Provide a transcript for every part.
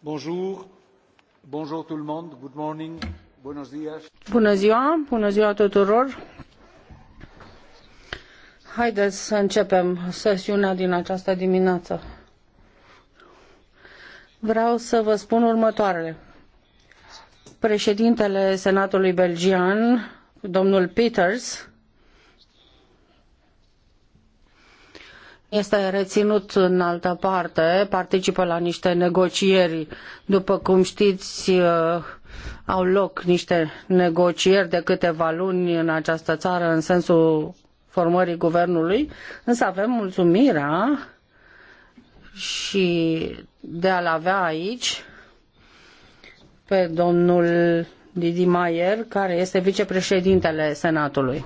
Bună ziua, bună ziua tuturor. Haideți să începem sesiunea din această dimineață. Vreau să vă spun următoarele. Președintele Senatului Belgian, domnul Peters, este reținut în altă parte, participă la niște negocieri. După cum știți, uh, au loc niște negocieri de câteva luni în această țară în sensul formării guvernului, însă avem mulțumirea și de a-l avea aici pe domnul Didi Maier, care este vicepreședintele Senatului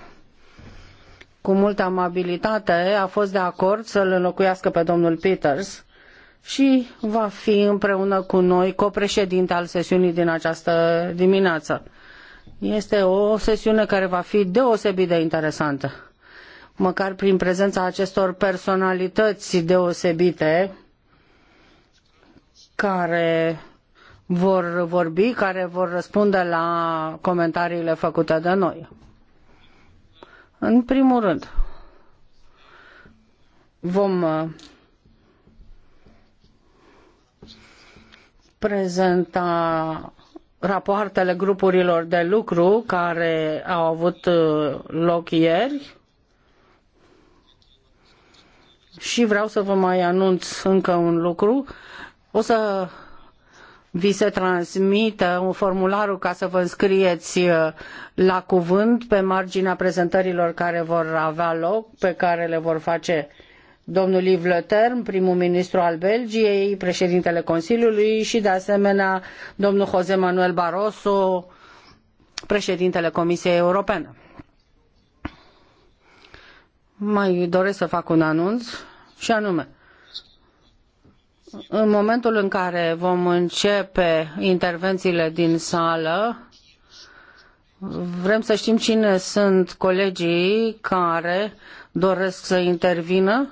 cu multă amabilitate a fost de acord să-l înlocuiască pe domnul Peters și va fi împreună cu noi copreședinte al sesiunii din această dimineață. Este o sesiune care va fi deosebit de interesantă, măcar prin prezența acestor personalități deosebite care vor vorbi, care vor răspunde la comentariile făcute de noi. În primul rând, vom uh, prezenta rapoartele grupurilor de lucru care au avut uh, loc ieri și vreau să vă mai anunț încă un lucru. O să vi se transmită un formular ca să vă înscrieți uh, la cuvânt pe marginea prezentărilor care vor avea loc, pe care le vor face domnul Yves Le primul ministru al Belgiei, președintele Consiliului și de asemenea domnul José Manuel Barroso, președintele Comisiei Europene. Mai doresc să fac un anunț și anume, în momentul în care vom începe intervențiile din sală, vrem să știm cine sunt colegii care doresc să intervină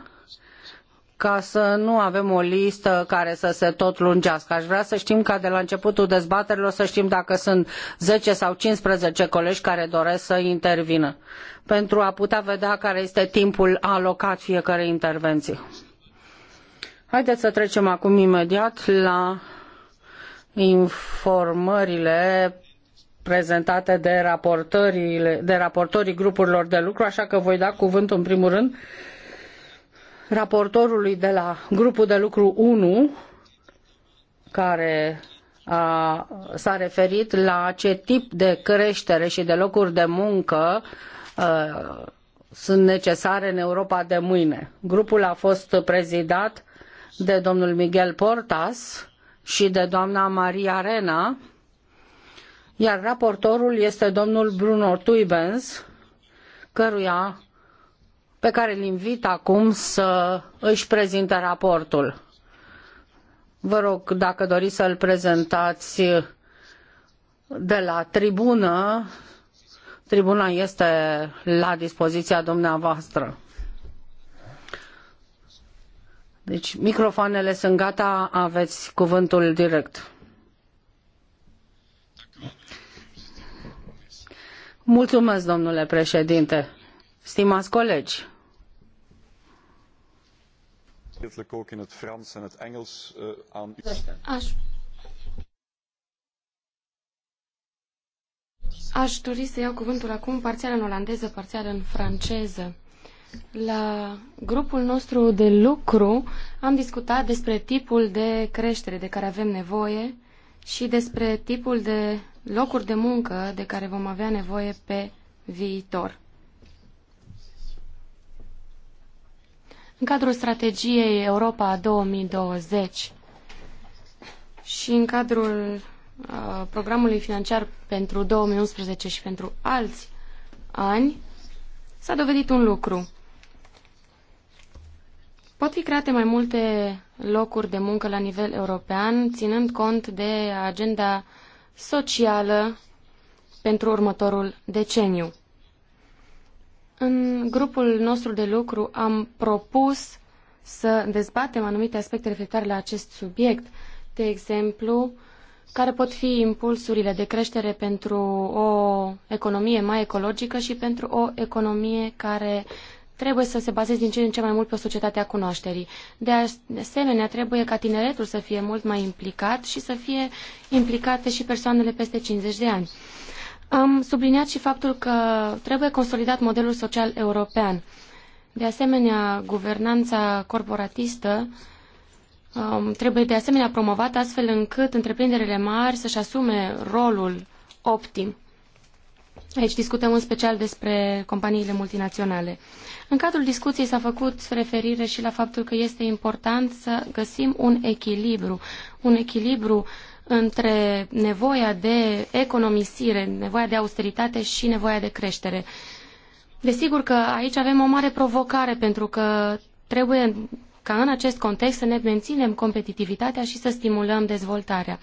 ca să nu avem o listă care să se tot lungească. Aș vrea să știm ca de la începutul dezbaterilor să știm dacă sunt 10 sau 15 colegi care doresc să intervină pentru a putea vedea care este timpul alocat fiecărei intervenție. Haideți să trecem acum imediat la informările prezentate de, raportările, de raportorii grupurilor de lucru, așa că voi da cuvântul în primul rând raportorului de la grupul de lucru 1, care s-a referit la ce tip de creștere și de locuri de muncă a, sunt necesare în Europa de mâine. Grupul a fost prezidat de domnul Miguel Portas și de doamna Maria Arena, iar raportorul este domnul Bruno Tuibens, căruia pe care îl invit acum să își prezinte raportul. Vă rog, dacă doriți să-l prezentați de la tribună, tribuna este la dispoziția dumneavoastră. Deci microfoanele sunt gata, aveți cuvântul direct. Mulțumesc, domnule președinte. Stimați colegi. Aș Aș dori să iau cuvântul acum parțial în olandeză, parțial în franceză. La grupul nostru de lucru am discutat despre tipul de creștere de care avem nevoie și despre tipul de locuri de muncă de care vom avea nevoie pe viitor. În cadrul strategiei Europa 2020 și în cadrul uh, programului financiar pentru 2011 și pentru alți ani, s-a dovedit un lucru. Pot fi create mai multe locuri de muncă la nivel european, ținând cont de agenda socială pentru următorul deceniu. În grupul nostru de lucru am propus să dezbatem anumite aspecte referitoare la acest subiect, de exemplu, care pot fi impulsurile de creștere pentru o economie mai ecologică și pentru o economie care trebuie să se bazeze din ce în ce mai mult pe societatea cunoașterii. De asemenea, trebuie ca tineretul să fie mult mai implicat și să fie implicate și persoanele peste 50 de ani. Am subliniat și faptul că trebuie consolidat modelul social european. De asemenea, guvernanța corporatistă um, trebuie de asemenea promovată astfel încât întreprinderile mari să-și asume rolul optim Aici discutăm în special despre companiile multinaționale. În cadrul discuției s-a făcut referire și la faptul că este important să găsim un echilibru, un echilibru între nevoia de economisire, nevoia de austeritate și nevoia de creștere. Desigur că aici avem o mare provocare pentru că trebuie ca în acest context să ne menținem competitivitatea și să stimulăm dezvoltarea.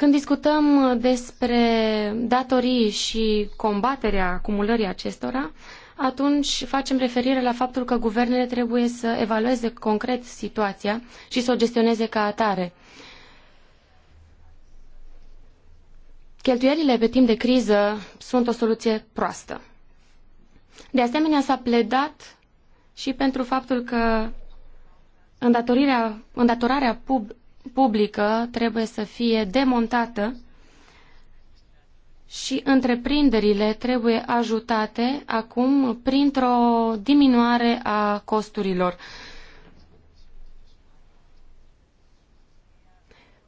Când discutăm despre datorii și combaterea acumulării acestora, atunci facem referire la faptul că guvernele trebuie să evalueze concret situația și să o gestioneze ca atare. Cheltuielile pe timp de criză sunt o soluție proastă. De asemenea, s-a pledat și pentru faptul că îndatorarea pub, publică trebuie să fie demontată și întreprinderile trebuie ajutate acum printr-o diminuare a costurilor.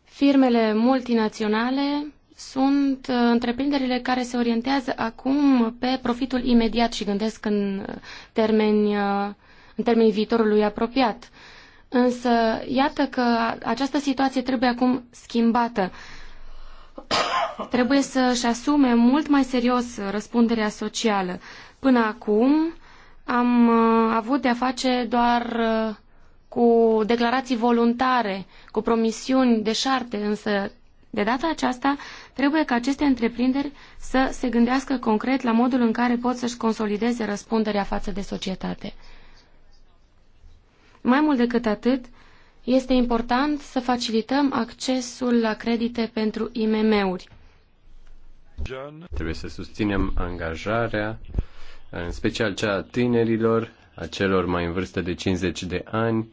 Firmele multinaționale sunt uh, întreprinderile care se orientează acum pe profitul imediat și gândesc în uh, termeni, uh, în termenii viitorului apropiat. Însă, iată că această situație trebuie acum schimbată. Trebuie să-și asume mult mai serios răspunderea socială. Până acum am uh, avut de-a face doar uh, cu declarații voluntare, cu promisiuni de șarte, însă de data aceasta trebuie ca aceste întreprinderi să se gândească concret la modul în care pot să-și consolideze răspunderea față de societate. Mai mult decât atât, este important să facilităm accesul la credite pentru IMM-uri. Trebuie să susținem angajarea, în special cea a tinerilor, a celor mai în vârstă de 50 de ani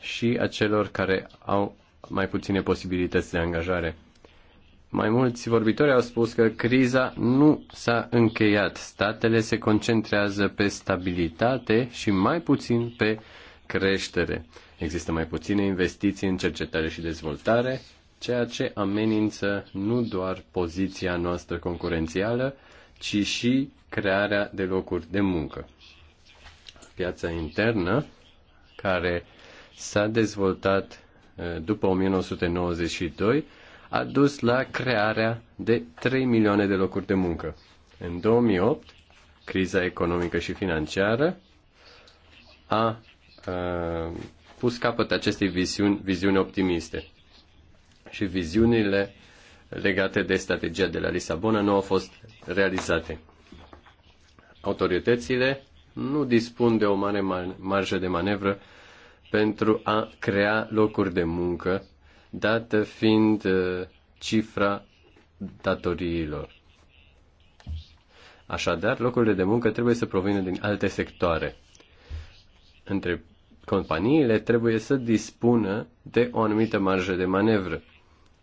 și a celor care au mai puține posibilități de angajare. Mai mulți vorbitori au spus că criza nu s-a încheiat. Statele se concentrează pe stabilitate și mai puțin pe creștere. Există mai puține investiții în cercetare și dezvoltare, ceea ce amenință nu doar poziția noastră concurențială, ci și crearea de locuri de muncă. Piața internă, care s-a dezvoltat eh, după 1992, a dus la crearea de 3 milioane de locuri de muncă. În 2008, criza economică și financiară a Uh, pus capăt acestei viziuni, viziuni optimiste. Și viziunile legate de strategia de la Lisabona nu au fost realizate. Autoritățile nu dispun de o mare marjă de manevră pentru a crea locuri de muncă, dată fiind uh, cifra datoriilor. Așadar, locurile de muncă trebuie să provină din alte sectoare. Între companiile trebuie să dispună de o anumită marjă de manevră.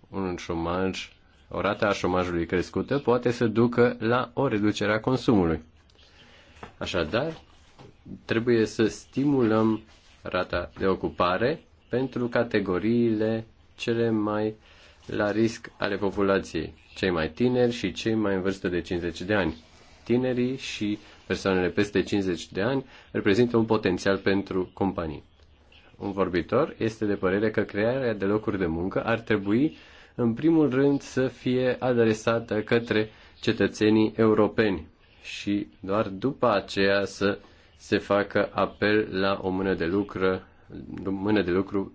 Un șomaj, o rată a șomajului crescută poate să ducă la o reducere a consumului. Așadar, trebuie să stimulăm rata de ocupare pentru categoriile cele mai la risc ale populației, cei mai tineri și cei mai în vârstă de 50 de ani. Tinerii și persoanele peste 50 de ani reprezintă un potențial pentru companii. Un vorbitor este de părere că crearea de locuri de muncă ar trebui, în primul rând, să fie adresată către cetățenii europeni și doar după aceea să se facă apel la o mână de lucru, mână de lucru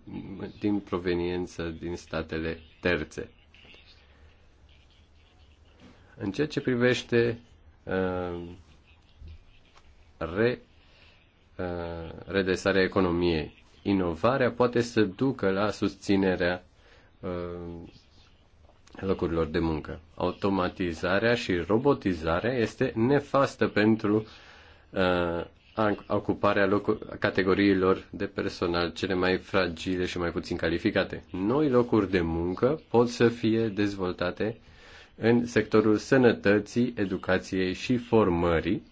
din proveniență din statele terțe. În ceea ce privește uh, re, uh, redresarea economiei. Inovarea poate să ducă la susținerea uh, locurilor de muncă. Automatizarea și robotizarea este nefastă pentru uh, ocuparea categoriilor de personal cele mai fragile și mai puțin calificate. Noi locuri de muncă pot să fie dezvoltate în sectorul sănătății, educației și formării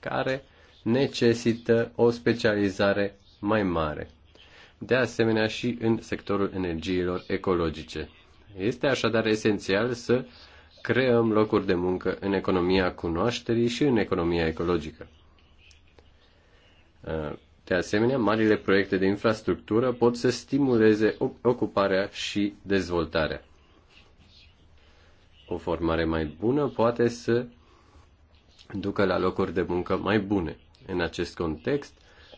care necesită o specializare mai mare. De asemenea și în sectorul energiilor ecologice. Este așadar esențial să creăm locuri de muncă în economia cunoașterii și în economia ecologică. Uh, de asemenea, marile proiecte de infrastructură pot să stimuleze ocuparea și dezvoltarea. O formare mai bună poate să ducă la locuri de muncă mai bune. În acest context,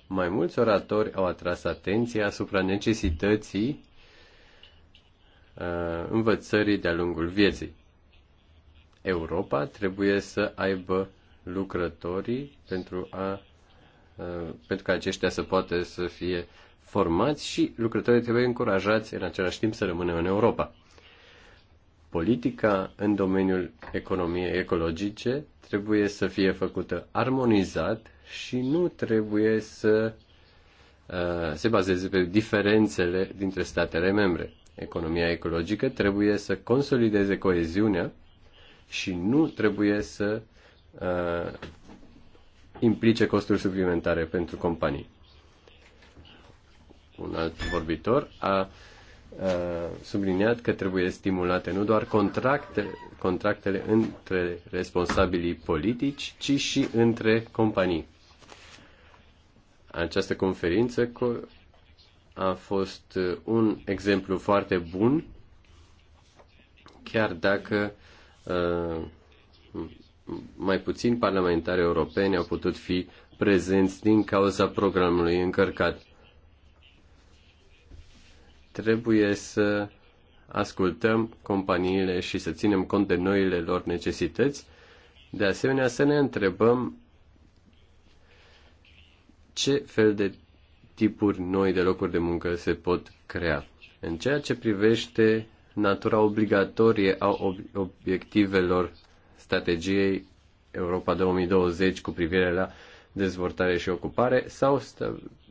mai mulți oratori au atras atenția asupra necesității uh, învățării de-a lungul vieții. Europa trebuie să aibă lucrătorii pentru, a, uh, pentru ca aceștia să poată să fie formați și lucrătorii trebuie încurajați în același timp să rămână în Europa. Politica în domeniul economiei ecologice trebuie să fie făcută armonizat și nu trebuie să uh, se bazeze pe diferențele dintre statele membre. Economia ecologică trebuie să consolideze coeziunea și nu trebuie să uh, implice costuri suplimentare pentru companii. Un alt vorbitor a uh, Uh, subliniat că trebuie stimulate nu doar contracte, contractele între responsabilii politici, ci și între companii. Această conferință a fost uh, un exemplu foarte bun, chiar dacă uh, mai puțin parlamentari europeni au putut fi prezenți din cauza programului încărcat trebuie să ascultăm companiile și să ținem cont de noile lor necesități. De asemenea, să ne întrebăm ce fel de tipuri noi de locuri de muncă se pot crea. În ceea ce privește natura obligatorie a obiectivelor strategiei Europa 2020 cu privire la dezvoltare și ocupare, s-au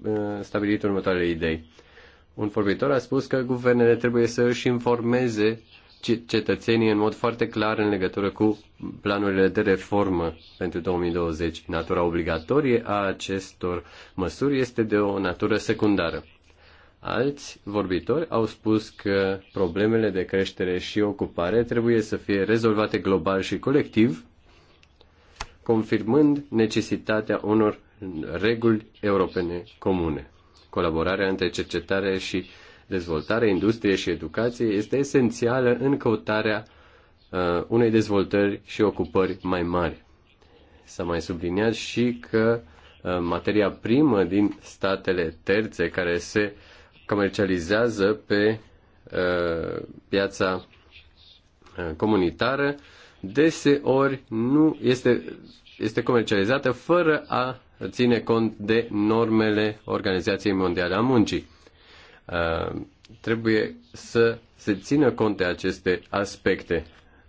ă, stabilit următoarele idei. Un vorbitor a spus că guvernele trebuie să își informeze cetățenii în mod foarte clar în legătură cu planurile de reformă pentru 2020. Natura obligatorie a acestor măsuri este de o natură secundară. Alți vorbitori au spus că problemele de creștere și ocupare trebuie să fie rezolvate global și colectiv, confirmând necesitatea unor reguli europene comune. Colaborarea între cercetare și dezvoltare, industrie și educație este esențială în căutarea uh, unei dezvoltări și ocupări mai mari. S-a mai subliniat și că uh, materia primă din statele terțe care se comercializează pe uh, piața uh, comunitară deseori nu este, este comercializată fără a ține cont de normele Organizației Mondiale a Muncii. Uh, trebuie să se țină cont de aceste aspecte.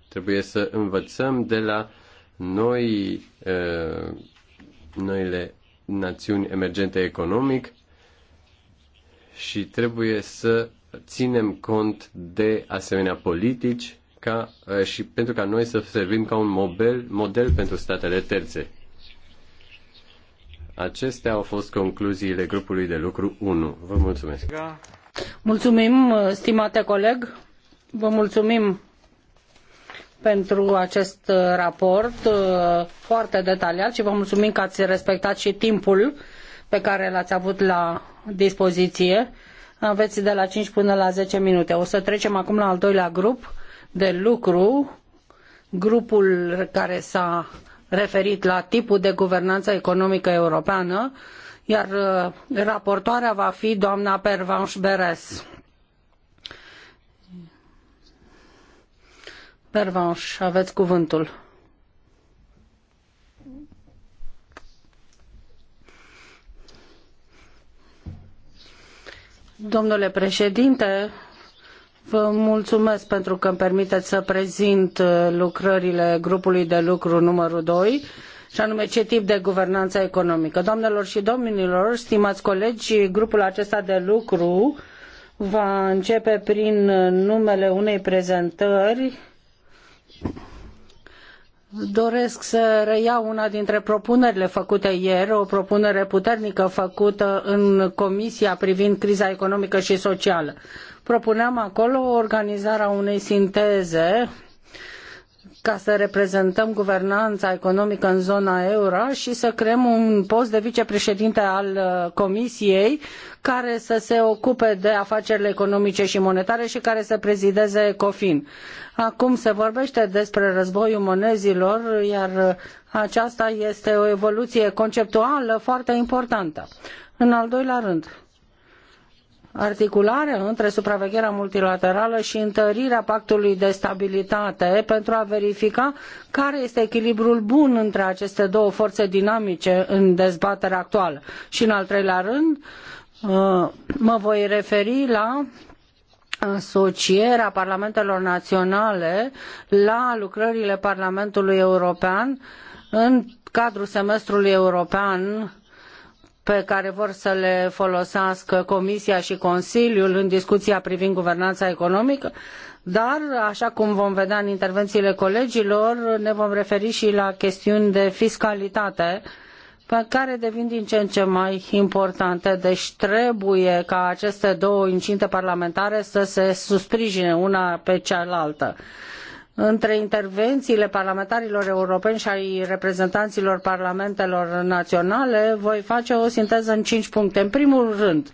Trebuie să învățăm de la noi, uh, noile națiuni emergente economic și trebuie să ținem cont de asemenea politici ca, uh, și pentru ca noi să servim ca un model, model pentru statele terțe. Acestea au fost concluziile grupului de lucru 1. Vă mulțumesc. Mulțumim, stimate coleg. Vă mulțumim pentru acest raport uh, foarte detaliat și vă mulțumim că ați respectat și timpul pe care l-ați avut la dispoziție. Aveți de la 5 până la 10 minute. O să trecem acum la al doilea grup de lucru, grupul care s-a referit la tipul de guvernanță economică europeană, iar uh, raportoarea va fi doamna Pervanș Beres. Pervanș, aveți cuvântul. Domnule președinte, Vă mulțumesc pentru că îmi permiteți să prezint uh, lucrările grupului de lucru numărul 2 și anume ce tip de guvernanță economică. Doamnelor și domnilor, stimați colegi, grupul acesta de lucru va începe prin uh, numele unei prezentări. Doresc să reiau una dintre propunerile făcute ieri, o propunere puternică făcută în Comisia privind criza economică și socială. Propuneam acolo organizarea unei sinteze ca să reprezentăm guvernanța economică în zona euro și să creăm un post de vicepreședinte al uh, Comisiei care să se ocupe de afacerile economice și monetare și care să prezideze COFIN. Acum se vorbește despre războiul monezilor, iar uh, aceasta este o evoluție conceptuală foarte importantă. În al doilea rând, articulare între supravegherea multilaterală și întărirea pactului de stabilitate pentru a verifica care este echilibrul bun între aceste două forțe dinamice în dezbaterea actuală. Și în al treilea rând, uh, mă voi referi la asocierea parlamentelor naționale la lucrările Parlamentului European în cadrul semestrului european pe care vor să le folosească Comisia și Consiliul în discuția privind guvernanța economică, dar, așa cum vom vedea în intervențiile colegilor, ne vom referi și la chestiuni de fiscalitate pe care devin din ce în ce mai importante. Deci trebuie ca aceste două incinte parlamentare să se susprijine una pe cealaltă între intervențiile parlamentarilor europeni și ale reprezentanilor parlamentelor naționale, voi face o sinteză în cinci puncte. În primul rând,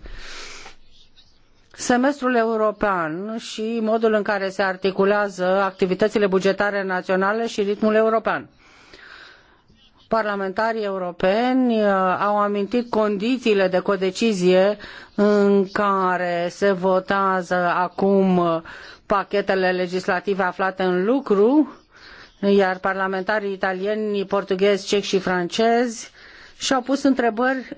semestrul european și modul în care se articulează activitățile bugetare naționale și ritmul european parlamentarii europeni uh, au amintit condițiile de codecizie în care se votează acum uh, pachetele legislative aflate în lucru, iar parlamentarii italieni, portughezi, cehi și francezi și-au pus întrebări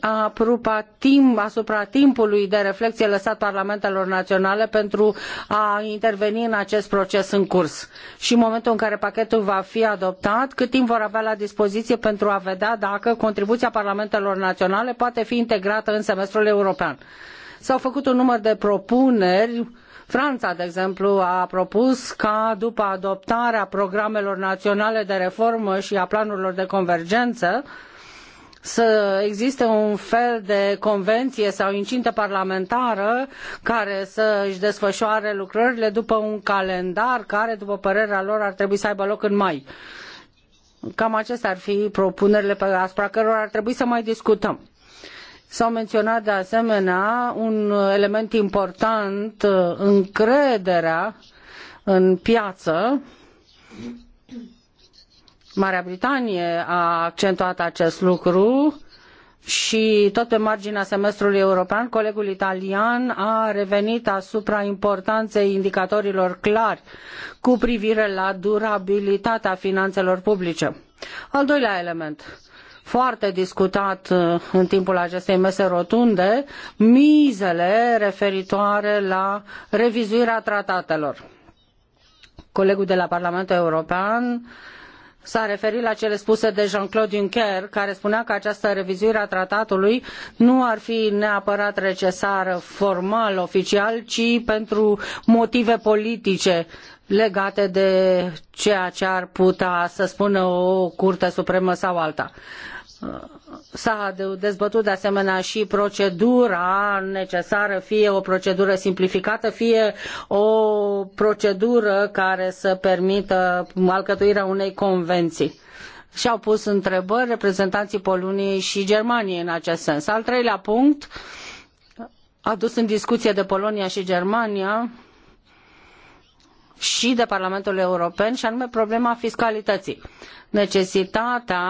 asupra, timpului de reflexie lăsat parlamentelor naționale pentru a interveni în acest proces în curs. Și în momentul în care pachetul va fi adoptat, cât timp vor avea la dispoziție pentru a vedea dacă contribuția parlamentelor naționale poate fi integrată în semestrul european. S-au făcut un număr de propuneri uh, Franța, de exemplu, a propus ca după adoptarea programelor naționale de reformă și a planurilor de convergență să existe un fel de convenție sau incintă parlamentară care să își desfășoare lucrările după un calendar care, după părerea lor, ar trebui să aibă loc în mai. Cam acestea ar fi propunerile asupra cărora ar trebui să mai discutăm. S-au menționat de asemenea un element important, uh, încrederea în piață. Marea Britanie a accentuat acest lucru și tot pe marginea semestrului european, colegul italian a revenit asupra importanței indicatorilor clari cu privire la durabilitatea finanțelor publice. Al doilea element foarte discutat uh, în timpul acestei mese rotunde mizele referitoare la revizuirea tratatelor. Colegul de la Parlamentul European s-a referit la cele spuse de Jean-Claude Juncker, care spunea că această revizuire a tratatului nu ar fi neapărat necesară formal, oficial, ci pentru motive politice legate de ceea ce ar putea să spună o curte supremă sau alta. S-a dezbătut de asemenea și procedura necesară, fie o procedură simplificată, fie o procedură care să permită alcătuirea unei convenții. Și-au pus întrebări reprezentanții Poloniei și Germaniei în acest sens. Al treilea punct, adus în discuție de Polonia și Germania, și de Parlamentul European și anume problema fiscalității. Necesitatea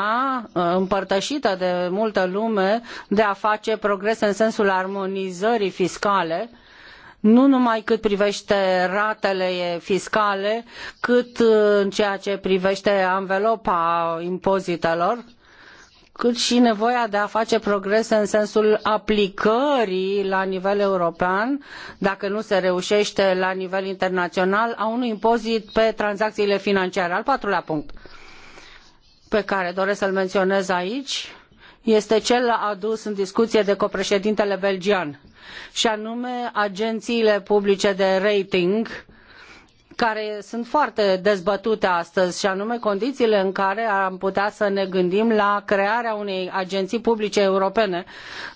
uh, împărtășită de multă lume de a face progrese în sensul armonizării fiscale nu numai cât privește ratele fiscale, cât uh, în ceea ce privește anvelopa impozitelor, cât și nevoia de a face progrese în sensul aplicării la nivel european, dacă nu se reușește la nivel internațional, a unui impozit pe tranzacțiile financiare. Al patrulea punct pe care doresc să-l menționez aici este cel adus în discuție de copreședintele belgian, și anume agențiile publice de rating uh, care sunt foarte dezbătute astăzi, și anume condițiile în care am putea să ne gândim la crearea unei agenții publice europene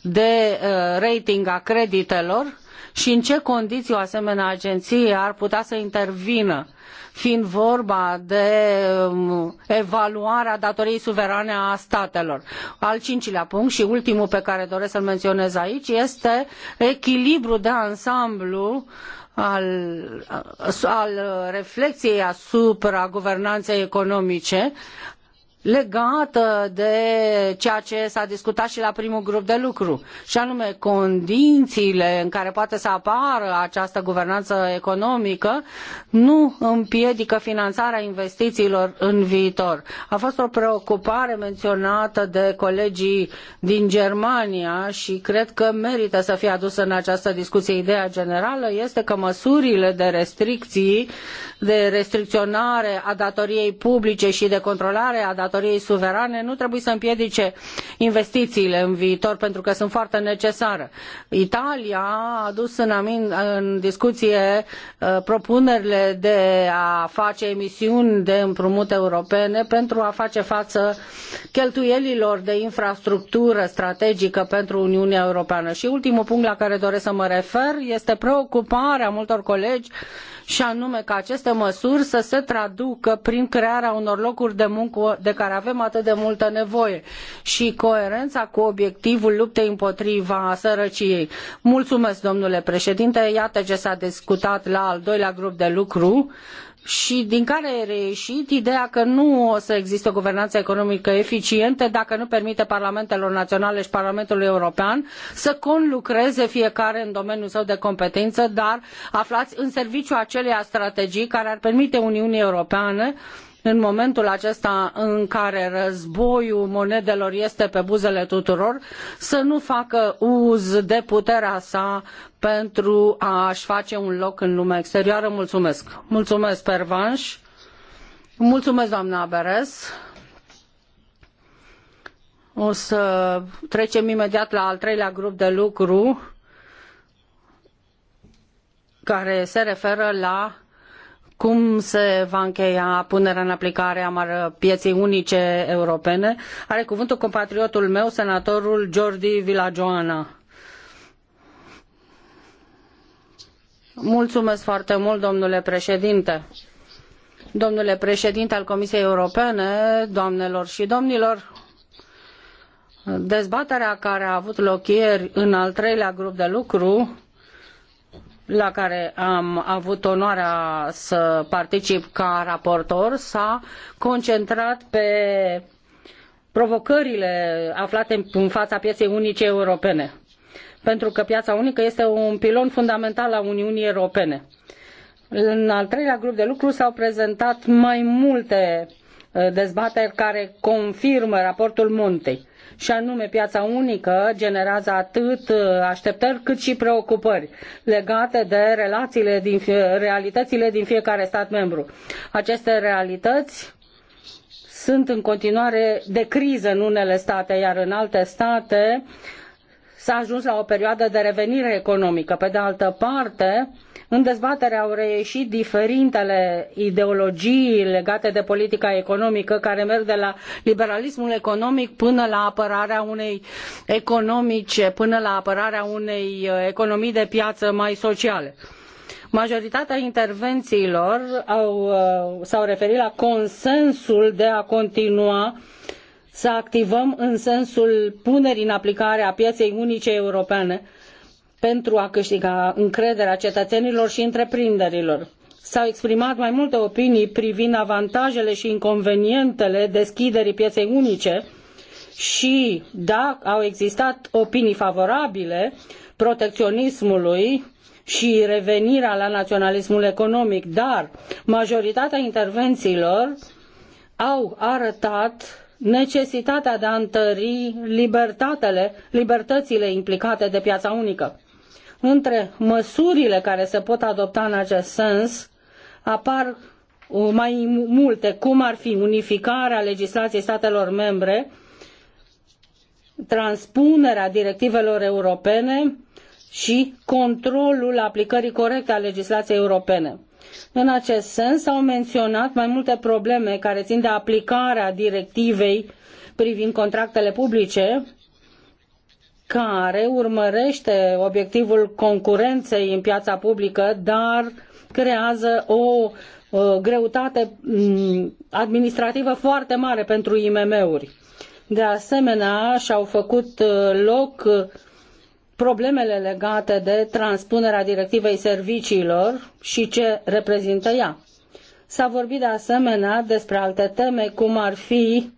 de uh, rating a creditelor și în ce condiții o asemenea agenție ar putea să intervină fiind vorba de um, evaluarea datoriei suverane a statelor. Al cincilea punct și ultimul pe care doresc să-l menționez aici este echilibrul de ansamblu uh, al, al reflexiei asupra guvernanței economice, legată de ceea ce s-a discutat și la primul grup de lucru, și anume condițiile în care poate să apară această guvernanță economică nu împiedică finanțarea investițiilor în viitor. A fost o preocupare menționată de colegii din Germania și cred că merită să fie adusă în această discuție. Ideea generală este că măsurile de restricții, de restricționare a datoriei publice și de controlare a datoriei datoriei suverane nu trebuie să împiedice investițiile în viitor pentru că sunt foarte necesare. Italia a adus în, amin, în discuție uh, propunerile de a face emisiuni de împrumut europene pentru a face față cheltuielilor de infrastructură strategică pentru Uniunea Europeană. Și ultimul punct la care doresc să mă refer este preocuparea multor colegi și anume ca aceste măsuri să se traducă prin crearea unor locuri de muncă de care avem atât de multă nevoie și coerența cu obiectivul luptei împotriva sărăciei. Mulțumesc, domnule președinte, iată ce s-a discutat la al doilea grup de lucru și din care a reieșit ideea că nu o să existe o guvernanță economică eficientă dacă nu permite parlamentelor naționale și Parlamentului European să conlucreze fiecare în domeniul său de competență, dar aflați în serviciu aceleia strategii care ar permite Uniunii Europene în momentul acesta în care războiul monedelor este pe buzele tuturor, să nu facă uz de puterea sa pentru a i face un loc în lumea exterioară. Mulțumesc! Mulțumesc, Pervanș! Mulțumesc, doamna Beres! O să trecem imediat la al treilea grup de lucru care se referă la cum se va încheia punerea în aplicare a pieței unice europene, are cuvântul compatriotul meu, senatorul Jordi Villajoana. Mulțumesc foarte mult, domnule președinte. Domnule președinte al Comisiei Europene, doamnelor și domnilor, dezbaterea care a avut loc ieri în al treilea grup de lucru la care am avut onoarea să particip ca raportor s-a concentrat pe provocările aflate în fața pieței unice europene. Pentru că piața unică este un pilon fundamental al Uniunii Europene. În al treilea grup de lucru s-au prezentat mai multe uh, dezbateri care confirmă raportul Montei și anume piața unică generează atât uh, așteptări cât și preocupări legate de relațiile din, realitățile din fiecare stat membru. Aceste realități sunt în continuare de criză în unele state, iar în alte state s-a ajuns la o perioadă de revenire economică. Pe de altă parte, în dezbatere au reieșit diferitele ideologii legate de politica economică care merg de la liberalismul economic până la apărarea unei economice, până la apărarea unei uh, economii de piață mai sociale. Majoritatea intervențiilor uh, s-au referit la consensul de a continua să activăm în sensul punerii în aplicare a pieței unice europene pentru a câștiga încrederea cetățenilor și întreprinderilor. S-au exprimat mai multe opinii privind avantajele și inconvenientele deschiderii pieței unice și, da, au existat opinii favorabile protecționismului și revenirea la naționalismul economic, dar majoritatea intervențiilor au arătat necesitatea de a întări libertatele, libertățile implicate de piața unică. Între măsurile care se pot adopta în acest sens apar mai multe, cum ar fi unificarea legislației statelor membre, transpunerea directivelor europene și controlul aplicării corecte a legislației europene. În acest sens s-au menționat mai multe probleme care țin de aplicarea directivei privind contractele publice, care urmărește obiectivul concurenței în piața publică, dar creează o greutate mm, administrativă foarte mare pentru IMM-uri. De asemenea, și-au făcut uh, loc problemele legate de transpunerea directivei serviciilor și ce reprezintă ea. S-a vorbit de asemenea despre alte teme, cum ar fi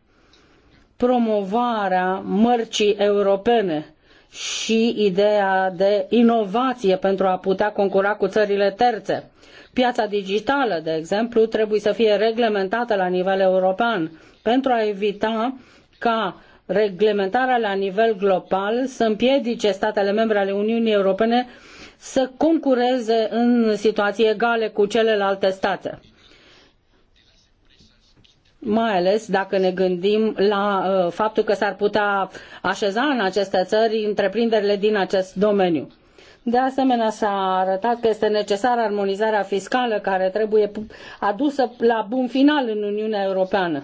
promovarea mărcii europene și ideea de inovație pentru a putea concura cu țările terțe. Piața digitală, de exemplu, trebuie să fie reglementată la nivel european pentru a evita ca reglementarea la nivel global să împiedice statele membre ale Uniunii Europene să concureze în situații egale cu celelalte state. Mai ales dacă ne gândim la uh, faptul că s-ar putea așeza în aceste țări întreprinderile din acest domeniu. De asemenea, s-a arătat că este necesară armonizarea fiscală care trebuie adusă la bun final în Uniunea Europeană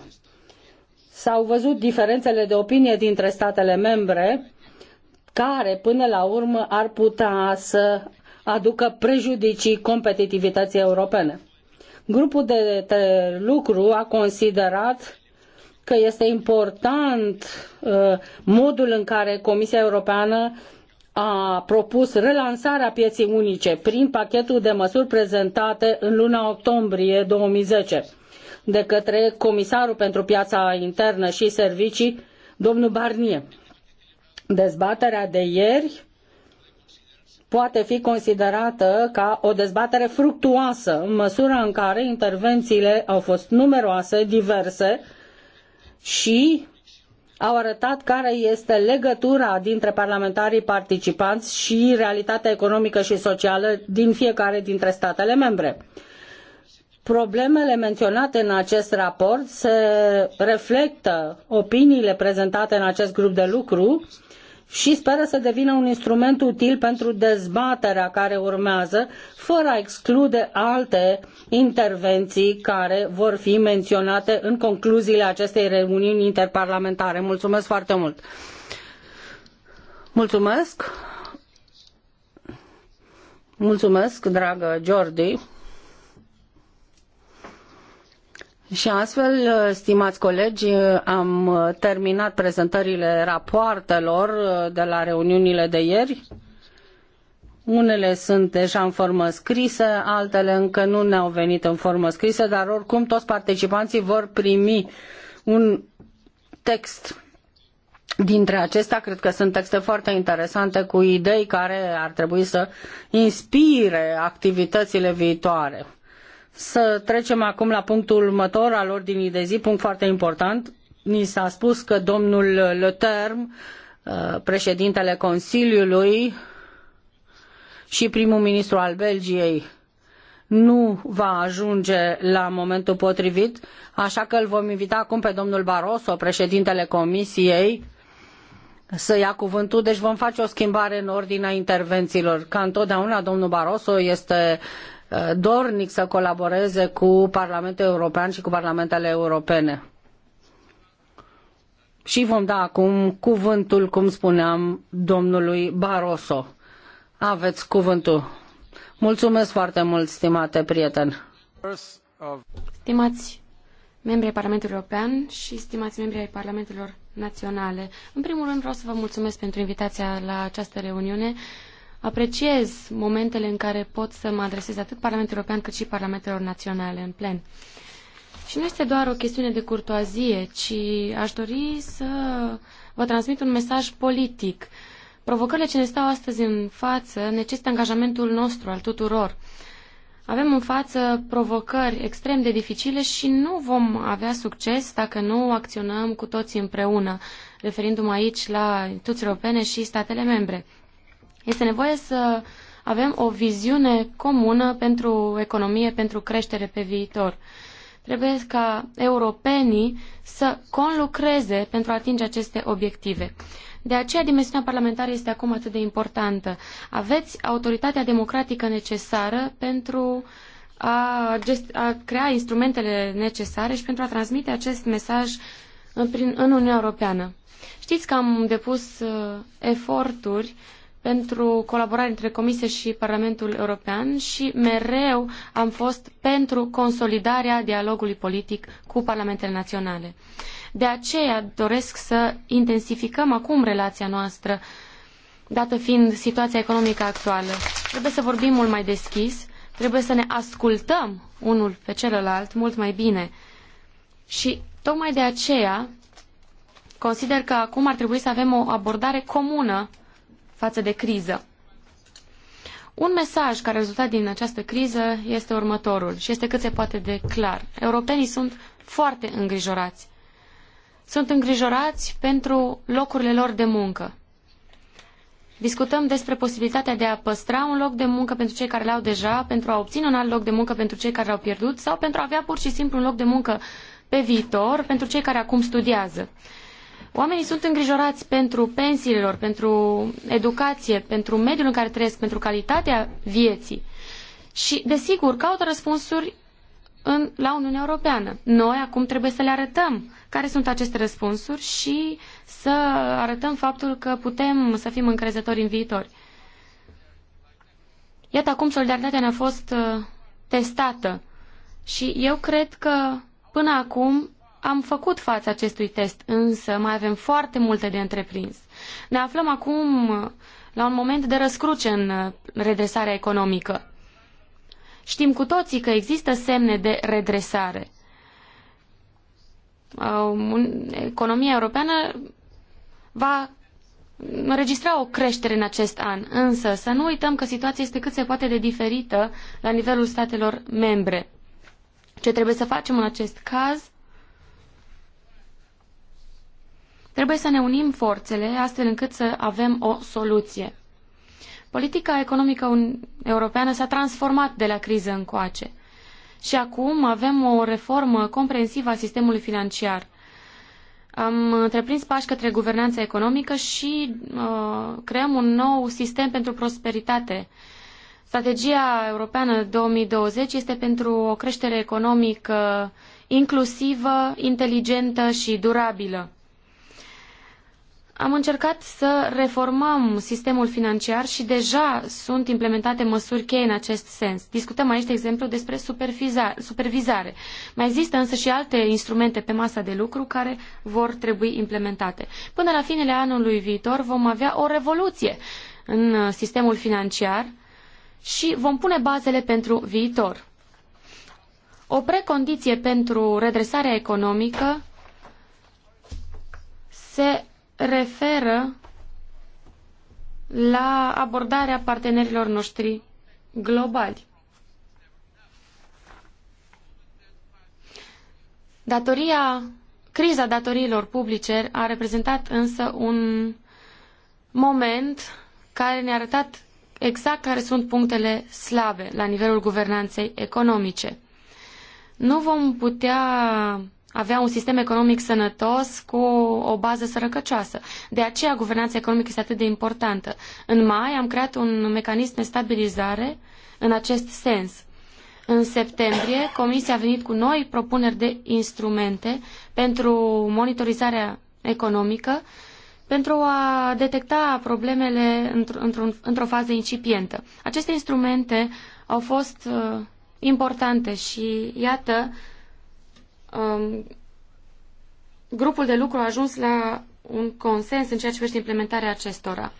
S-au văzut diferențele de opinie dintre statele membre, care până la urmă ar putea să aducă prejudicii competitivității europene. Grupul de, lucru a considerat că este important uh, modul în care Comisia Europeană a propus relansarea pieței unice prin pachetul de măsuri prezentate în luna octombrie 2010 de către comisarul pentru piața internă și servicii, domnul Barnier. Dezbaterea de ieri poate fi considerată ca o dezbatere fructuoasă, în măsura în care intervențiile au fost numeroase, diverse și au arătat care este legătura dintre parlamentarii participanți și realitatea economică și socială din fiecare dintre statele membre. Problemele menționate în acest raport se reflectă opiniile prezentate în acest grup de lucru și speră să devină un instrument util pentru dezbaterea care urmează, fără a exclude alte intervenții care vor fi menționate în concluziile acestei reuniuni interparlamentare. Mulțumesc foarte mult! Mulțumesc! Mulțumesc, dragă Jordi! Și astfel, uh, stimați colegi, uh, am uh, terminat prezentările rapoartelor de la reuniunile de ieri. Unele sunt deja în formă scrisă, altele încă nu ne-au venit în formă scrisă, dar oricum toți participanții vor primi un text dintre acestea. Cred că sunt texte foarte interesante cu idei care ar trebui să inspire activitățile viitoare. Să trecem acum la punctul următor al ordinii de zi, punct foarte important. Ni s-a spus că domnul Le Term, uh, președintele Consiliului și primul ministru al Belgiei, nu va ajunge la momentul potrivit, așa că îl vom invita acum pe domnul Barroso, președintele Comisiei, să ia cuvântul, deci vom face o schimbare în ordinea intervențiilor. Ca întotdeauna, domnul Barroso este Uh, dornic să colaboreze cu Parlamentul European și cu parlamentele europene. Și vom da acum cuvântul, cum spuneam, domnului Barroso. Aveți cuvântul. Mulțumesc foarte mult, stimate prieten. Stimați membrii Parlamentului European și stimați membri ai Parlamentelor Naționale, în primul rând vreau să vă mulțumesc pentru invitația la această reuniune. Uh, Apreciez momentele în care pot să mă adresez atât Parlamentul European cât și Parlamentelor Naționale în plen. Și nu este doar o chestiune de curtoazie, ci aș dori să vă transmit un mesaj politic. Provocările ce ne stau astăzi în față necesită angajamentul nostru, al tuturor. Avem în față provocări extrem de dificile și nu vom avea succes dacă nu acționăm cu toții împreună, referindu-mă aici la instituții europene și statele membre. Este nevoie să avem o viziune comună pentru economie, pentru creștere pe viitor. Trebuie ca europenii să conlucreze pentru a atinge aceste obiective. De aceea dimensiunea parlamentară este acum atât de importantă. Aveți autoritatea democratică necesară pentru a, a crea instrumentele necesare și pentru a transmite acest mesaj în, prin, în Uniunea Europeană. Știți că am depus uh, eforturi uh, pentru colaborare între Comisie și Parlamentul European și mereu am fost pentru consolidarea dialogului politic cu parlamentele naționale. De aceea doresc să intensificăm acum relația noastră, dată fiind situația economică actuală. Trebuie să vorbim mult mai deschis, trebuie să ne ascultăm unul pe celălalt mult mai bine. Și tocmai de aceea consider că acum ar trebui să avem o abordare comună față de criză. Un mesaj care a rezultat din această criză este următorul și este cât se poate de clar. Europenii sunt foarte îngrijorați. Sunt îngrijorați pentru locurile lor de muncă. Discutăm despre posibilitatea de a păstra un loc de muncă pentru cei care l-au deja, pentru a obține un alt loc de muncă pentru cei care l-au pierdut sau pentru a avea pur și simplu un loc de muncă pe viitor pentru cei care acum studiază. Oamenii sunt îngrijorați pentru pensiile lor, pentru educație, pentru mediul în care trăiesc, pentru calitatea vieții. Și, desigur, caută răspunsuri în, la Uniunea Europeană. Noi acum trebuie să le arătăm care sunt aceste răspunsuri și să arătăm faptul că putem să fim încrezători în viitor. Iată acum solidaritatea ne-a fost uh, testată și eu cred că până acum am făcut față acestui test, însă mai avem foarte multe de întreprins. Ne aflăm acum la un moment de răscruce în uh, redresarea economică. Știm cu toții că există semne de redresare. Uh, economia europeană va înregistra o creștere în acest an, însă să nu uităm că situația este cât se poate de diferită la nivelul statelor membre. Ce trebuie să facem în acest caz Trebuie să ne unim forțele astfel încât să avem o soluție. Politica economică europeană s-a transformat de la criză încoace și acum avem o reformă comprehensivă a sistemului financiar. Am întreprins pași către guvernanța economică și uh, creăm un nou sistem pentru prosperitate. Strategia europeană 2020 este pentru o creștere economică inclusivă, inteligentă și durabilă. Am încercat să reformăm sistemul financiar și deja sunt implementate măsuri cheie în acest sens. Discutăm aici, de exemplu, despre supervizare. Mai există însă și alte instrumente pe masa de lucru care vor trebui implementate. Până la finele anului viitor vom avea o revoluție în sistemul financiar și vom pune bazele pentru viitor. O precondiție pentru redresarea economică se referă la abordarea partenerilor noștri globali. Datoria, criza datoriilor publice a reprezentat însă un moment care ne-a arătat exact care sunt punctele slabe la nivelul guvernanței economice. Nu vom putea avea un sistem economic sănătos cu o bază sărăcăcioasă. De aceea guvernanța economică este atât de importantă. În mai am creat un mecanism de stabilizare în acest sens. În septembrie, Comisia a venit cu noi propuneri de instrumente pentru monitorizarea economică, pentru a detecta problemele într-o într într fază incipientă. Aceste instrumente au fost uh, importante și, iată, um, grupul de lucru a ajuns la un consens în ceea ce privește implementarea acestora.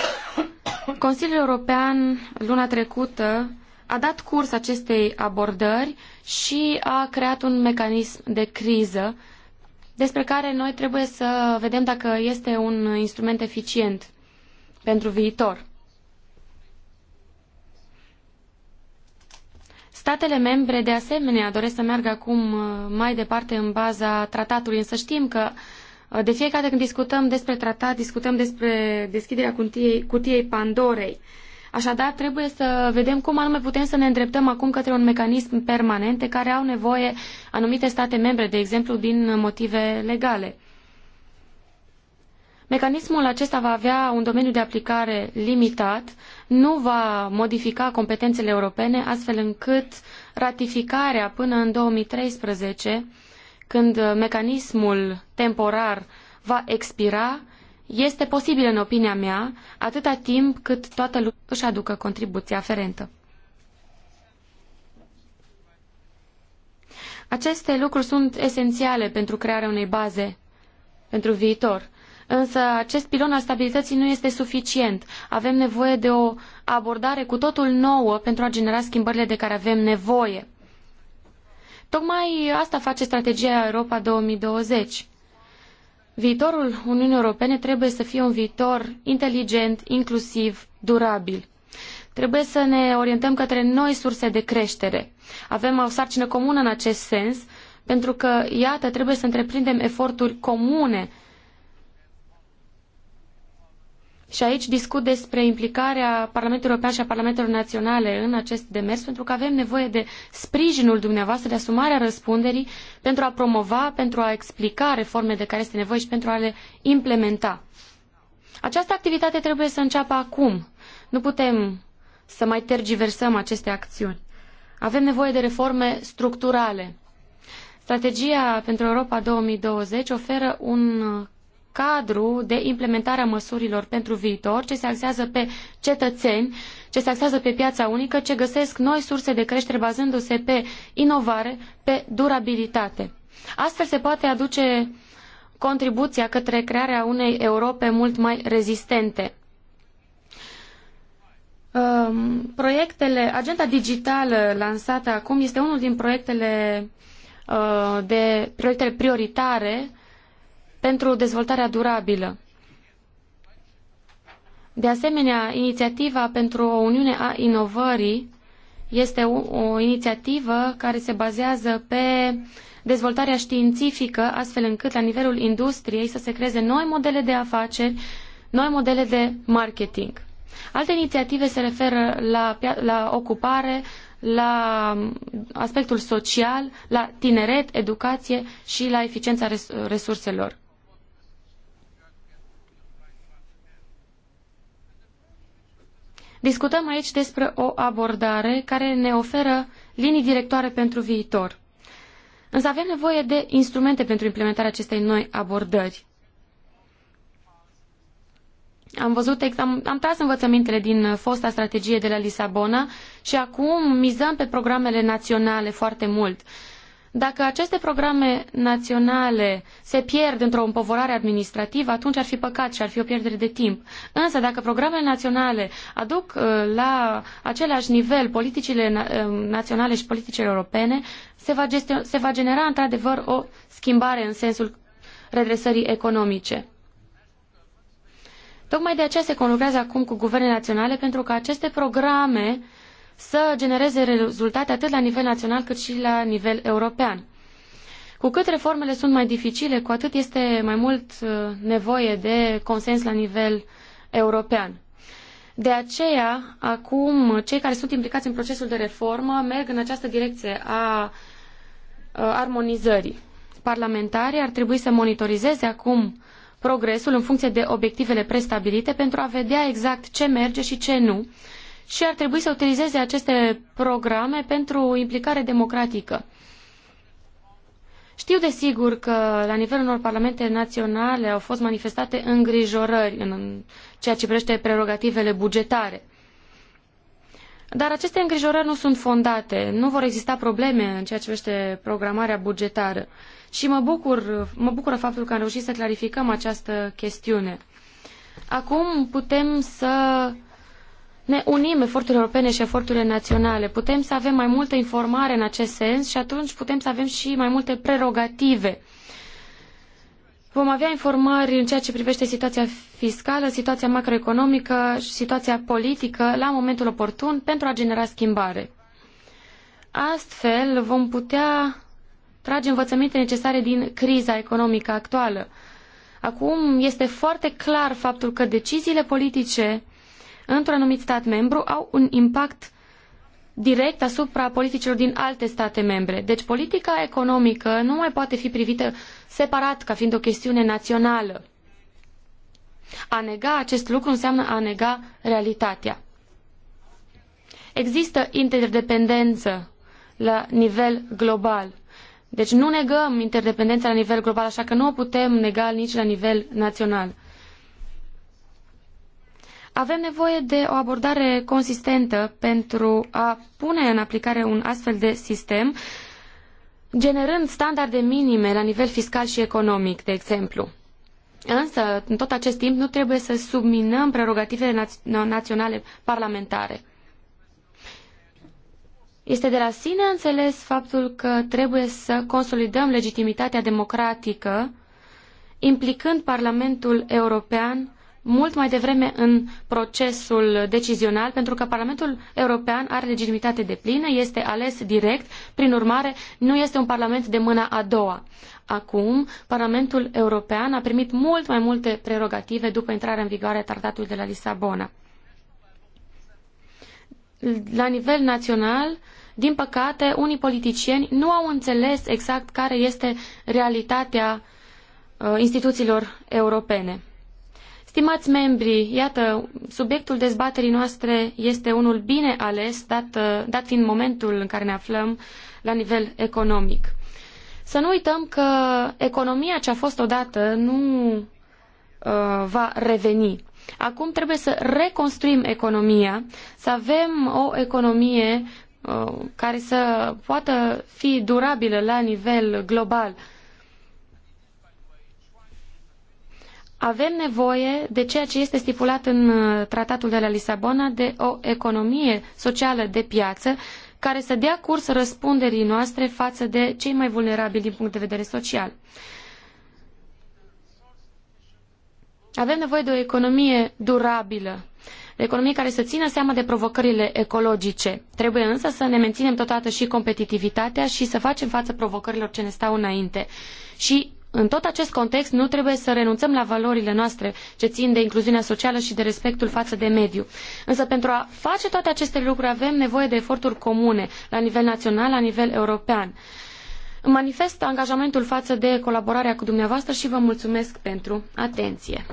Consiliul European luna trecută a dat curs acestei abordări și a creat un mecanism de criză despre care noi trebuie să vedem dacă este un instrument eficient pentru viitor. Statele membre, de asemenea, doresc să meargă acum uh, mai departe în baza tratatului, însă știm că uh, de fiecare dată când discutăm despre tratat, discutăm despre deschiderea cutiei, cutiei Pandorei. Așadar, trebuie să vedem cum anume putem să ne îndreptăm acum către un mecanism permanent de care au nevoie anumite state membre, de exemplu, din motive legale. Mecanismul acesta va avea un domeniu de aplicare limitat, nu va modifica competențele europene, astfel încât ratificarea până în 2013, când mecanismul temporar va expira, este posibil, în opinia mea, atâta timp cât toată lumea își aducă contribuția aferentă. Aceste lucruri sunt esențiale pentru crearea unei baze pentru viitor. Însă acest pilon al stabilității nu este suficient. Avem nevoie de o abordare cu totul nouă pentru a genera schimbările de care avem nevoie. Tocmai asta face strategia Europa 2020. Viitorul Uniunii Europene trebuie să fie un viitor inteligent, inclusiv, durabil. Trebuie să ne orientăm către noi surse de creștere. Avem o sarcină comună în acest sens, pentru că, iată, trebuie să întreprindem eforturi comune Și aici discut despre implicarea Parlamentului European și a Parlamentelor Naționale în acest demers, pentru că avem nevoie de sprijinul dumneavoastră, de asumarea răspunderii pentru a promova, pentru a explica reforme de care este nevoie și pentru a le implementa. Această activitate trebuie să înceapă acum. Nu putem să mai tergiversăm aceste acțiuni. Avem nevoie de reforme structurale. Strategia pentru Europa 2020 oferă un cadru de implementare a măsurilor pentru viitor, ce se axează pe cetățeni, ce se axează pe piața unică, ce găsesc noi surse de creștere bazându-se pe inovare, pe durabilitate. Astfel se poate aduce contribuția către crearea unei Europe mult mai rezistente. Um, proiectele, agenda digitală lansată acum este unul din proiectele, uh, de, proiectele prioritare uh, pentru dezvoltarea durabilă. De asemenea, inițiativa pentru o Uniune a Inovării este o, inițiativă care se bazează pe dezvoltarea științifică, astfel încât la nivelul industriei să se creeze noi modele de afaceri, noi modele de marketing. Alte inițiative se referă la, la ocupare, la aspectul social, la tineret, educație și la eficiența resurselor. Discutăm aici despre o abordare care ne oferă linii directoare pentru viitor. Însă avem nevoie de instrumente pentru implementarea acestei noi abordări. Am văzut, am, am tras învățămintele din fosta strategie de la Lisabona și acum mizăm pe programele naționale foarte mult. Uh, dacă aceste programe naționale se pierd într-o împovărare administrativă, atunci ar fi păcat și ar fi o pierdere de timp. Însă, dacă programele naționale aduc uh, la același nivel politicile uh, naționale și politicile europene, se va, se va genera într-adevăr o schimbare în sensul redresării economice. Tocmai de aceea se conlucrează acum cu guverne naționale pentru că aceste programe uh, să genereze rezultate atât la nivel național cât și la nivel european. Cu cât reformele sunt mai dificile, cu atât este mai mult uh, nevoie de consens la nivel european. De aceea, acum, cei care sunt implicați în procesul de reformă merg în această direcție a uh, armonizării. Parlamentarii ar trebui să monitorizeze acum progresul în funcție de obiectivele prestabilite pentru a vedea exact ce merge și ce nu și ar trebui să utilizeze aceste programe pentru implicare democratică. Știu desigur că la nivelul unor parlamente naționale au fost manifestate îngrijorări în ceea ce privește prerogativele bugetare. Dar aceste îngrijorări nu sunt fondate, nu vor exista probleme în ceea ce privește programarea bugetară. Și mă, bucur, mă bucură faptul că am reușit să clarificăm această chestiune. Acum putem să ne unim eforturile europene și eforturile naționale. Putem să avem mai multă informare în acest sens și atunci putem să avem și mai multe prerogative. Vom avea informări în ceea ce privește situația fiscală, situația macroeconomică și situația politică la momentul oportun pentru a genera schimbare. Astfel vom putea trage învățăminte necesare din criza economică actuală. Acum este foarte clar faptul că deciziile politice într-un anumit stat membru au un impact direct asupra politicilor din alte state membre. Deci politica economică nu mai poate fi privită separat ca fiind o chestiune națională. A nega acest lucru înseamnă a nega realitatea. Există interdependență la nivel global. Deci nu negăm interdependența la nivel global, așa că nu o putem nega nici la nivel național. Avem nevoie de o abordare consistentă pentru a pune în aplicare un astfel de sistem, generând standarde minime la nivel fiscal și economic, de exemplu. Însă, în tot acest timp, nu trebuie să subminăm prerogativele naționale parlamentare. Este de la sine înțeles faptul că trebuie să consolidăm legitimitatea democratică implicând Parlamentul European mult mai devreme în procesul decizional, pentru că Parlamentul European are legitimitate de plină, este ales direct, prin urmare, nu este un parlament de mâna a doua. Acum, Parlamentul European a primit mult mai multe prerogative după intrarea în vigoare a Tratatului de la Lisabona. La nivel național, din păcate, unii politicieni nu au înțeles exact care este realitatea uh, instituțiilor europene. Stimați membri, iată, subiectul dezbaterii noastre este unul bine ales, dat, uh, dat fiind momentul în care ne aflăm la nivel economic. Să nu uităm că economia ce a fost odată nu uh, va reveni. Acum trebuie să reconstruim economia, să avem o economie uh, care să poată fi durabilă la nivel global. avem nevoie de ceea ce este stipulat în uh, tratatul de la Lisabona, de o economie socială de piață care să dea curs răspunderii noastre față de cei mai vulnerabili din punct de vedere social. Avem nevoie de o economie durabilă, de o economie care să țină seama de provocările ecologice. Trebuie însă să ne menținem totodată și competitivitatea și să facem față provocărilor ce ne stau înainte. Și în tot acest context nu trebuie să renunțăm la valorile noastre ce țin de incluziunea socială și de respectul față de mediu. Însă pentru a face toate aceste lucruri avem nevoie de eforturi comune, la nivel național, la nivel european. Îmi manifest angajamentul față de colaborarea cu dumneavoastră și vă mulțumesc pentru atenție.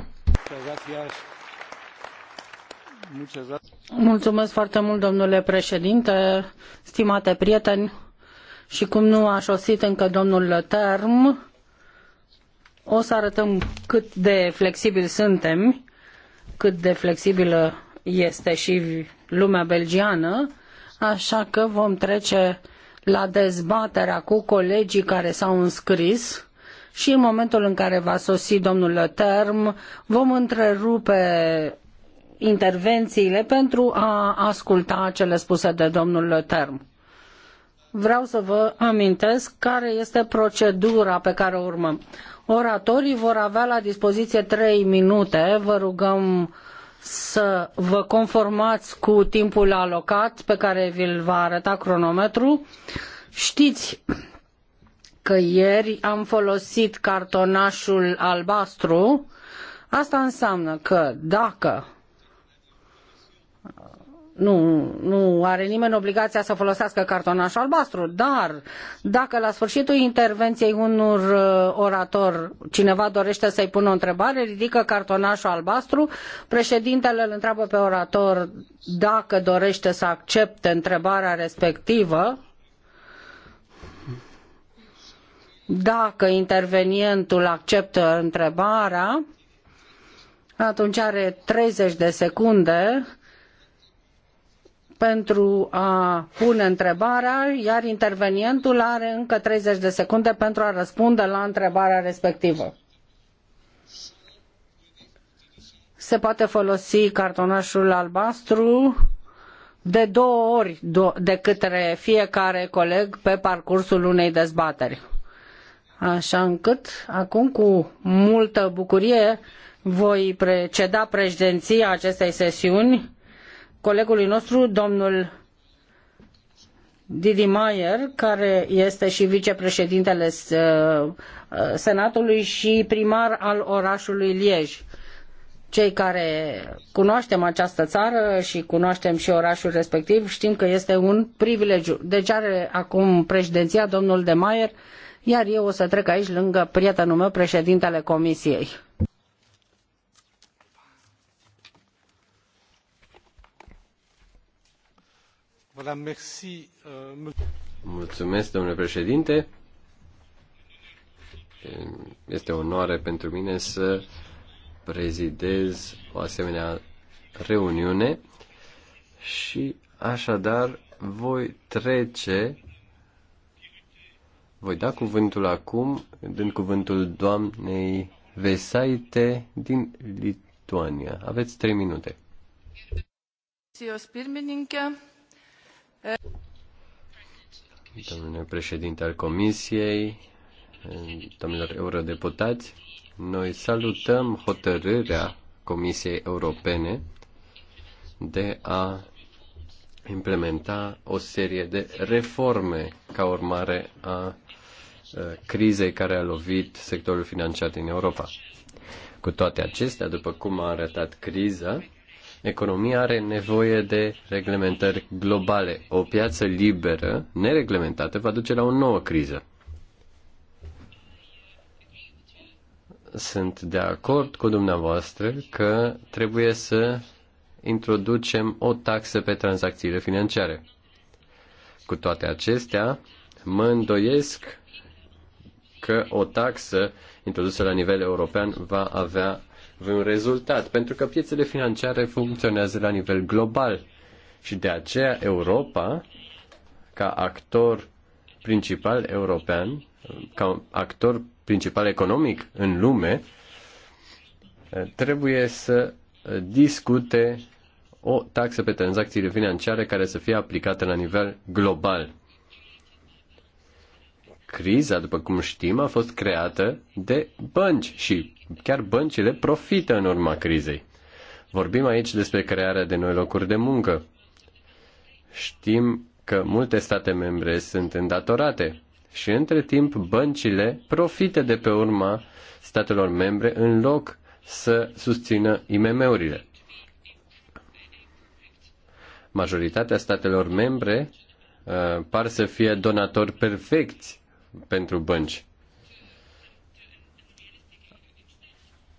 Mulțumesc foarte mult, domnule președinte, stimate prieteni, și cum nu a sosit încă domnul Term, o să arătăm cât de flexibili suntem, cât de flexibilă este și lumea belgiană, așa că vom trece la dezbaterea cu colegii care s-au înscris și în momentul în care va sosi domnul Term, vom întrerupe intervențiile pentru a asculta cele spuse de domnul Term. Vreau să vă amintesc care este procedura pe care o urmăm. Oratorii vor avea la dispoziție trei minute. Vă rugăm să vă conformați cu timpul alocat pe care vi-l va arăta cronometru. Știți că ieri am folosit cartonașul albastru. Asta înseamnă că dacă nu, nu are nimeni obligația să folosească cartonașul albastru, dar dacă la sfârșitul intervenției unor uh, orator cineva dorește să-i pună o întrebare, ridică cartonașul albastru, președintele îl întreabă pe orator dacă dorește să accepte întrebarea respectivă, dacă intervenientul acceptă întrebarea, atunci are 30 de secunde pentru a pune întrebarea, iar intervenientul are încă 30 de secunde pentru a răspunde la întrebarea respectivă. Se poate folosi cartonașul albastru de două ori de către fiecare coleg pe parcursul unei dezbateri. Așa încât, acum cu multă bucurie, voi preceda președinția acestei sesiuni colegului nostru, domnul Didi Mayer, care este și vicepreședintele uh, uh, Senatului și primar al orașului Liege. Cei care cunoaștem această țară și cunoaștem și orașul respectiv știm că este un privilegiu. Deci are acum președinția domnul de Mayer, iar eu o să trec aici lângă prietenul meu, președintele Comisiei. Euh, Mulțumesc, domnule președinte. Este o onoare pentru mine să prezidez o asemenea reuniune și așadar voi trece voi da cuvântul acum, dând cuvântul doamnei Vesaite din Lituania. Aveți trei minute. Sijos Domnule președinte al Comisiei, domnilor eurodeputați, noi salutăm hotărârea Comisiei Europene de a implementa o serie de reforme ca urmare a uh, crizei care a lovit sectorul financiar din Europa. Cu toate acestea, după cum a arătat criza, Economia are nevoie de reglementări globale. O piață liberă, nereglementată, va duce la o nouă criză. Sunt de acord cu dumneavoastră că trebuie să introducem o taxă pe tranzacțiile financiare. Cu toate acestea, mă îndoiesc că o taxă introdusă la nivel european va avea un rezultat, pentru că piețele financiare funcționează la nivel global și de aceea Europa, ca actor principal european, ca actor principal economic în lume, trebuie să discute o taxă pe tranzacțiile financiare care să fie aplicată la nivel global. Criza, după cum știm, a fost creată de bănci și chiar băncile profită în urma crizei. Vorbim aici despre crearea de noi locuri de muncă. Știm că multe state membre sunt îndatorate și între timp băncile profită de pe urma statelor membre în loc să susțină IMM-urile. Majoritatea statelor membre uh, par să fie donatori perfecți pentru bănci.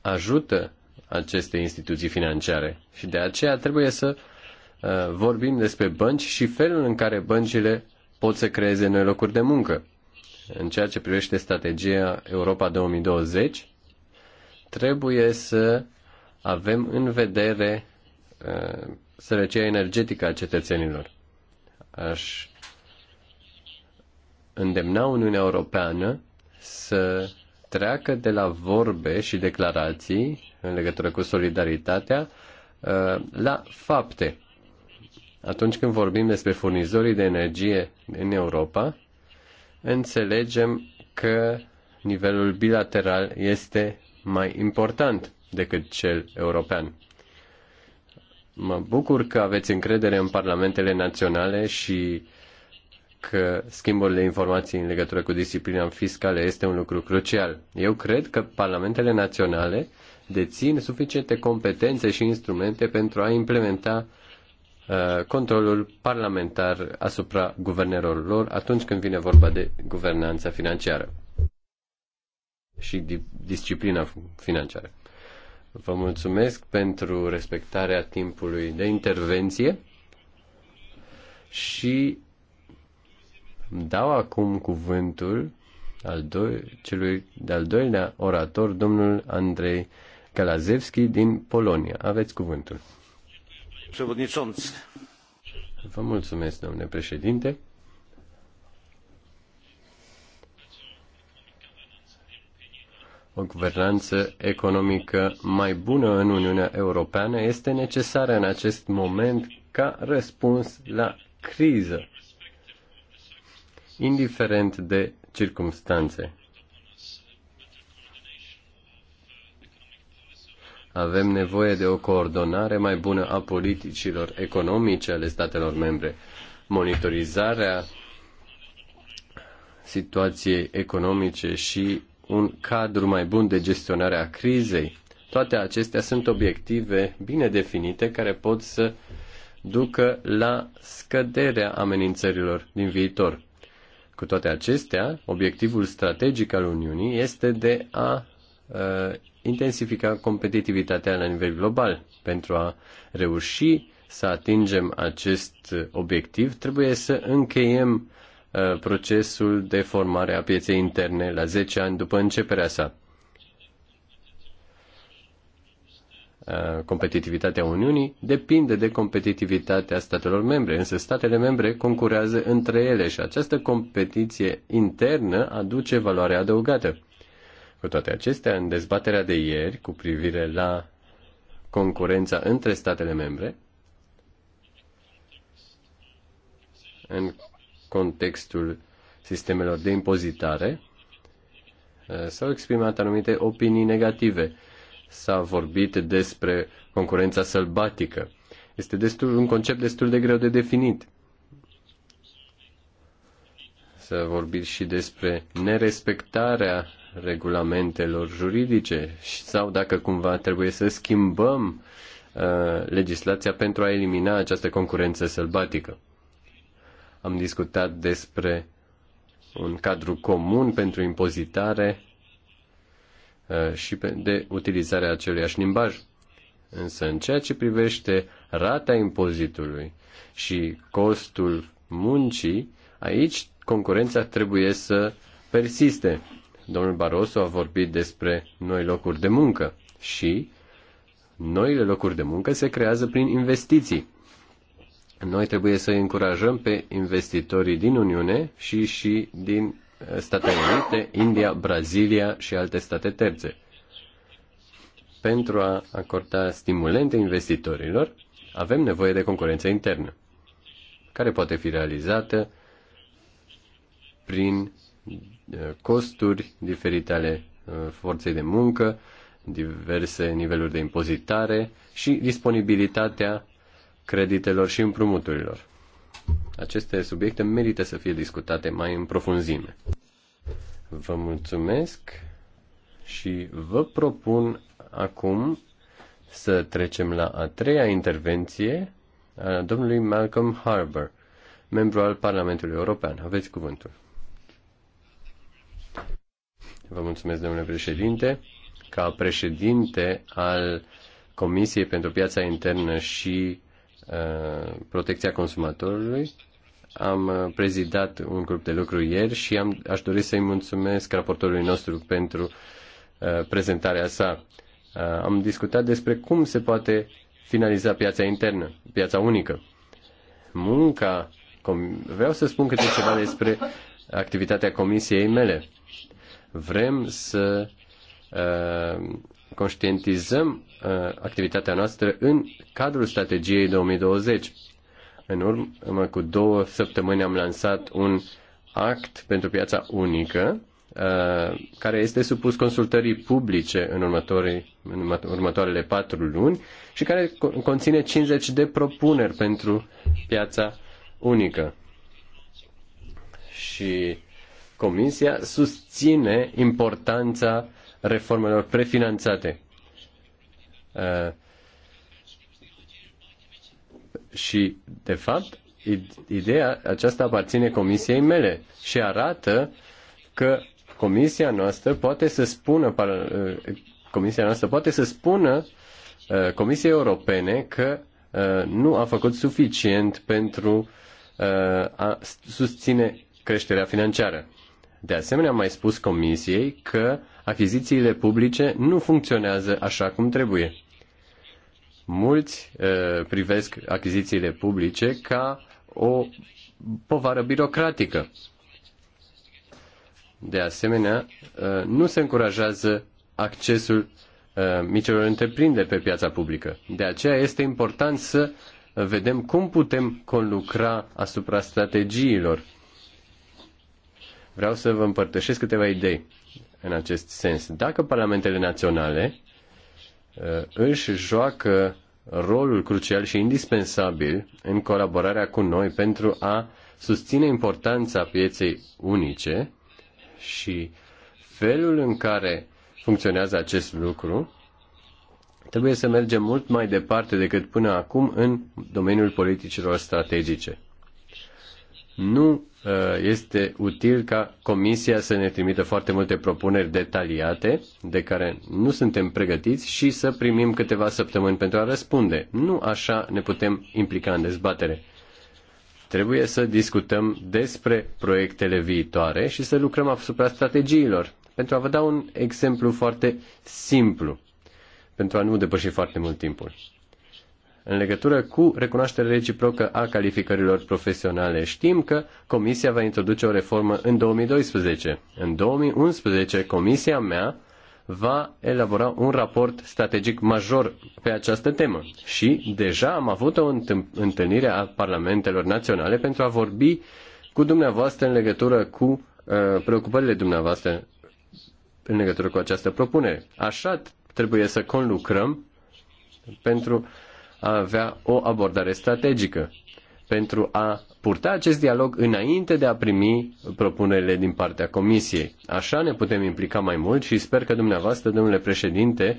Ajută aceste instituții financiare și de aceea trebuie să uh, vorbim despre bănci și felul în care băncile pot să creeze noi locuri de muncă. În ceea ce privește strategia Europa 2020, trebuie să avem în vedere uh, sărăcia energetică a cetățenilor. Aș îndemna Uniunea Europeană să treacă de la vorbe și declarații în legătură cu solidaritatea uh, la fapte. Atunci când vorbim despre furnizorii de energie în Europa, înțelegem că nivelul bilateral este mai important decât cel european. Mă bucur că aveți încredere în parlamentele naționale și uh, că schimburile de informații în legătură cu disciplina fiscală este un lucru crucial. Eu cred că parlamentele naționale dețin suficiente competențe și instrumente pentru a implementa uh, controlul parlamentar asupra guvernelor lor atunci când vine vorba de guvernanța financiară și di- disciplina financiară. Vă mulțumesc pentru respectarea timpului de intervenție și Dau acum cuvântul al doi, celui de-al doilea orator, domnul Andrei Kalazewski din Polonia. Aveți cuvântul. Vă mulțumesc, domnule președinte. O guvernanță economică mai bună în Uniunea Europeană este necesară în acest moment ca răspuns la criză indiferent de circumstanțe. Avem nevoie de o coordonare mai bună a politicilor economice ale statelor membre, monitorizarea situației economice și un cadru mai bun de gestionare a crizei. Toate acestea sunt obiective bine definite care pot să ducă la scăderea amenințărilor din viitor. Cu toate acestea, obiectivul strategic al Uniunii este de a uh, intensifica competitivitatea la nivel global. Pentru a reuși să atingem acest obiectiv, trebuie să încheiem uh, procesul de formare a pieței interne la 10 ani după începerea sa. Uh, competitivitatea Uniunii depinde de competitivitatea statelor membre, însă statele membre concurează între ele și această competiție internă aduce valoare adăugată. Cu toate acestea, în dezbaterea de ieri cu privire la concurența între statele membre, în contextul sistemelor de impozitare, uh, s-au exprimat anumite opinii negative s-a vorbit despre concurența sălbatică. Este destul, un concept destul de greu de definit. S-a vorbit și despre nerespectarea regulamentelor juridice sau dacă cumva trebuie să schimbăm uh, legislația pentru a elimina această concurență sălbatică. Am discutat despre un cadru comun pentru impozitare Uh, și de utilizarea aceluiași limbaj. Însă în ceea ce privește rata impozitului și costul muncii, aici concurența trebuie să persiste. Domnul Barroso a vorbit despre noi locuri de muncă și noile locuri de muncă se creează prin investiții. Noi trebuie să încurajăm pe investitorii din Uniune și și din Statele Unite, India, Brazilia și alte state terțe. Pentru a acorda stimulente investitorilor, avem nevoie de concurență internă, care poate fi realizată prin uh, costuri diferite ale uh, forței de muncă, diverse niveluri de impozitare și disponibilitatea creditelor și împrumuturilor. Aceste subiecte merită să fie discutate mai în profunzime. Vă mulțumesc și vă propun acum să trecem la a treia intervenție a domnului Malcolm Harbour, membru al Parlamentului European. Aveți cuvântul. Vă mulțumesc, domnule președinte. Ca președinte al Comisiei pentru Piața Internă și Uh, protecția consumatorului. Am uh, prezidat un grup de lucru ieri și am, aș dori să-i mulțumesc raportorului nostru pentru uh, prezentarea sa. am discutat despre cum se poate finaliza piața internă, piața unică. Munca, com- vreau să spun câte ceva despre activitatea comisiei mele. Vrem să uh, conștientizăm uh, activitatea noastră în cadrul strategiei 2020. În urmă cu două săptămâni am lansat un act pentru piața unică uh, care este supus consultării publice în, în următoarele patru luni și care conține 50 de propuneri pentru piața unică. Și Comisia susține importanța uh, reformelor prefinanțate. Uh, și, de fapt, ideea aceasta aparține comisiei mele și arată că comisia noastră poate să spună uh, comisia noastră poate să spună uh, Comisiei Europene că nu a făcut suficient pentru a susține creșterea financiară. De asemenea, am mai spus Comisiei că achizițiile publice nu funcționează așa cum trebuie. Mulți uh, privesc achizițiile publice ca o povară birocratică. De asemenea, uh, nu se încurajează accesul uh, micilor întreprinderi pe piața publică. De aceea este important să vedem cum putem conlucra asupra strategiilor. Vreau să vă împărtășesc câteva idei în acest sens. Dacă parlamentele naționale uh, își joacă rolul crucial și indispensabil în colaborarea cu noi pentru a susține importanța pieței unice și felul în care funcționează acest lucru, trebuie să mergem mult mai departe decât până acum în domeniul politicilor strategice nu uh, este util ca Comisia să ne trimită foarte multe propuneri detaliate de care nu suntem pregătiți și să primim câteva săptămâni pentru a răspunde. Nu așa ne putem implica în dezbatere. Trebuie să discutăm despre proiectele viitoare și să lucrăm asupra strategiilor. Pentru a vă da un exemplu foarte simplu, pentru a nu depăși foarte mult timpul în legătură cu recunoașterea reciprocă a calificărilor profesionale. Știm că Comisia va introduce o reformă în 2012. În 2011, Comisia mea va elabora un raport strategic major pe această temă și deja am avut o întâlnire a parlamentelor naționale pentru a vorbi cu dumneavoastră în legătură cu uh, preocupările dumneavoastră în legătură cu această propunere. Așa trebuie să conlucrăm pentru a avea o abordare strategică pentru a purta acest dialog înainte de a primi propunerile din partea Comisiei. Așa ne putem implica mai mult și sper că dumneavoastră, domnule președinte,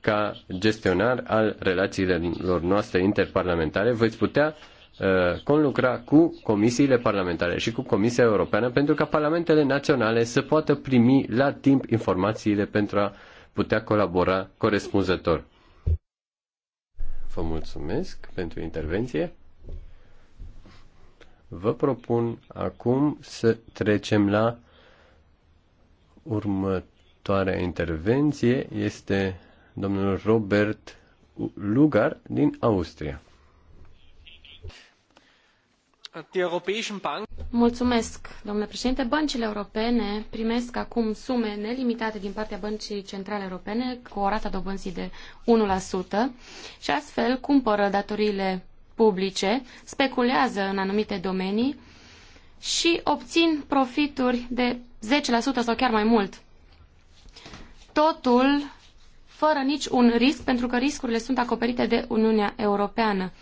ca gestionar al relațiilor noastre interparlamentare, veți putea uh, conlucra cu comisiile parlamentare și cu Comisia Europeană pentru ca parlamentele naționale să poată primi la timp informațiile pentru a putea colabora corespunzător. Vă mulțumesc pentru intervenție. Vă propun acum să trecem la următoarea intervenție. Este domnul Robert Lugar din Austria domnule președinte. Băncile europene primesc acum sume nelimitate din partea Băncii Centrale Europene cu o rată dobânzii de 1% și astfel cumpără datoriile publice, speculează în anumite domenii și obțin profituri de 10% sau chiar mai mult. Totul fără nici un risc, pentru că riscurile sunt acoperite de Uniunea Europeană.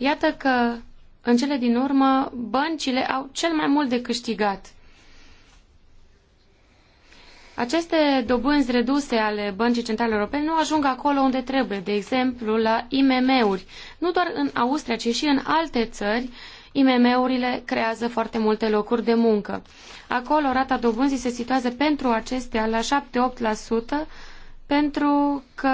Iată că, în cele din urmă, băncile au cel mai mult de câștigat. Aceste dobânzi reduse ale Băncii Centrale Europene nu ajung acolo unde trebuie, de exemplu la IMM-uri. Nu doar în Austria, ci și în alte țări, IMM-urile creează foarte multe locuri de muncă. Acolo rata dobânzii se situează pentru acestea la 7-8% pentru că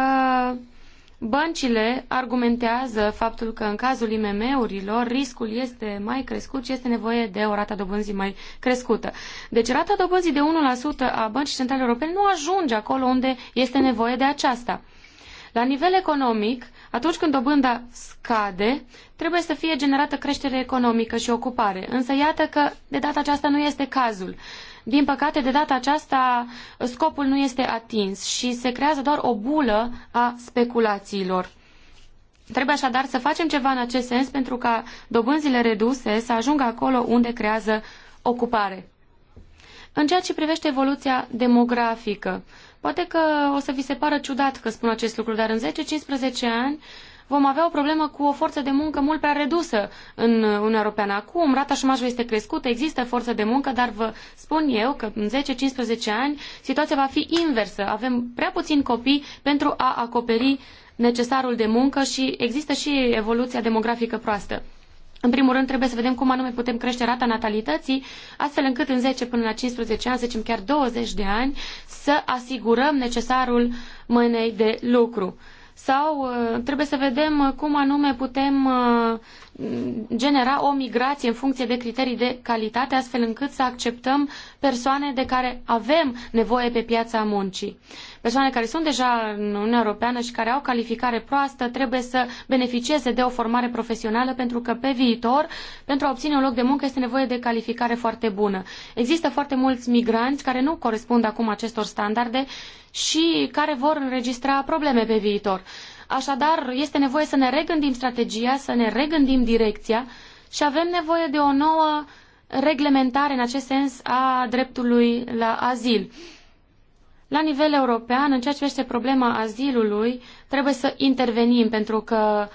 Băncile argumentează faptul că în cazul IMM-urilor riscul este mai crescut și este nevoie de o rată dobânzii mai crescută. Deci rata dobânzii de 1% a băncii centrale europene nu ajunge acolo unde este nevoie de aceasta. La nivel economic, atunci când dobânda scade, trebuie să fie generată creștere economică și ocupare. Însă iată că de data aceasta nu este cazul. Din păcate, de data aceasta, scopul nu este atins și se creează doar o bulă a speculațiilor. Trebuie așadar să facem ceva în acest sens pentru ca dobânzile reduse să ajungă acolo unde creează ocupare. În ceea ce privește evoluția demografică, poate că o să vi se pară ciudat că spun acest lucru, dar în 10-15 ani vom avea o problemă cu o forță de muncă mult prea redusă în Uniunea Europeană. Acum rata șomajului este crescută, există forță de muncă, dar vă spun eu că în 10-15 ani situația va fi inversă. Avem prea puțini copii pentru a acoperi necesarul de muncă și există și evoluția demografică proastă. În primul rând, trebuie să vedem cum anume putem crește rata natalității, astfel încât în 10 până la 15 ani, să zicem chiar 20 de ani, să asigurăm necesarul mâinei de lucru sau uh, trebuie să vedem uh, cum anume putem uh, genera o migrație în funcție de criterii de calitate, astfel încât să acceptăm persoane de care avem nevoie pe piața muncii. Persoane care sunt deja în Uniunea Europeană și care au calificare proastă trebuie să beneficieze de o formare profesională pentru că pe viitor, pentru a obține un loc de muncă, este nevoie de calificare foarte bună. Există foarte mulți migranți care nu corespund acum acestor standarde și care vor înregistra probleme pe viitor. Așadar, este nevoie să ne regândim strategia, să ne regândim direcția și avem nevoie de o nouă reglementare în acest sens a dreptului la azil. La nivel european, în ceea ce este problema azilului, trebuie să intervenim, pentru că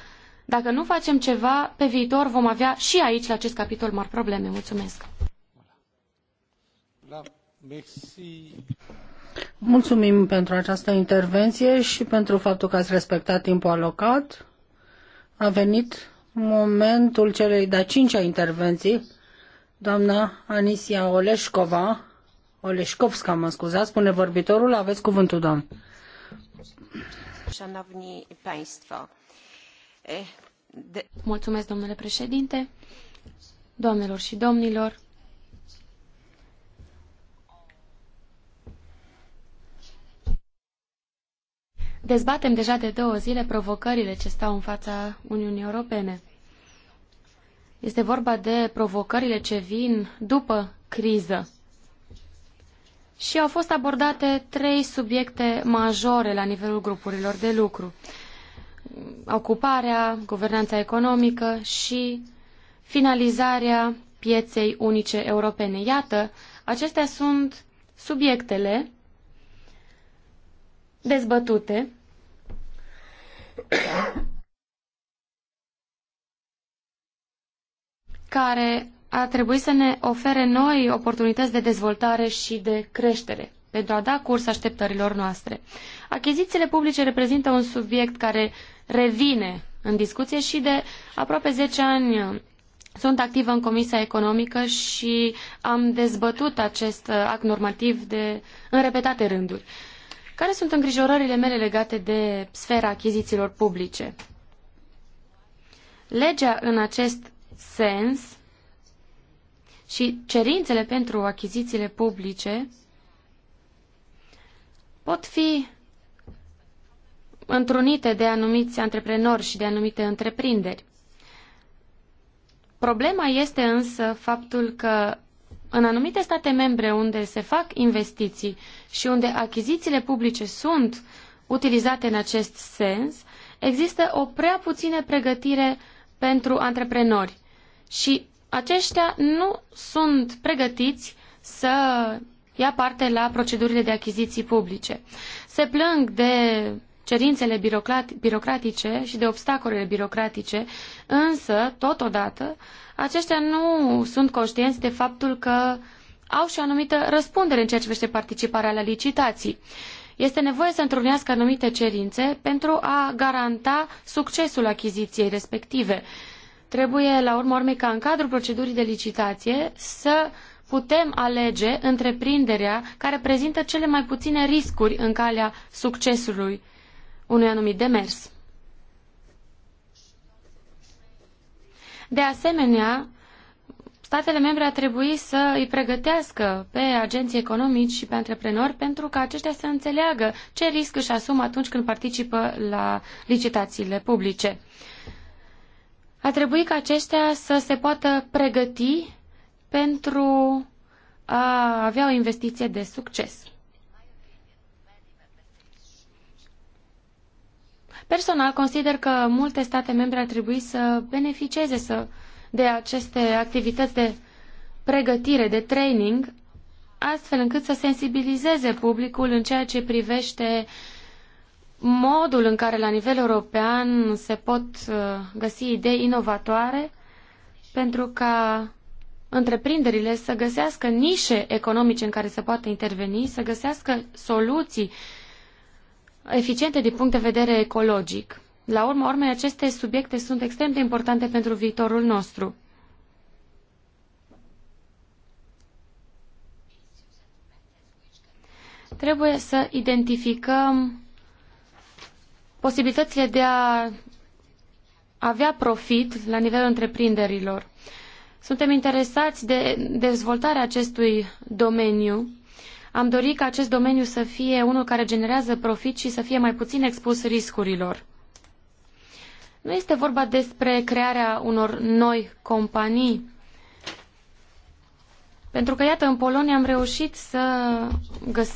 dacă nu facem ceva, pe viitor vom avea și aici, la acest capitol, mari probleme. Mulțumesc! La... Da, Mulțumim pentru această intervenție și pentru faptul că ați respectat timpul alocat. A venit momentul celei de-a cincea intervenții. Doamna Anisia Oleșcova, Oleșcovska, mă scuzați, spune vorbitorul, aveți cuvântul, doamnă. Szanowni Państwo, Mulțumesc, domnule președinte, doamnelor și domnilor. Dezbatem deja de două zile provocările ce stau în fața Uniunii Europene. Este vorba de provocările ce vin după criză. Și au fost abordate trei subiecte majore la nivelul grupurilor de lucru. Ocuparea, guvernanța economică și finalizarea pieței unice europene. Iată, acestea sunt subiectele dezbătute care ar trebui să ne ofere noi oportunități de dezvoltare și de creștere pentru a da curs așteptărilor noastre. Achizițiile publice reprezintă un subiect care revine în discuție și de aproape 10 ani sunt activă în Comisia Economică și am dezbătut acest act normativ de, în repetate rânduri. Care sunt îngrijorările mele legate de sfera achizițiilor publice? Legea în acest sens și cerințele pentru achizițiile publice pot fi întrunite de anumiți antreprenori și de anumite întreprinderi. Problema este însă faptul că în anumite state membre unde se fac investiții și unde achizițiile publice sunt utilizate în acest sens, există o prea puțină pregătire pentru antreprenori și aceștia nu sunt pregătiți să ia parte la procedurile de achiziții publice. Se plâng de cerințele birocratice și de obstacolele birocratice, însă, totodată, aceștia nu sunt conștienți de faptul că au și o anumită răspundere în ceea ce privește participarea la licitații. Este nevoie să întrunească anumite cerințe pentru a garanta succesul achiziției respective. Trebuie, la urmă urmei, ca în cadrul procedurii de licitație să putem alege întreprinderea care prezintă cele mai puține riscuri în calea succesului unui anumit demers. De asemenea, statele membre ar trebui să îi pregătească pe agenții economici și pe antreprenori pentru ca aceștia să înțeleagă ce risc își asumă atunci când participă la licitațiile publice. Ar trebui ca aceștia să se poată pregăti pentru a avea o investiție de succes. Personal, consider că multe state membre ar trebui să beneficieze să, de aceste activități de pregătire, de training, astfel încât să sensibilizeze publicul în ceea ce privește modul în care la nivel european se pot uh, găsi idei inovatoare pentru ca întreprinderile să găsească nișe economice în care să poată interveni, să găsească soluții uh, eficiente din punct de vedere ecologic. La urma urmei, aceste subiecte sunt extrem de importante pentru viitorul nostru. Trebuie să identificăm posibilitățile de a avea profit la nivelul întreprinderilor. Suntem interesați de dezvoltarea acestui domeniu am dorit ca acest domeniu să fie unul care generează profit și să fie mai puțin expus riscurilor. Nu este vorba despre crearea unor noi companii, pentru că, iată, în Polonia am reușit să,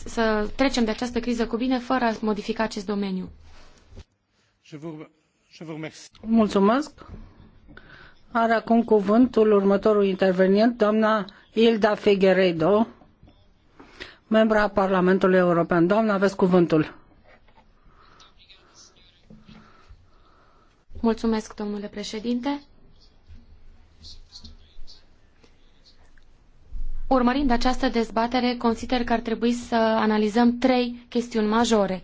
să trecem de această criză cu bine fără a modifica acest domeniu. Mulțumesc. Are acum cuvântul următorul intervenient, doamna Ilda Figueredo membra a Parlamentului European. doamnă, aveți cuvântul. Mulțumesc, domnule președinte. Urmărind această dezbatere, consider că ar trebui să analizăm trei chestiuni majore.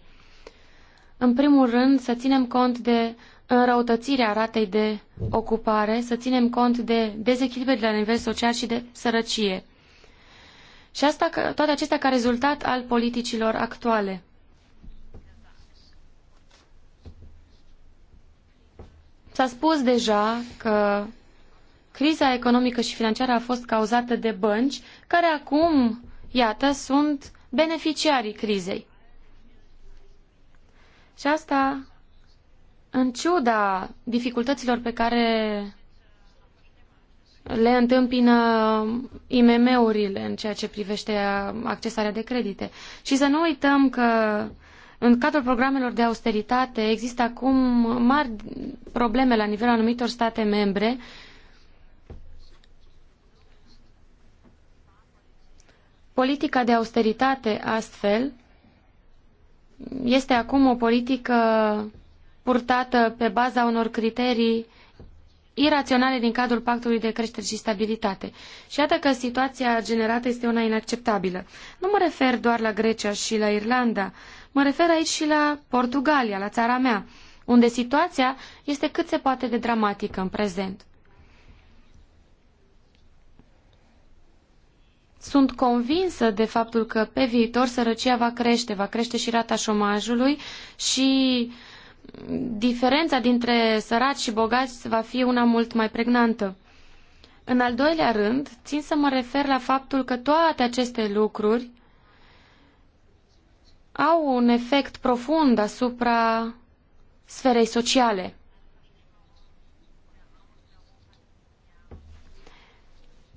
În primul rând, să ținem cont de înrăutățirea ratei de ocupare, să ținem cont de dezechilibrele la nivel social și de sărăcie. Și asta, toate acestea ca rezultat al politicilor actuale. S-a spus deja că criza economică și financiară a fost cauzată de bănci, care acum, iată, sunt beneficiarii crizei. Și asta în ciuda dificultăților pe care le întâmpină IMM-urile în ceea ce privește accesarea de credite. Și să nu uităm că în cadrul programelor de austeritate există acum mari probleme la nivelul anumitor state membre Politica de austeritate, astfel, este acum o politică purtată pe baza unor criterii iraționale din cadrul Pactului de Creștere și Stabilitate. Și iată că situația generată este una inacceptabilă. Nu mă refer doar la Grecia și la Irlanda, mă refer aici și la Portugalia, la țara mea, unde situația este cât se poate de dramatică în prezent. Sunt convinsă de faptul că pe viitor sărăcia va crește, va crește și rata șomajului și uh, diferența dintre săraci și bogați va fi una mult mai pregnantă. În al doilea rând, țin să mă refer la faptul că toate aceste lucruri au un efect profund asupra sferei sociale.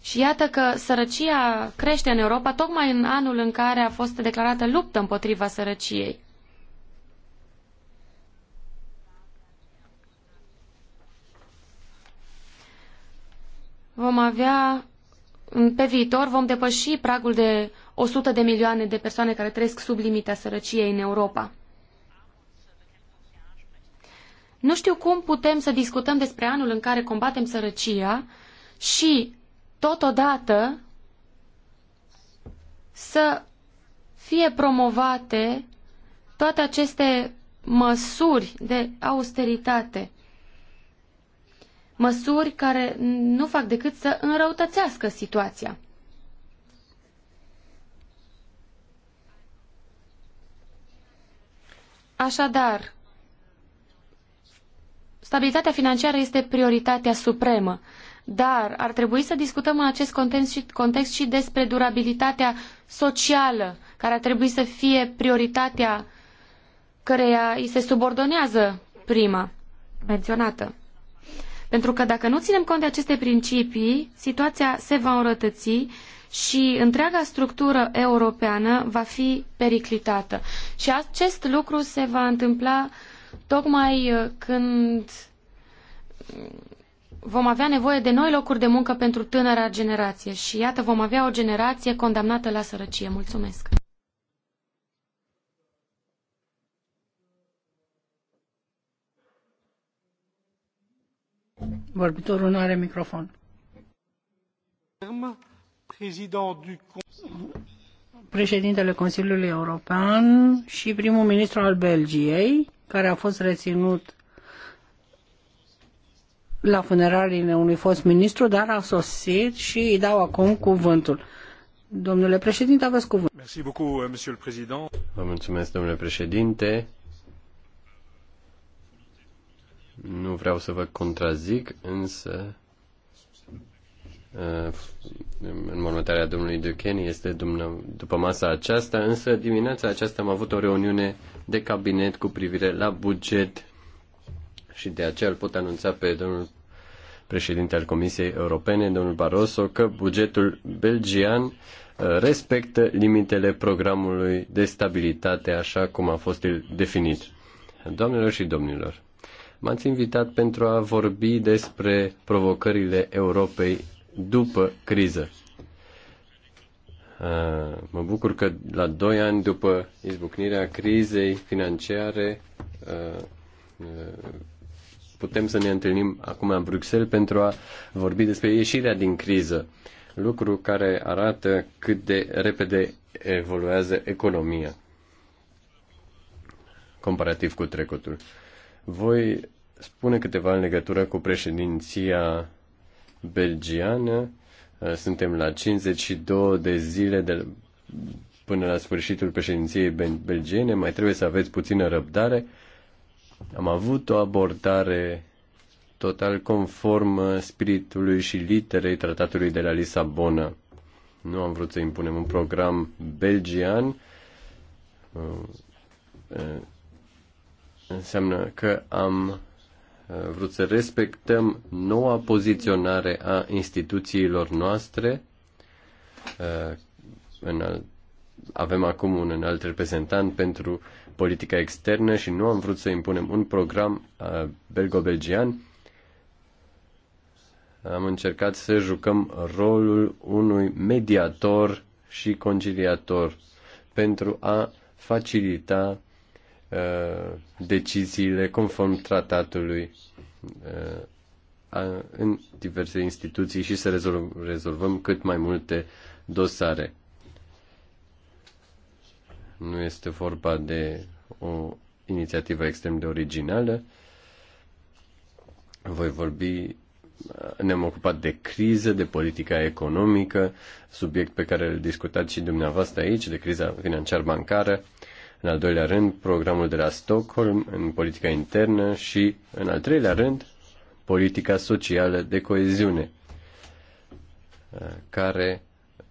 Și iată că sărăcia crește în Europa tocmai în anul în care a fost declarată luptă împotriva sărăciei. vom avea pe viitor vom depăși pragul de 100 de milioane de persoane care trăiesc sub limita sărăciei în Europa. Nu știu cum putem să discutăm despre anul în care combatem sărăcia și totodată să fie promovate toate aceste măsuri de austeritate măsuri care nu fac decât să înrăutățească situația. Așadar, stabilitatea financiară este prioritatea supremă, dar ar trebui să discutăm în acest context și, context și despre durabilitatea socială, care ar trebui să fie prioritatea căreia îi se subordonează prima menționată. Pentru că dacă nu ținem cont de aceste principii, situația se va înrătăți și întreaga structură europeană va fi periclitată. Și acest lucru se va întâmpla tocmai uh, când mm, vom avea nevoie de noi locuri de muncă pentru tânăra generație și iată vom avea o generație condamnată la sărăcie. Mulțumesc! Vorbitorul nu are microfon. Președintele Consiliului European și primul ministru al Belgiei, care a fost reținut la funeraliile unui fost ministru, dar a sosit și îi dau acum cuvântul. Domnule președinte, aveți cuvânt. Euh, Vă mulțumesc, domnule președinte. Nu vreau să vă contrazic, însă uh, în înmormântarea domnului Duchenne este după masa aceasta, însă dimineața aceasta am avut o reuniune de cabinet cu privire la buget și de aceea îl pot anunța pe domnul președinte al Comisiei Europene, domnul Barroso, că bugetul belgian uh, respectă limitele programului de stabilitate așa cum a fost el definit. Doamnelor și domnilor, M-ați invitat pentru a vorbi despre provocările Europei după criză. Uh, mă bucur că la doi ani după izbucnirea crizei financiare uh, uh, putem să ne întâlnim acum în Bruxelles pentru a vorbi despre ieșirea din criză, lucru care arată cât de repede evoluează economia comparativ cu trecutul. Voi spune câteva în legătură cu președinția belgiană. Uh, suntem la 52 de zile de, până la sfârșitul președinției belgiene. Mai trebuie să aveți puțină răbdare. Am avut o abordare total conform spiritului și literei tratatului de la Lisabona. Nu am vrut să impunem un program belgian. Uh, uh, înseamnă că am Uh, vrut să respectăm noua poziționare a instituțiilor noastre. Uh, avem acum un înalt reprezentant pentru politica externă și nu am vrut să impunem un program uh, belgo-belgian. Am încercat să jucăm rolul unui mediator și conciliator pentru a facilita Uh, deciziile conform tratatului uh, în diverse instituții și să rezolv, rezolvăm cât mai multe dosare. Nu este vorba de o inițiativă extrem de originală. Voi vorbi, ne-am ocupat de criză, de politica economică, subiect pe care îl discutați și dumneavoastră aici, de criza financiar-bancară. Uh, în al doilea rând programul de la Stockholm în politica internă și, în al treilea rând, politica socială de coeziune, uh, care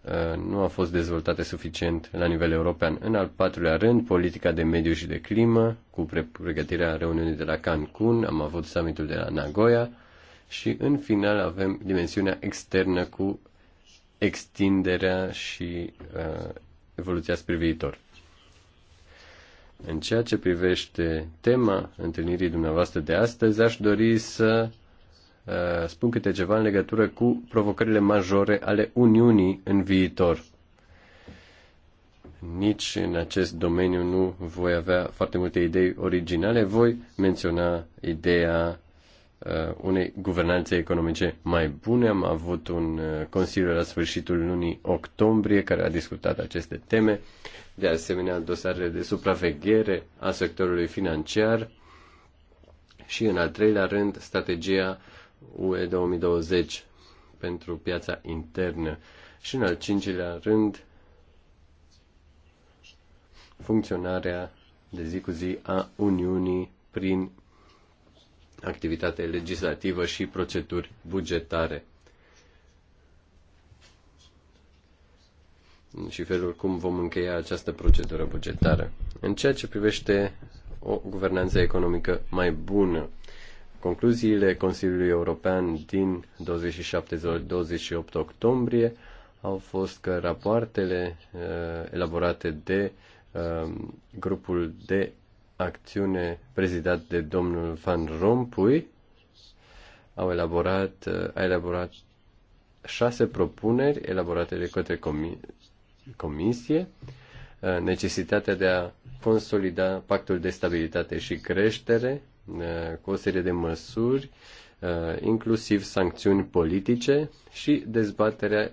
uh, nu a fost dezvoltată suficient la nivel european. În al patrulea rând, politica de mediu și de climă, cu pregătirea reuniunii de la Cancun, am avut summitul de la Nagoya și în final avem dimensiunea externă cu extinderea și uh, evoluția spre viitor. În ceea ce privește tema întâlnirii dumneavoastră de astăzi, aș dori să uh, spun câte ceva în legătură cu provocările majore ale Uniunii în viitor. Nici în acest domeniu nu voi avea foarte multe idei originale, voi menționa ideea uh, unei guvernanțe economice mai bune. Am avut un uh, consiliu la sfârșitul lunii octombrie care a discutat aceste teme. Uh, de asemenea dosarele de supraveghere a sectorului financiar și, în al treilea rând, strategia UE 2020 pentru piața internă și, în al cincilea rând, funcționarea de zi cu zi a Uniunii prin activitate legislativă și proceduri bugetare. și felul cum vom încheia această procedură bugetară. În ceea ce privește o guvernanță economică mai bună, concluziile Consiliului European din 27-28 octombrie au fost că rapoartele uh, elaborate de uh, grupul de acțiune prezidat de domnul Van Rompuy au elaborat, uh, a elaborat șase propuneri elaborate de către comi- Comisie uh, necesitatea de a consolida pactul de stabilitate și creștere uh, cu o serie de măsuri, uh, inclusiv sancțiuni politice și dezbaterea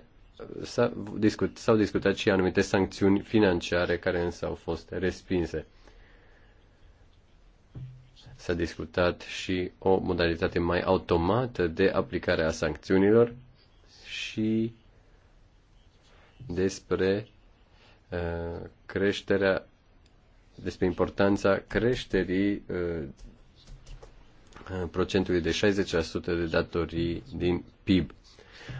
s-au discut, discutat și anumite sancțiuni financiare care însă au fost respinse. S-a discutat și o modalitate mai automată de aplicare a sancțiunilor și despre uh, creșterea, despre importanța creșterii uh, uh procentului de 60% de datorii din PIB.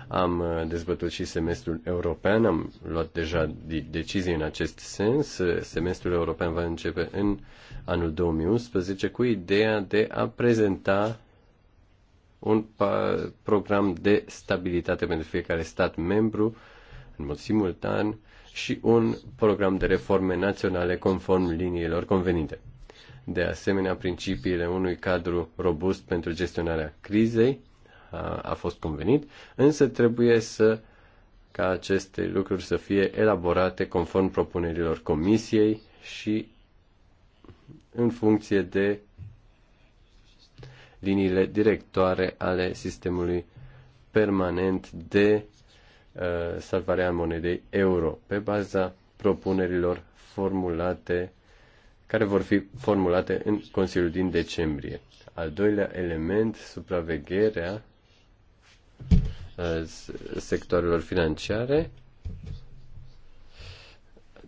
Am uh, dezbătut și semestrul european, am luat deja decizii în acest sens. Uh, semestrul european va începe în anul 2011 cu ideea de a prezenta un program de stabilitate pentru fiecare stat membru în mod simultan și un program de reforme naționale conform liniilor convenite. De asemenea, principiile unui cadru robust pentru gestionarea crizei a, a fost convenit, însă trebuie să ca aceste lucruri să fie elaborate conform propunerilor comisiei și în funcție de liniile directoare ale sistemului permanent de Uh, salvarea monedei euro pe baza propunerilor formulate care vor fi formulate în Consiliul din decembrie. Al doilea element, supravegherea uh, sectoarelor financiare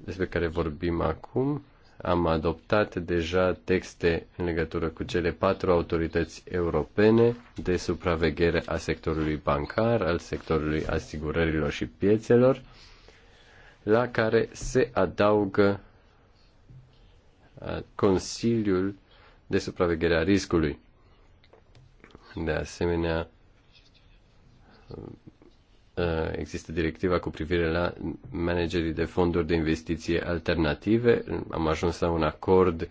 despre care vorbim acum am adoptat deja texte în legătură cu cele patru autorități europene de supraveghere a sectorului bancar, al sectorului asigurărilor și piețelor, la care se adaugă Consiliul de Supraveghere a Riscului. De asemenea, Uh, există directiva cu privire la managerii de fonduri de investiție alternative. Am ajuns la un acord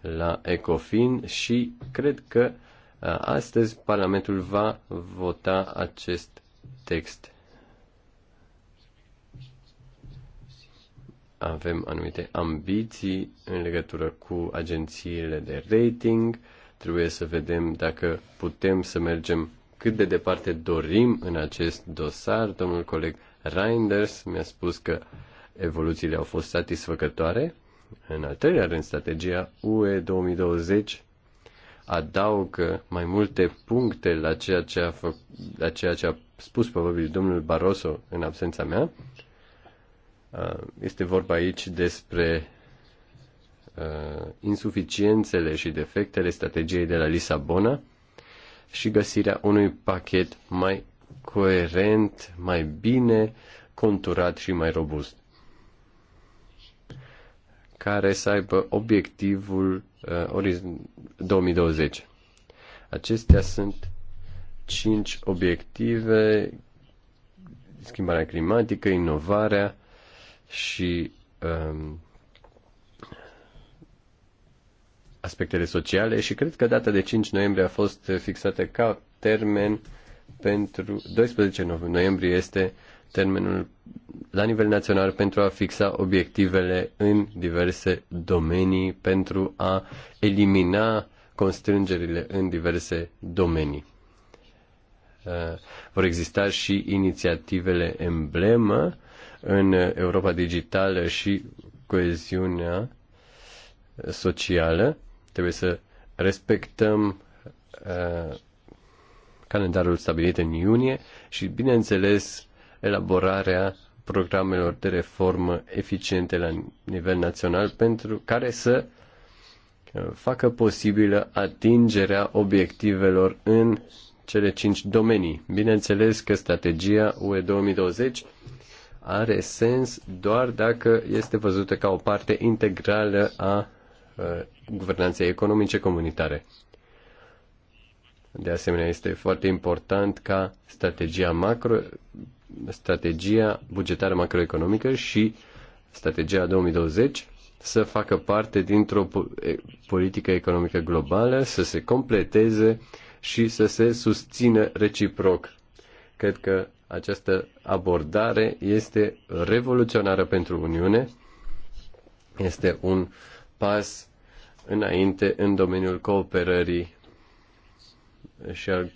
la ECOFIN și cred că uh, astăzi Parlamentul va vota acest text. Avem anumite ambiții în legătură cu agențiile de rating. Trebuie să vedem dacă putem să mergem cât de departe dorim în acest dosar. Domnul coleg Reinders mi-a spus că evoluțiile au fost satisfăcătoare. În al treilea rând, strategia UE 2020 adaugă mai multe puncte la ceea ce a, fă, la ceea ce a spus probabil domnul Barroso în absența mea. Uh, este vorba aici despre uh, insuficiențele și defectele strategiei de la Lisabona, și găsirea unui pachet mai coerent, mai bine conturat și mai robust, care să aibă obiectivul uh, 2020. Acestea sunt cinci obiective, schimbarea climatică, inovarea și um, aspectele sociale și cred că data de 5 noiembrie a fost fixată ca termen pentru 12 noiembrie este termenul la nivel național pentru a fixa obiectivele în diverse domenii pentru a elimina constrângerile în diverse domenii. Uh, vor exista și inițiativele emblemă în Europa Digitală și coeziunea socială Trebuie să respectăm uh, calendarul stabilit în iunie și, bineînțeles, elaborarea programelor de reformă eficiente la nivel național pentru care să uh, facă posibilă atingerea obiectivelor în cele cinci domenii. Bineînțeles că strategia UE 2020 are sens doar dacă este văzută ca o parte integrală a Uh, guvernanței economice comunitare. De asemenea, este foarte important ca strategia, macro, strategia bugetară macroeconomică și strategia 2020 să facă parte dintr-o politică economică globală, să se completeze și să se susțină reciproc. Cred că această abordare este revoluționară pentru Uniune, este un pas înainte în domeniul cooperării și al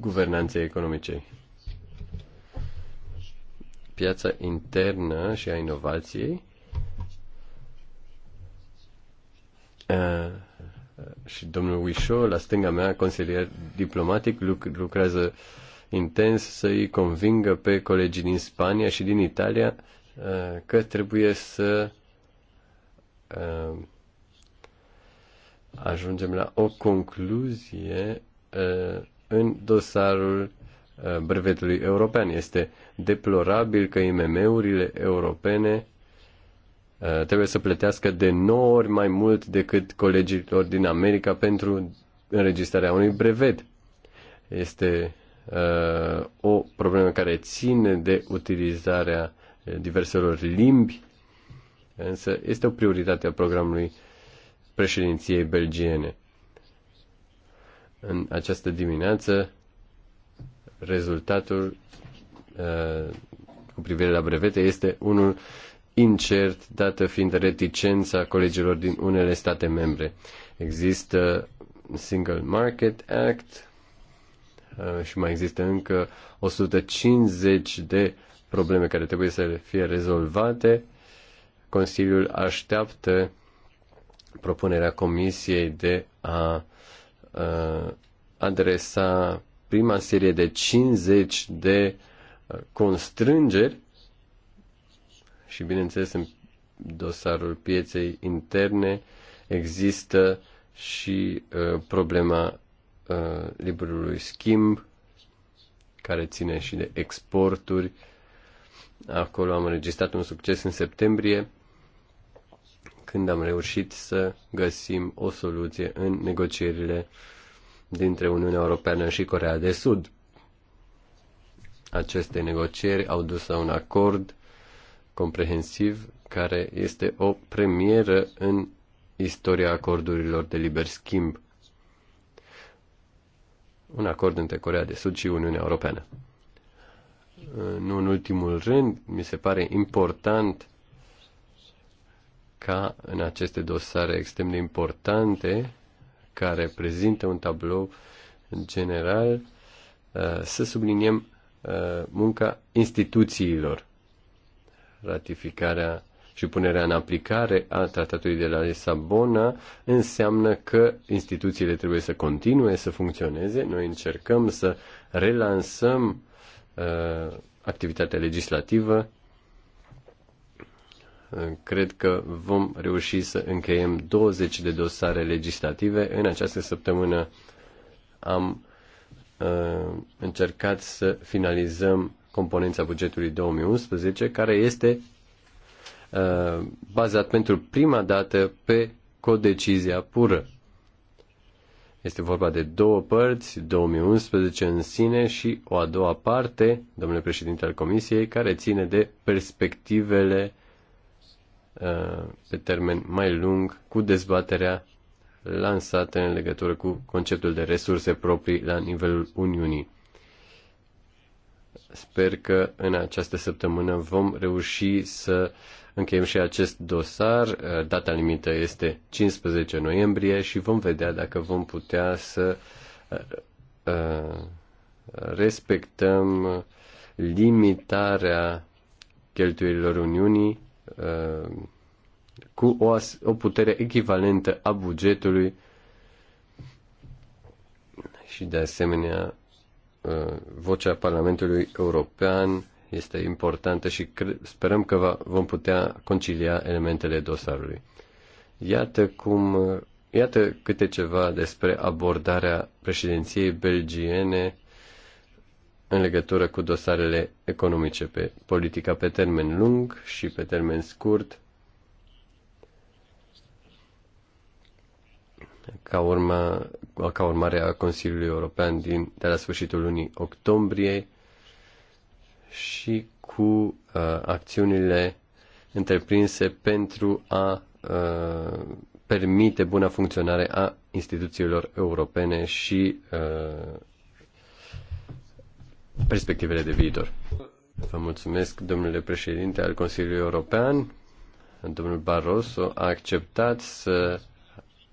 guvernanței economice. Piața internă și a inovației și domnul Wisho, la stânga mea, consilier diplomatic, lucrează intens să-i convingă pe colegii din Spania și din Italia că trebuie să ajungem la o concluzie uh, în dosarul uh, brevetului european. Este deplorabil că IMM-urile europene uh, trebuie să plătească de 9 ori mai mult decât colegilor din America pentru înregistrarea unui brevet. Este uh, o problemă care ține de utilizarea diverselor limbi, însă este o prioritate a programului președinției belgiene. În această dimineață, rezultatul uh, cu privire la brevete este unul incert, dată fiind reticența colegilor din unele state membre. Există Single Market Act uh, și mai există încă 150 de probleme care trebuie să fie rezolvate. Consiliul așteaptă propunerea Comisiei de a adresa prima serie de 50 de constrângeri și, bineînțeles, în dosarul pieței interne există și uh, problema uh, liberului schimb, care ține și de exporturi. Acolo am înregistrat un succes în septembrie când am reușit să găsim o soluție în negocierile dintre Uniunea Europeană și Corea de Sud. Aceste negocieri au dus la un acord comprehensiv care este o premieră în istoria acordurilor de liber schimb. Un acord între Corea de Sud și Uniunea Europeană. Nu în ultimul rând, mi se pare important ca în aceste dosare extrem de importante, care prezintă un tablou general, uh, să subliniem uh, munca instituțiilor, ratificarea și punerea în aplicare a tratatului de la Lisabona înseamnă că instituțiile trebuie să continue să funcționeze. Noi încercăm să relansăm uh, activitatea legislativă cred că vom reuși să încheiem 20 de dosare legislative. În această săptămână am uh, încercat să finalizăm componența bugetului 2011, care este uh, bazat pentru prima dată pe codecizia pură. Este vorba de două părți, 2011 în sine și o a doua parte, domnule președinte al Comisiei, care ține de perspectivele Uh, pe termen mai lung cu dezbaterea lansată în legătură cu conceptul de resurse proprii la nivelul Uniunii. Sper că în această săptămână vom reuși să încheiem și acest dosar. Uh, data limită este 15 noiembrie și vom vedea dacă vom putea să uh, respectăm limitarea cheltuielilor Uniunii Uh, cu o, o putere echivalentă a bugetului și de asemenea uh, vocea Parlamentului European este importantă și sperăm că va, vom putea concilia elementele dosarului. Iată cum, uh, iată câte ceva despre abordarea președinției belgiene în legătură cu dosarele economice pe politica pe termen lung și pe termen scurt, ca, urma, ca urmare a Consiliului European din, de la sfârșitul lunii octombrie și cu uh, acțiunile întreprinse pentru a uh, permite buna funcționare a instituțiilor europene și uh, perspectivele de viitor. Vă mulțumesc, domnule președinte al Consiliului European. Domnul Barroso a acceptat să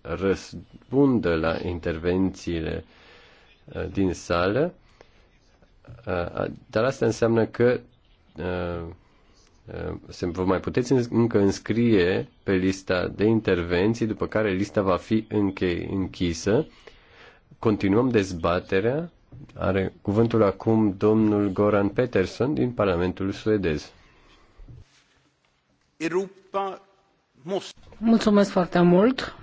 răspundă la intervențiile uh, din sală, uh, dar asta înseamnă că uh, se vă mai puteți încă înscrie pe lista de intervenții, după care lista va fi închisă. Continuăm dezbaterea are cuvântul acum domnul Goran Peterson din Parlamentul suedez. Europa Mulțumesc foarte mult.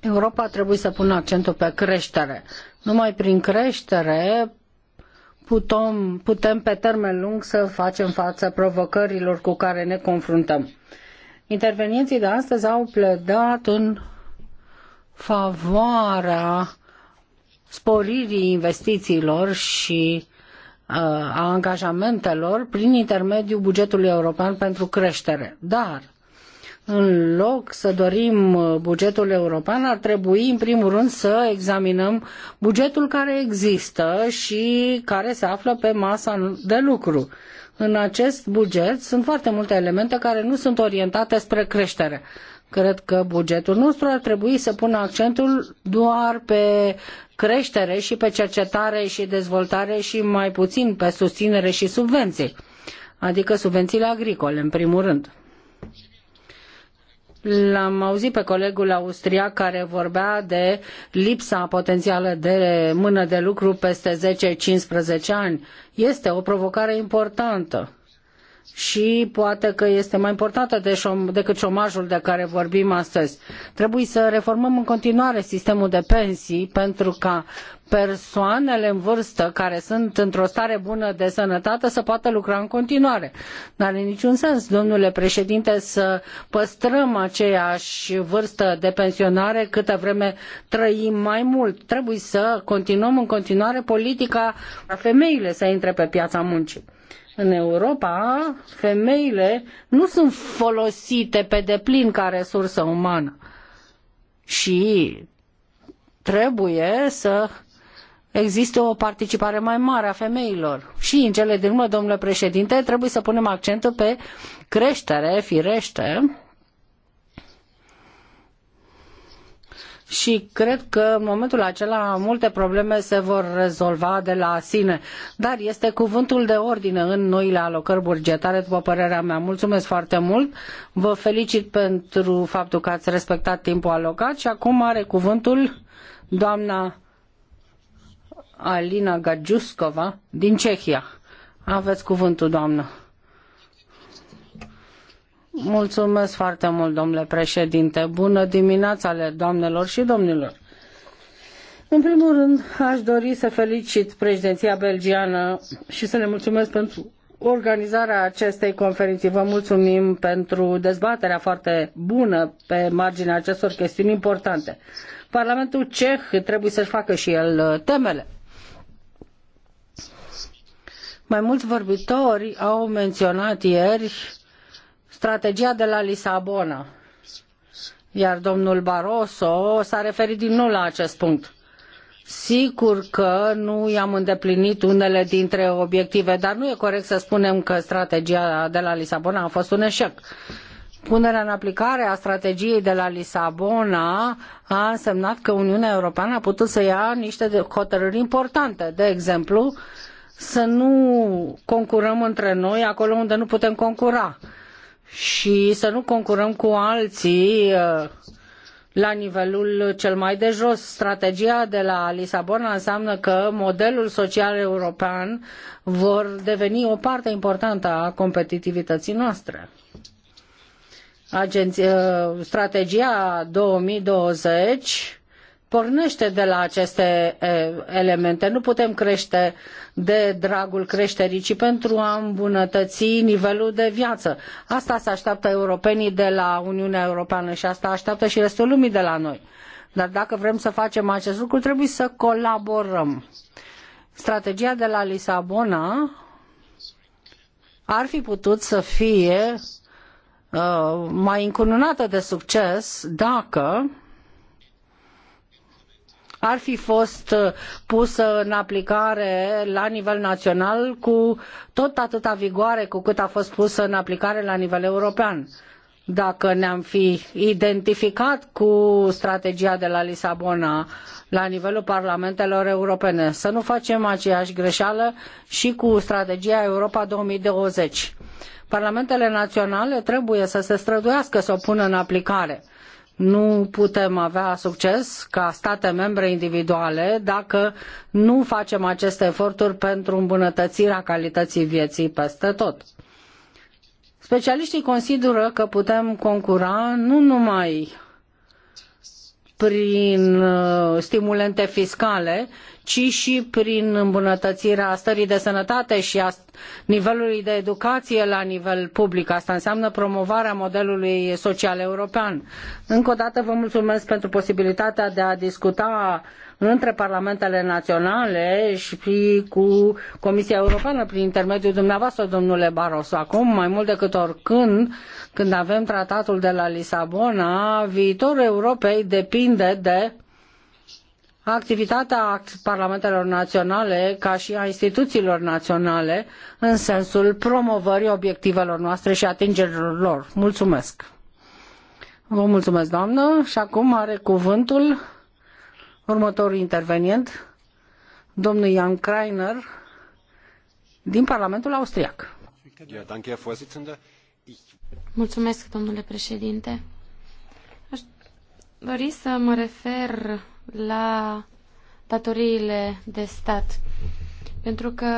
Europa trebuie să pună accentul pe creștere. Numai prin creștere putem, putem pe termen lung să facem față provocărilor cu care ne confruntăm. Intervenienții de astăzi au pledat în favoarea sporirii investițiilor și uh, a angajamentelor prin intermediul bugetului european pentru creștere. Dar, în loc să dorim uh, bugetul european, ar trebui, în primul rând, să examinăm bugetul care există și care se află pe masa de lucru. În acest buget sunt foarte multe elemente care nu sunt orientate spre creștere. Cred că bugetul nostru ar trebui să pună accentul doar pe creștere și pe cercetare și dezvoltare și mai puțin pe susținere și subvenții, adică subvențiile agricole, în primul rând. L-am auzit pe colegul austriac care vorbea de lipsa potențială de mână de lucru peste 10-15 ani. Este o provocare importantă și poate că este mai importantă de șom- decât șomajul de care vorbim astăzi. Trebuie să reformăm în continuare sistemul de pensii pentru ca persoanele în vârstă care sunt într-o stare bună de sănătate să poată lucra în continuare. N-are niciun sens, domnule președinte, să păstrăm aceeași vârstă de pensionare câtă vreme trăim mai mult. Trebuie să continuăm în continuare politica a femeile să intre pe piața muncii. În Europa, femeile nu sunt folosite pe deplin ca resursă umană și trebuie să existe o participare mai mare a femeilor. Și în cele din urmă, domnule președinte, trebuie să punem accentul pe creștere, firește, și cred că în momentul acela multe probleme se vor rezolva de la sine. Dar este cuvântul de ordine în noile alocări bugetare, după părerea mea. Mulțumesc foarte mult, vă felicit pentru faptul că ați respectat timpul alocat și acum are cuvântul doamna Alina Gagiuscova din Cehia. Aveți cuvântul, doamnă. Mulțumesc foarte mult, domnule președinte. Bună dimineața, ale doamnelor și domnilor. În primul rând, aș dori să felicit președinția belgiană și să le mulțumesc pentru organizarea acestei conferințe. Vă mulțumim pentru dezbaterea foarte bună pe marginea acestor chestiuni importante. Parlamentul ceh trebuie să-și facă și el uh, temele. Mai mulți vorbitori au menționat ieri strategia de la Lisabona. Iar domnul Barroso s-a referit din nou la acest punct. Sigur că nu i-am îndeplinit unele dintre obiective, dar nu e corect să spunem că strategia de la Lisabona a fost un eșec. Punerea în aplicare a strategiei de la Lisabona a însemnat că Uniunea Europeană a putut să ia niște hotărâri importante. De exemplu, să nu concurăm între noi acolo unde nu putem concura și să nu concurăm cu alții uh, la nivelul cel mai de jos. Strategia de la Lisabona înseamnă că modelul social european vor deveni o parte importantă a competitivității noastre. Agenția, uh, strategia 2020 pornește de la aceste elemente. Nu putem crește de dragul creșterii, ci pentru a îmbunătăți nivelul de viață. Asta se așteaptă europenii de la Uniunea Europeană și asta așteaptă și restul lumii de la noi. Dar dacă vrem să facem acest lucru, trebuie să colaborăm. Strategia de la Lisabona ar fi putut să fie uh, mai încununată de succes dacă ar fi fost uh, pusă în aplicare la nivel național cu tot atâta vigoare cu cât a fost pusă în aplicare la nivel european. Dacă ne-am fi identificat cu strategia de la Lisabona la nivelul parlamentelor europene, să nu facem aceeași greșeală și cu strategia Europa 2020. Parlamentele naționale trebuie să se străduiască să o pună în aplicare nu putem avea succes ca state membre individuale dacă nu facem aceste eforturi pentru îmbunătățirea calității vieții peste tot. Specialiștii consideră că putem concura nu numai prin uh, stimulente fiscale, ci și prin îmbunătățirea stării de sănătate și a nivelului de educație la nivel public. Asta înseamnă promovarea modelului social european. Încă o dată vă mulțumesc pentru posibilitatea de a discuta între parlamentele naționale și cu Comisia Europeană prin intermediul dumneavoastră, domnule Barroso. Acum, mai mult decât oricând, când avem tratatul de la Lisabona, viitorul Europei depinde de activitatea parlamentelor naționale ca și a instituțiilor naționale în sensul promovării obiectivelor noastre și atingerilor lor. Mulțumesc! Vă mulțumesc, doamnă, și acum are cuvântul următorul intervenient, domnul Jan Kreiner, din Parlamentul Austriac. Ja, danke, Herr Vorsitzender. Mulțumesc, Aș dori să mă refer la datoriile de stat, pentru că,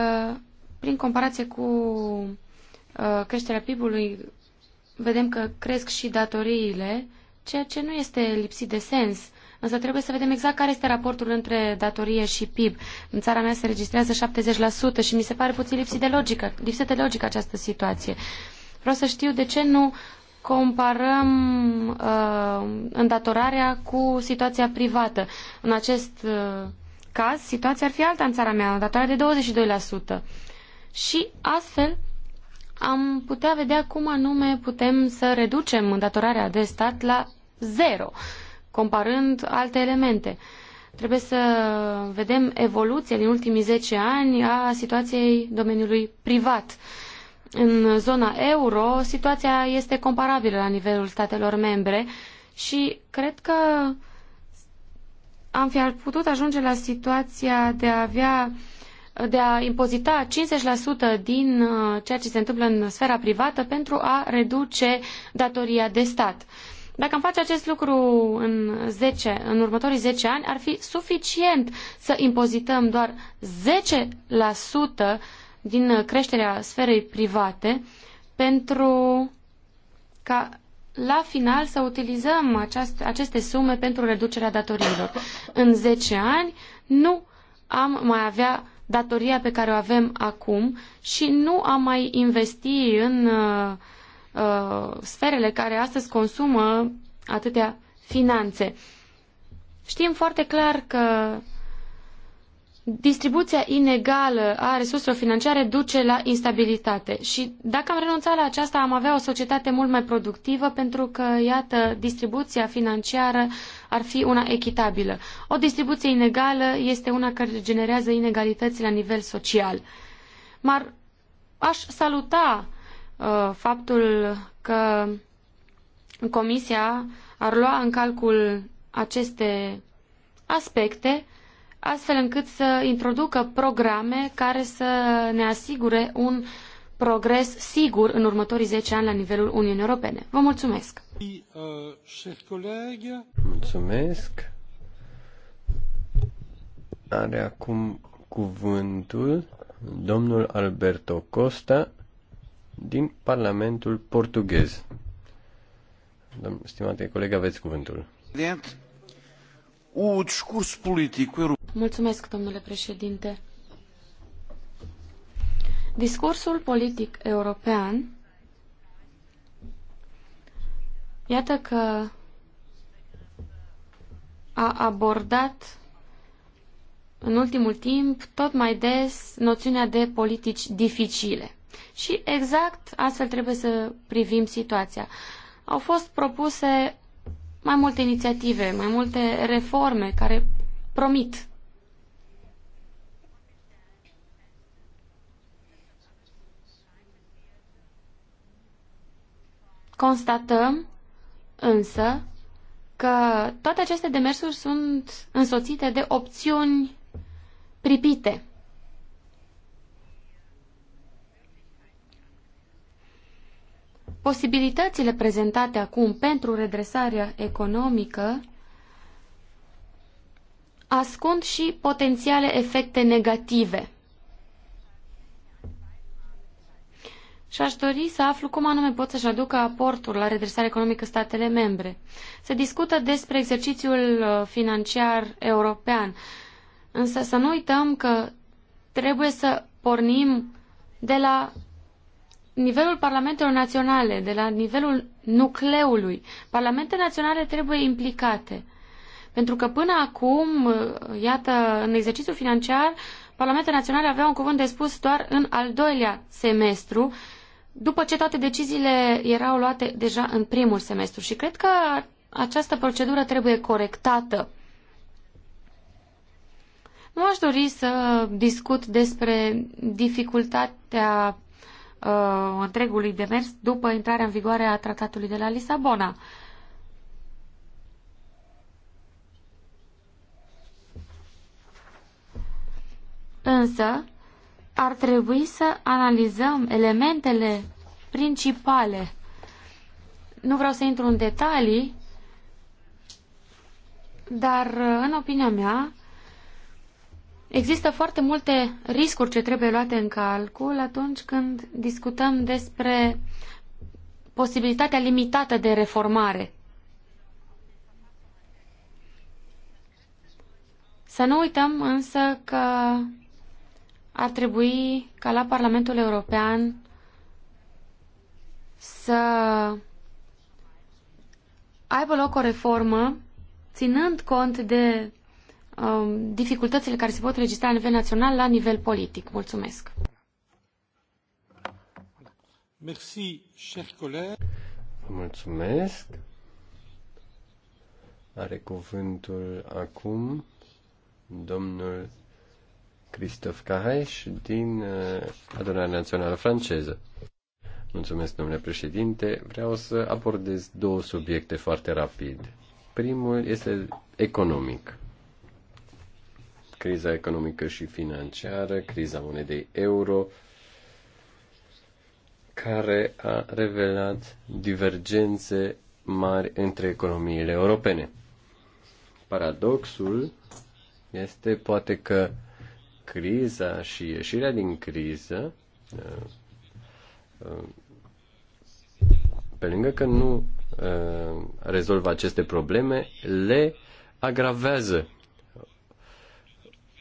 prin comparație cu uh, creșterea PIB-ului, vedem că cresc și datoriile, ceea ce nu este lipsit de sens. Însă trebuie să vedem exact care este raportul între datorie și PIB. În țara mea se registrează 70% și mi se pare puțin lipsit de logică, lipsit de logică această situație. Uh, Vreau să știu de ce nu comparăm uh, îndatorarea cu situația privată. În acest uh, caz, situația ar fi alta în țara mea, îndatorarea de 22%. Și astfel am putea vedea cum anume putem să reducem îndatorarea de stat la zero, comparând alte elemente. Trebuie să vedem evoluția din ultimii 10 ani a situației domeniului privat. Uh, în zona euro, situația este comparabilă la nivelul statelor membre și cred că am fi ar putut ajunge la situația de a avea de a impozita 50% din uh, ceea ce se întâmplă în sfera privată pentru a reduce datoria de stat. Dacă am face acest lucru în, 10, în următorii 10 ani, ar fi suficient să impozităm doar 10% din creșterea sferei private pentru ca la final să utilizăm aceast, aceste sume pentru reducerea datoriilor. În 10 ani nu am mai avea datoria pe care o avem acum și nu am mai investi în uh, uh, sferele care astăzi consumă atâtea finanțe. Știm foarte clar că distribuția inegală a resurselor financiare duce la instabilitate. Și dacă am renunțat la aceasta, am avea o societate mult mai productivă, pentru că, iată, distribuția financiară ar fi una echitabilă. O distribuție inegală este una care generează inegalități la nivel social. Mar, aș saluta uh, faptul că Comisia ar lua în calcul aceste aspecte astfel încât să introducă programe care să ne asigure un progres sigur în următorii 10 ani la nivelul Uniunii Europene. Vă mulțumesc! Mulțumesc! Are acum cuvântul domnul Alberto Costa din Parlamentul Portughez. Domn, stimate coleg, aveți cuvântul o Mulțumesc, domnule președinte. Discursul politic european iată că a abordat în ultimul timp tot mai des noțiunea de politici dificile. Și exact astfel trebuie să privim situația. Au fost propuse mai multe inițiative, mai multe reforme care promit. Constatăm însă că toate aceste demersuri sunt însoțite de opțiuni pripite. posibilitățile prezentate acum pentru redresarea economică ascund și potențiale efecte negative. Și aș dori să aflu cum anume pot să-și aducă aportul la redresarea economică statele membre. Se discută despre exercițiul uh, financiar european, însă să nu uităm că trebuie să pornim de la nivelul parlamentelor naționale, de la nivelul nucleului, parlamentele naționale trebuie implicate. Pentru că până acum, iată, în exercițiul financiar, parlamentele naționale aveau un cuvânt de spus doar în al doilea semestru, după ce toate deciziile erau luate deja în primul semestru. Și cred că această procedură trebuie corectată. Nu aș dori să discut despre dificultatea uh, întregului demers după intrarea în vigoare a tratatului de la Lisabona. Însă, ar trebui să analizăm elementele principale. Nu vreau să intru în detalii, dar, uh, în opinia mea, Există foarte multe riscuri ce trebuie luate în calcul atunci când discutăm despre posibilitatea limitată de reformare. Să nu uităm însă că ar trebui ca la Parlamentul European să aibă loc o reformă ținând cont de Um, dificultățile care se pot registra la nivel național la nivel politic. Mulțumesc! Merci, cher coleg. mulțumesc. Are cuvântul acum domnul Christophe Cahaeș din uh, Adunarea Națională Franceză. Mulțumesc, domnule președinte. Vreau să abordez două subiecte foarte rapid. Primul este economic criza economică și financiară, criza monedei euro, care a revelat divergențe mari între economiile europene. Paradoxul este poate că criza și ieșirea din criză, uh, uh, pe lângă că nu uh, rezolvă aceste probleme, le agravează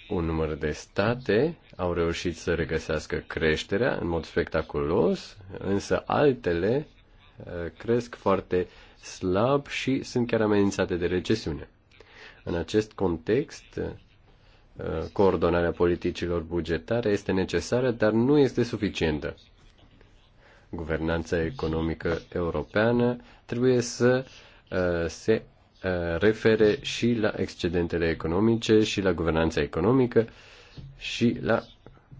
un număr de state au reușit să regăsească creșterea în mod spectaculos, însă altele uh, cresc foarte slab și sunt chiar amenințate de recesiune. În acest context, uh, coordonarea politicilor bugetare este necesară, dar nu este suficientă. Guvernanța economică europeană trebuie să uh, se Uh, refere și la excedentele economice, și la guvernanța economică, și la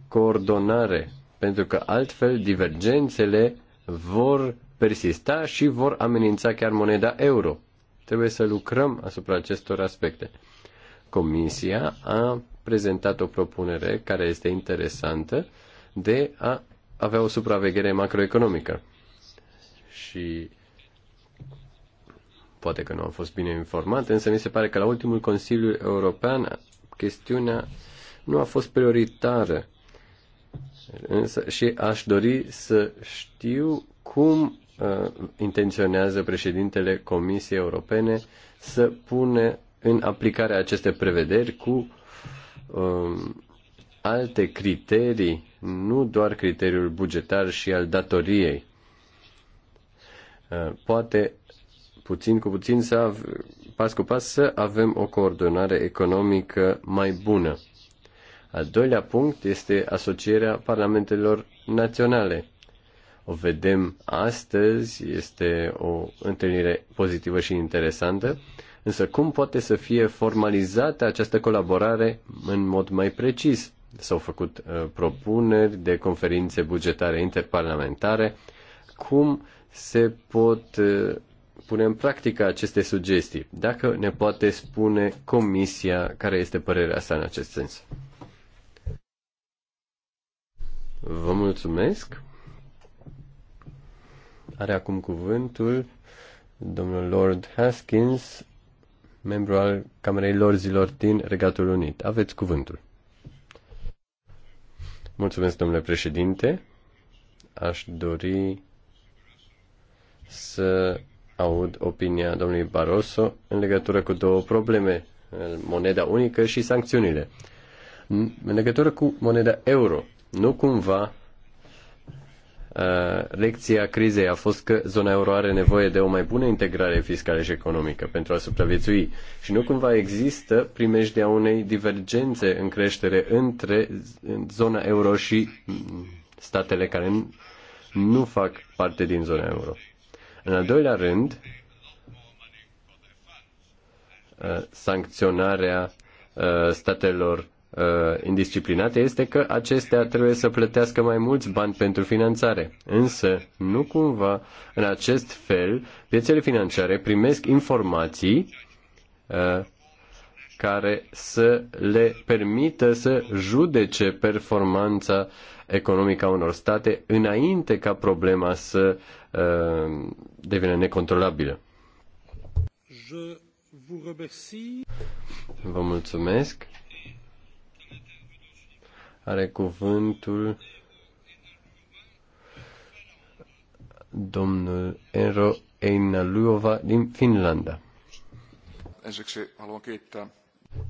coordonare, pentru că altfel divergențele vor persista și vor amenința chiar moneda euro. Trebuie să lucrăm asupra acestor aspecte. Comisia a prezentat o propunere care este interesantă de a avea o supraveghere macroeconomică. Și Poate că nu am fost bine informat, însă mi se pare că la ultimul Consiliu European chestiunea nu a fost prioritară. Însă, și aș dori să știu cum uh, intenționează președintele Comisiei Europene să pune în aplicare aceste prevederi cu uh, alte criterii, nu doar criteriul bugetar și al datoriei. Uh, poate puțin cu puțin, să pas cu pas, să avem o coordonare economică mai bună. Al doilea punct este asocierea parlamentelor naționale. O vedem astăzi, este o întâlnire pozitivă și interesantă, însă cum poate să fie formalizată această colaborare în mod mai precis? S-au făcut uh, propuneri de conferințe bugetare interparlamentare, cum se pot uh, pune în practică aceste sugestii. Dacă ne poate spune Comisia care este părerea sa în acest sens. Vă mulțumesc. Are acum cuvântul domnul Lord Haskins, membru al Camerei Lorzilor din Regatul Unit. Aveți cuvântul. Mulțumesc, domnule președinte. Aș dori să aud opinia domnului Barroso în legătură cu două probleme, moneda unică și sancțiunile. În legătură cu moneda euro, nu cumva uh, lecția crizei a fost că zona euro are nevoie de o mai bună integrare fiscală și economică pentru a supraviețui și nu cumva există primejdea unei divergențe în creștere între zona euro și statele care nu fac parte din zona euro. În al doilea rând, uh, sancționarea uh, statelor uh, indisciplinate este că acestea trebuie să plătească mai mulți bani pentru finanțare. Însă, nu cumva, în acest fel, piețele financiare primesc informații care să le permită să judece performanța economică a unor state înainte ca problema să Uh, devine necontrolabilă. Vă mulțumesc. Are cuvântul domnul Enro Einaluova din Finlanda.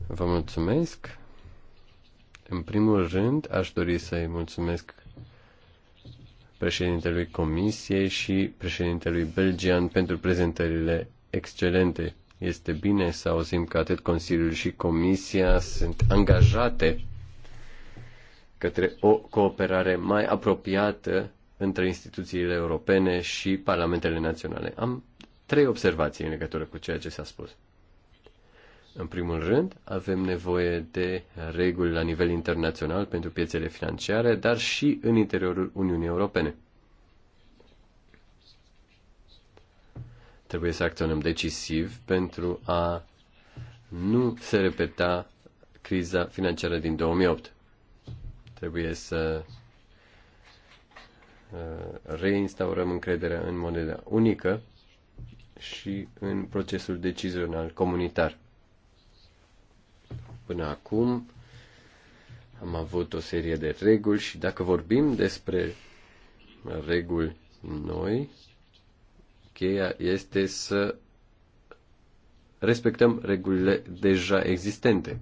Vă mulțumesc. În primul rând, aș dori să-i mulțumesc președintelui Comisiei și președintelui belgian pentru prezentările excelente. Este bine să auzim că atât Consiliul și Comisia sunt angajate către o cooperare mai apropiată între instituțiile europene și parlamentele naționale. Am trei observații în legătură cu ceea ce s-a spus. În primul rând, avem nevoie de reguli la nivel internațional pentru piețele financiare, dar și în interiorul Uniunii Europene. Trebuie să acționăm decisiv pentru a nu se repeta criza financiară din 2008. Trebuie să uh, reinstaurăm încrederea în moneda unică și în procesul decizional comunitar. Până acum am avut o serie de reguli și dacă vorbim despre reguli noi, cheia este să respectăm regulile deja existente.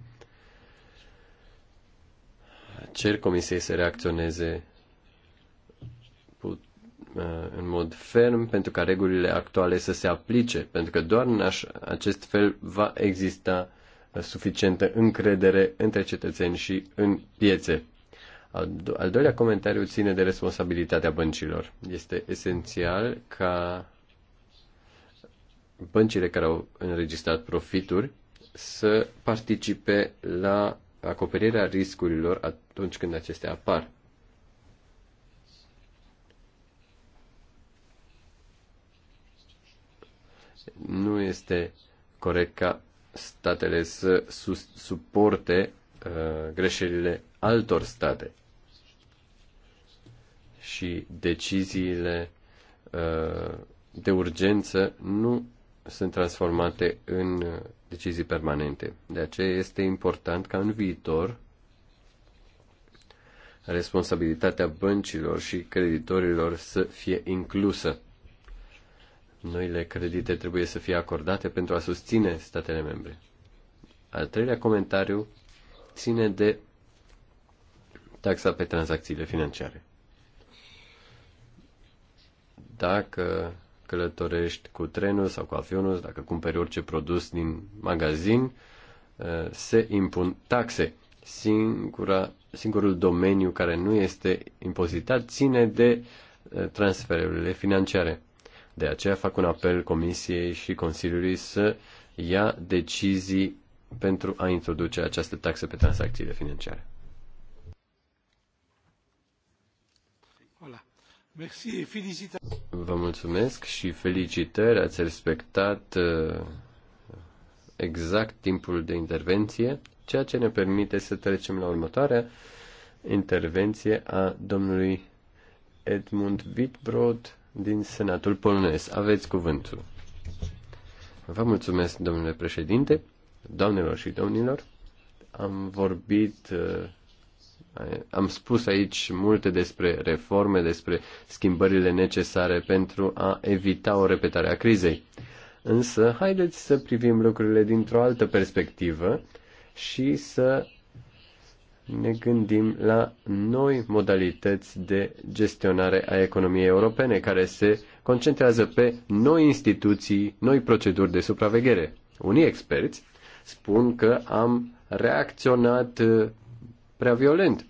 Cer Comisiei să reacționeze în mod ferm pentru ca regulile actuale să se aplice, pentru că doar în acest fel va exista suficientă încredere între cetățeni și în piețe. Al, do- al doilea comentariu ține de responsabilitatea băncilor. Este esențial ca băncile care au înregistrat profituri să participe la acoperirea riscurilor atunci când acestea apar. Nu este corect ca statele să sus- suporte uh, greșelile altor state și deciziile uh, de urgență nu sunt transformate în uh, decizii permanente. De aceea este important ca în viitor responsabilitatea băncilor și creditorilor să fie inclusă Noile credite trebuie să fie acordate pentru a susține statele membre. Al treilea comentariu ține de taxa pe tranzacțiile financiare. Dacă călătorești cu trenul sau cu avionul, dacă cumperi orice produs din magazin, eh, se impun taxe. Singura, singurul domeniu care nu este impozitat ține de eh, transferurile financiare. De aceea fac un apel Comisiei și Consiliului să ia decizii pentru a introduce această taxă pe tranzacțiile financiare. Vă mulțumesc și felicitări, ați respectat uh, exact timpul de intervenție, ceea ce ne permite să trecem la următoarea intervenție a domnului Edmund Wittbrod, din Senatul polonez. Aveți cuvântul. Vă mulțumesc, domnule președinte, doamnelor și domnilor. Am vorbit, uh, am spus aici multe despre reforme, despre schimbările necesare pentru a evita o repetare a crizei. Însă, haideți să privim lucrurile dintr-o altă perspectivă și să ne gândim la noi modalități de gestionare a economiei europene care se concentrează pe noi instituții, noi proceduri de supraveghere. Unii experți spun că am reacționat uh, prea violent.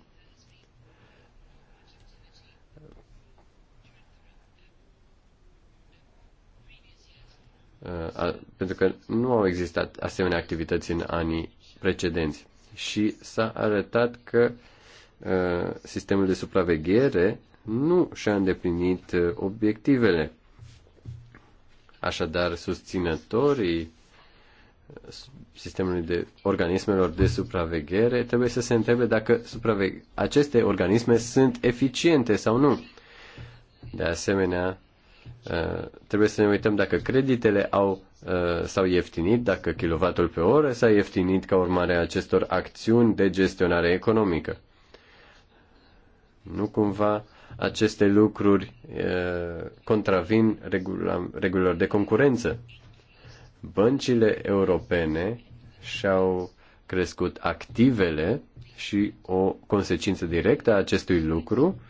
Uh, pentru că nu au existat asemenea activități în anii precedenți și s-a arătat că uh, sistemul de supraveghere nu și-a îndeplinit uh, obiectivele. Așadar, susținătorii uh, sistemului de organismelor de supraveghere trebuie să se întrebe dacă supraveg- aceste organisme sunt eficiente sau nu. De asemenea, Eh, trebuie să ne uităm dacă creditele au, eh, s-au ieftinit, dacă kilovatul pe oră s-a ieftinit ca urmare a acestor acțiuni de gestionare economică. Nu cumva aceste lucruri eh, contravin regulilor de concurență. Băncile europene și-au crescut activele și o consecință directă a acestui lucru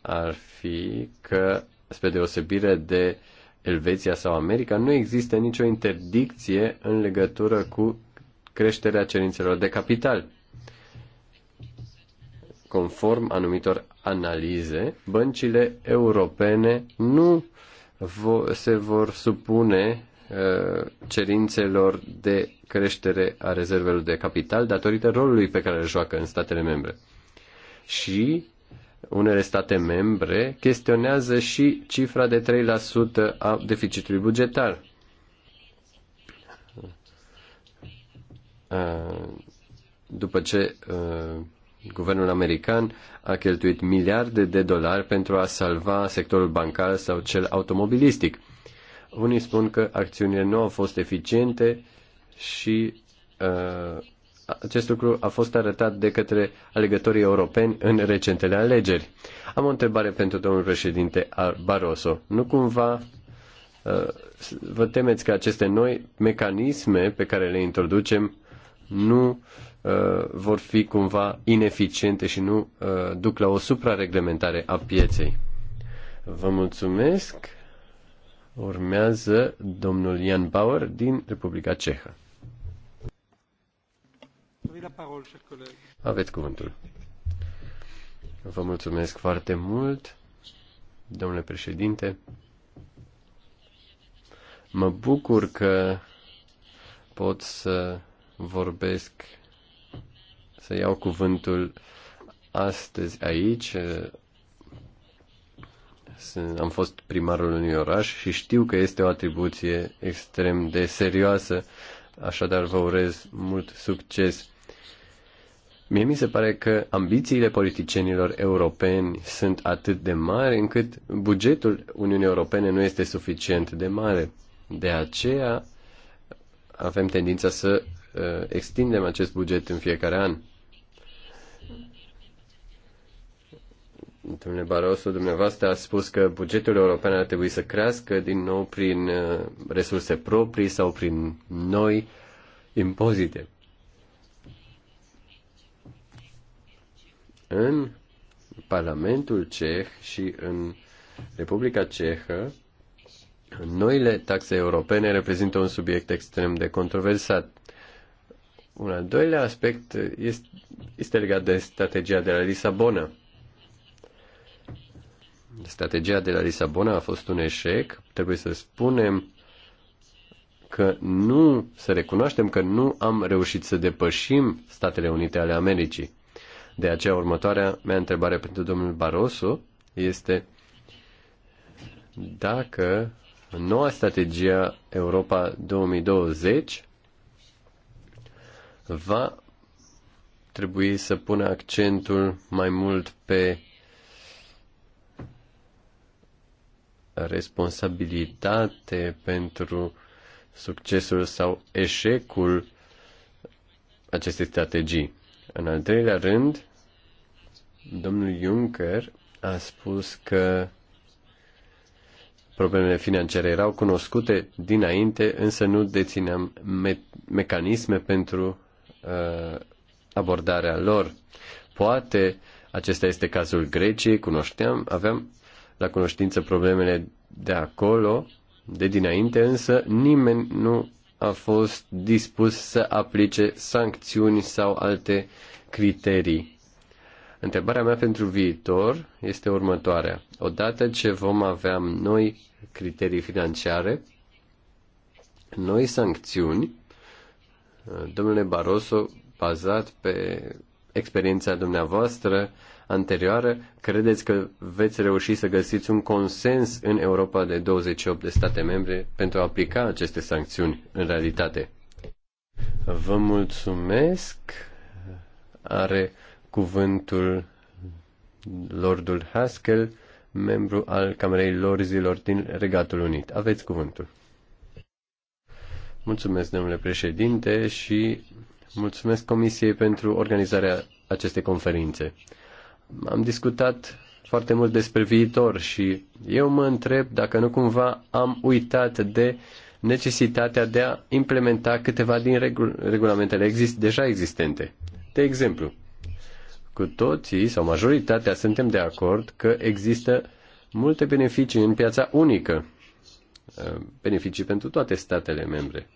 ar fi că spre deosebire de Elveția sau America, nu există nicio interdicție în legătură cu creșterea cerințelor de capital. Conform anumitor analize, băncile europene nu se vor supune uh, cerințelor de creștere a rezervelor de capital datorită rolului pe care îl joacă în statele membre. Și unele state membre chestionează și cifra de 3% a deficitului bugetar. După ce guvernul american a cheltuit miliarde de dolari pentru a salva sectorul bancar sau cel automobilistic. Unii spun că acțiunile nu au fost eficiente și uh, acest lucru a fost arătat de către alegătorii europeni în recentele alegeri. Am o întrebare pentru domnul președinte Barroso. Nu cumva uh, vă temeți că aceste noi mecanisme pe care le introducem nu uh, vor fi cumva ineficiente și nu uh, duc la o suprareglementare a pieței. Vă mulțumesc. Urmează domnul Jan Bauer din Republica Cehă. Aveți cuvântul. Vă mulțumesc foarte mult, domnule președinte. Mă bucur că pot să vorbesc, să iau cuvântul astăzi aici. Am fost primarul unui oraș și știu că este o atribuție extrem de serioasă, așadar vă urez mult succes. Mie mi se pare că ambițiile politicienilor europeni sunt atât de mari încât bugetul Uniunii Europene nu este suficient de mare. De aceea avem tendința să uh, extindem acest buget în fiecare an. Domnule Barroso, dumneavoastră a spus că bugetul european ar trebui să crească din nou prin uh, resurse proprii sau prin noi impozite. În Parlamentul Ceh și în Republica Cehă, noile taxe europene reprezintă un subiect extrem de controversat. Un al doilea aspect este, este legat de strategia de la Lisabona. Strategia de la Lisabona a fost un eșec. Trebuie să spunem că nu, să recunoaștem că nu am reușit să depășim Statele Unite ale Americii. De aceea, următoarea mea întrebare pentru domnul Barroso este dacă noua strategia Europa 2020 va trebui să pună accentul mai mult pe responsabilitate pentru succesul sau eșecul acestei strategii. În al treilea rând, Domnul Juncker a spus că problemele financiare erau cunoscute dinainte, însă nu dețineam me- mecanisme pentru uh, abordarea lor. Poate acesta este cazul Greciei, cunoșteam, aveam la cunoștință problemele de acolo, de dinainte, însă nimeni nu a fost dispus să aplice sancțiuni sau alte criterii Întrebarea mea pentru viitor este următoarea. Odată ce vom avea noi criterii financiare, noi sancțiuni, domnule Barroso, bazat pe experiența dumneavoastră anterioară, credeți că veți reuși să găsiți un consens în Europa de 28 de state membre pentru a aplica aceste sancțiuni în realitate? Vă mulțumesc. Are cuvântul Lordul Haskell, membru al Camerei Lorzilor din Regatul Unit. Aveți cuvântul. Mulțumesc, domnule președinte, și mulțumesc Comisiei pentru organizarea acestei conferințe. Am discutat foarte mult despre viitor și eu mă întreb dacă nu cumva am uitat de necesitatea de a implementa câteva din regulamentele exist- deja existente. De exemplu, cu toții sau majoritatea suntem de acord că există multe beneficii în piața unică, uh, beneficii pentru toate statele membre.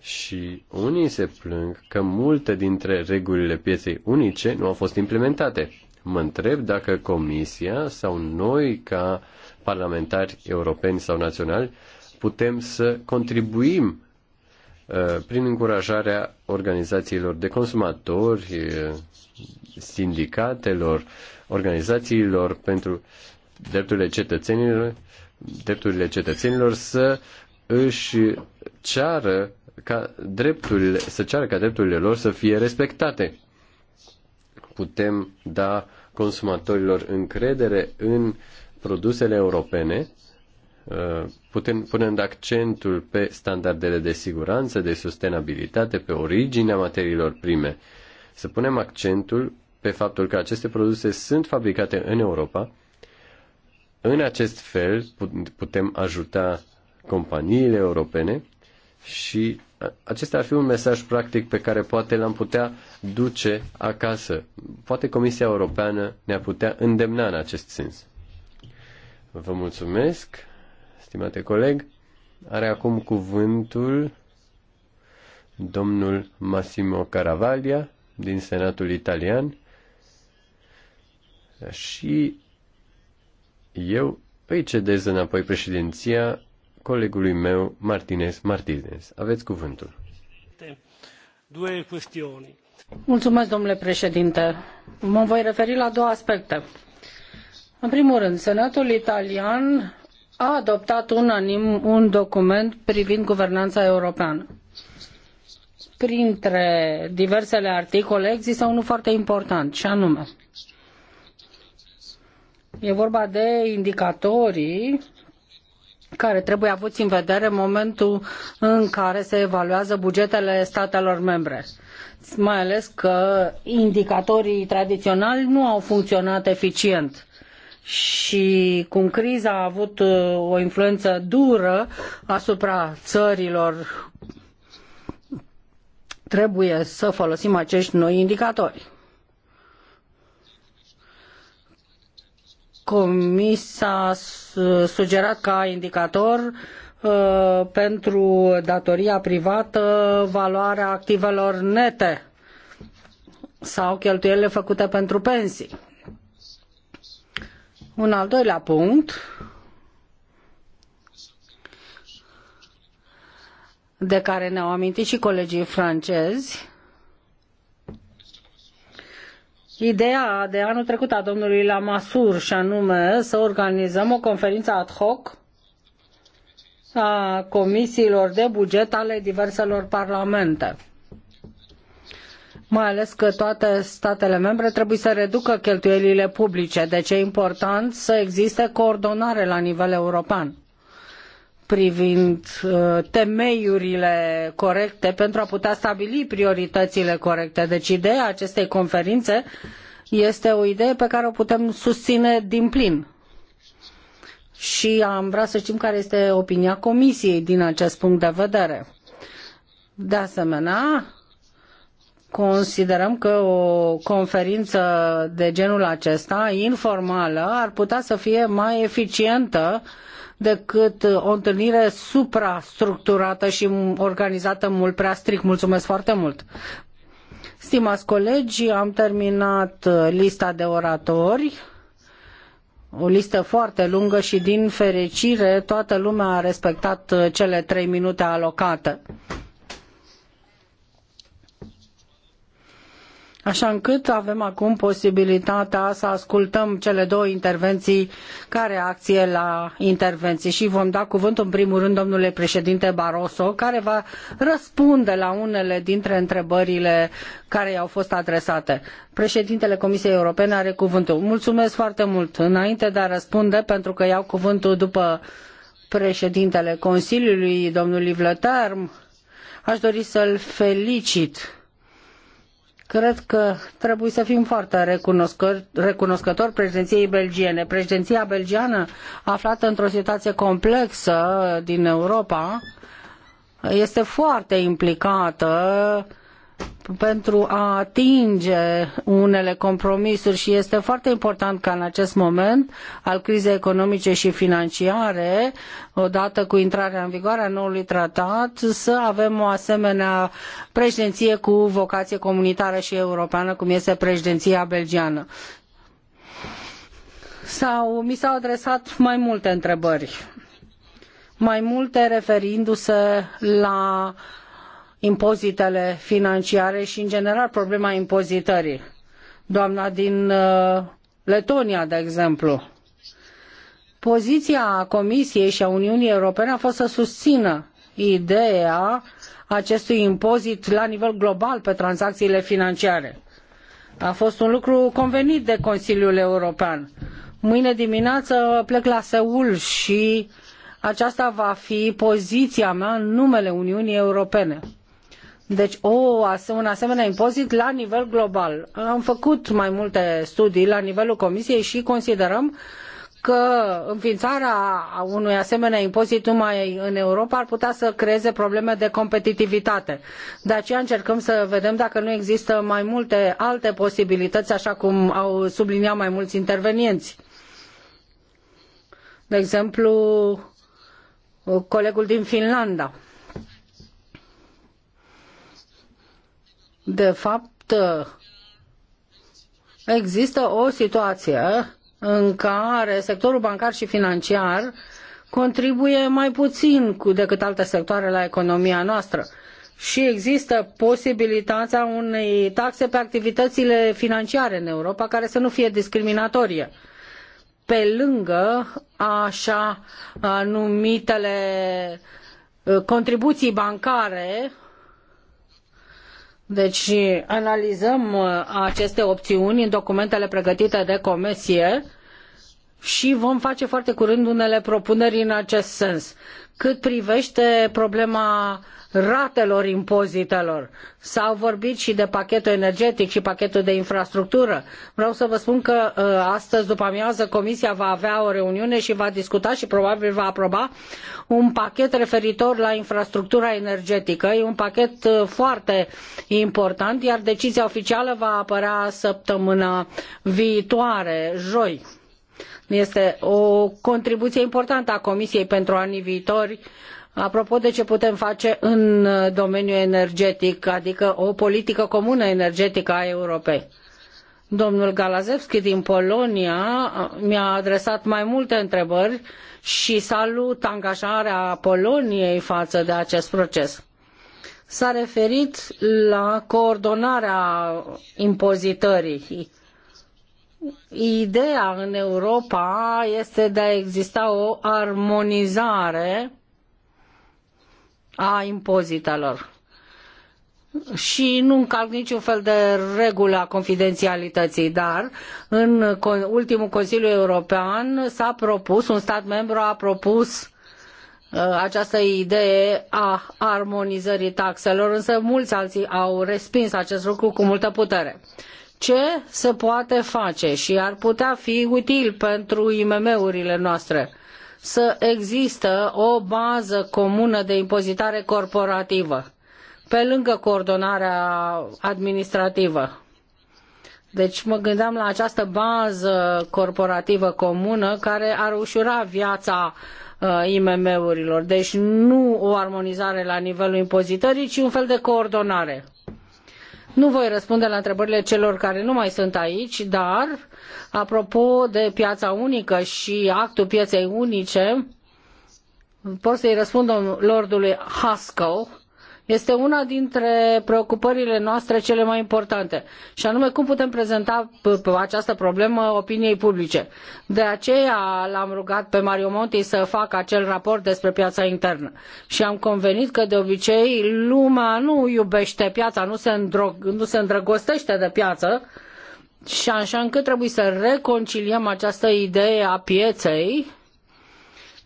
Și unii se plâng că multe dintre regulile pieței unice nu au fost implementate. Mă întreb dacă Comisia sau noi, ca parlamentari europeni sau naționali, putem să contribuim Uh, prin încurajarea organizațiilor de consumatori, uh, sindicatelor, organizațiilor pentru drepturile cetățenilor, drepturile cetățenilor să își ceară ca drepturile, să ceară ca drepturile lor să fie respectate. Putem da consumatorilor încredere în produsele europene putem punând accentul pe standardele de siguranță, de sustenabilitate, pe originea materiilor prime. Să punem accentul pe faptul că aceste produse sunt fabricate în Europa. În acest fel putem ajuta companiile europene și acesta ar fi un mesaj practic pe care poate l-am putea duce acasă. Poate Comisia Europeană ne a putea îndemna în acest sens. Vă mulțumesc stimate coleg. Are acum cuvântul domnul Massimo Caravaglia din Senatul Italian și eu îi cedez înapoi președinția colegului meu Martinez Martinez. Aveți cuvântul. Două chestiuni. Mulțumesc, domnule președinte. Mă voi referi la două aspecte. În primul rând, Senatul italian a adoptat unanim un document privind guvernanța europeană. Printre diversele articole există unul foarte important, și anume E vorba de indicatorii care trebuie avuți în vedere în momentul în care se evaluează bugetele statelor membre. Mai ales că indicatorii tradiționali nu au funcționat eficient și cum criza a avut uh, o influență dură asupra țărilor, trebuie să folosim acești noi indicatori. Comisia a sugerat ca indicator uh, pentru datoria privată valoarea activelor nete sau cheltuielile făcute pentru pensii. Un al doilea punct de care ne-au amintit și colegii francezi, ideea de anul trecut a domnului Lamassur și anume să organizăm o conferință ad hoc a comisiilor de buget ale diverselor parlamente mai ales că toate statele membre trebuie să reducă cheltuielile publice, deci e important să existe coordonare la nivel european privind uh, temeiurile corecte pentru a putea stabili prioritățile corecte. Deci ideea acestei conferințe este o idee pe care o putem susține din plin. Și am vrea să știm care este opinia Comisiei din acest punct de vedere. De asemenea, Considerăm că o conferință de genul acesta, informală, ar putea să fie mai eficientă decât o întâlnire suprastructurată și organizată mult prea strict. Mulțumesc foarte mult! Stimați colegi, am terminat lista de oratori, o listă foarte lungă și din fericire toată lumea a respectat cele trei minute alocate. Așa încât avem acum posibilitatea să ascultăm cele două intervenții ca reacție la intervenții și vom da cuvântul în primul rând domnule președinte Barroso, care va răspunde la unele dintre întrebările care i-au fost adresate. Președintele Comisiei Europene are cuvântul. Mulțumesc foarte mult. Înainte de a răspunde, pentru că iau cuvântul după președintele Consiliului, domnul Ivlătarm, aș dori să-l felicit Cred că trebuie să fim foarte recunoscători, recunoscători președinției belgiene. Președinția belgiană, aflată într-o situație complexă din Europa, este foarte implicată pentru a atinge unele compromisuri și este foarte important ca în acest moment al crizei economice și financiare, odată cu intrarea în vigoare a noului tratat, să avem o asemenea președinție cu vocație comunitară și europeană, cum este președinția belgiană. Sau, mi s-au adresat mai multe întrebări, mai multe referindu-se la uh, impozitele financiare și, în general, problema impozitării. Doamna din uh, Letonia, de exemplu. Poziția Comisiei și a Uniunii Europene a fost să susțină ideea acestui impozit la nivel global pe tranzacțiile financiare. A fost un lucru convenit de Consiliul European. Mâine dimineață plec la Seul și aceasta va fi poziția mea în numele Uniunii Europene. Deci o, un asemenea impozit la nivel global. Am făcut mai multe studii la nivelul Comisiei și considerăm că înființarea unui asemenea impozit numai în Europa ar putea să creeze probleme de competitivitate. De aceea încercăm să vedem dacă nu există mai multe alte posibilități, așa cum au subliniat mai mulți intervenienți. De exemplu, colegul din Finlanda de fapt, există o situație în care sectorul bancar și financiar contribuie mai puțin cu decât alte sectoare la economia noastră și există posibilitatea unei taxe pe activitățile financiare în Europa care să nu fie discriminatorie pe lângă așa numitele uh, contribuții bancare deci analizăm uh, aceste opțiuni în documentele pregătite de comisie și vom face foarte curând unele propuneri în acest sens. Cât privește problema ratelor impozitelor, s-au vorbit și de pachetul energetic și pachetul de infrastructură. Vreau să vă spun că ă, astăzi după amiază Comisia va avea o reuniune și va discuta și probabil va aproba un pachet referitor la infrastructura energetică. E un pachet ă, foarte important, iar decizia oficială va apărea săptămâna viitoare, joi este o contribuție importantă a Comisiei pentru anii viitori apropo de ce putem face în domeniul energetic, adică o politică comună energetică a Europei. Domnul Galazewski din Polonia mi-a adresat mai multe întrebări și salut angajarea Poloniei față de acest proces. S-a referit la coordonarea impozitării Ideea în Europa este de a exista o armonizare a impozitelor și nu încalc niciun fel de regulă a confidențialității, dar în ultimul Consiliu European s-a propus, un stat membru a propus uh, această idee a armonizării taxelor, însă mulți alții au respins acest lucru cu multă putere. Uh, ce se poate face și ar putea fi util pentru IMM-urile noastre să există o bază comună de impozitare corporativă, pe lângă coordonarea administrativă. Deci mă gândeam la această bază corporativă comună care ar ușura viața uh, IMM-urilor. Deci nu o armonizare la nivelul impozitării, ci un fel de coordonare. Nu voi răspunde la întrebările celor care nu mai sunt aici, dar apropo de piața unică și actul pieței unice, pot să-i răspund lordului Haskell este una dintre preocupările noastre cele mai importante, și anume cum putem prezenta această problemă opiniei publice. De aceea l-am rugat pe Mario Monti să facă acel raport despre piața internă și am convenit că de obicei lumea nu iubește piața, nu se, nu se îndrăgostește de piață, și așa încât trebuie să reconciliem această idee a pieței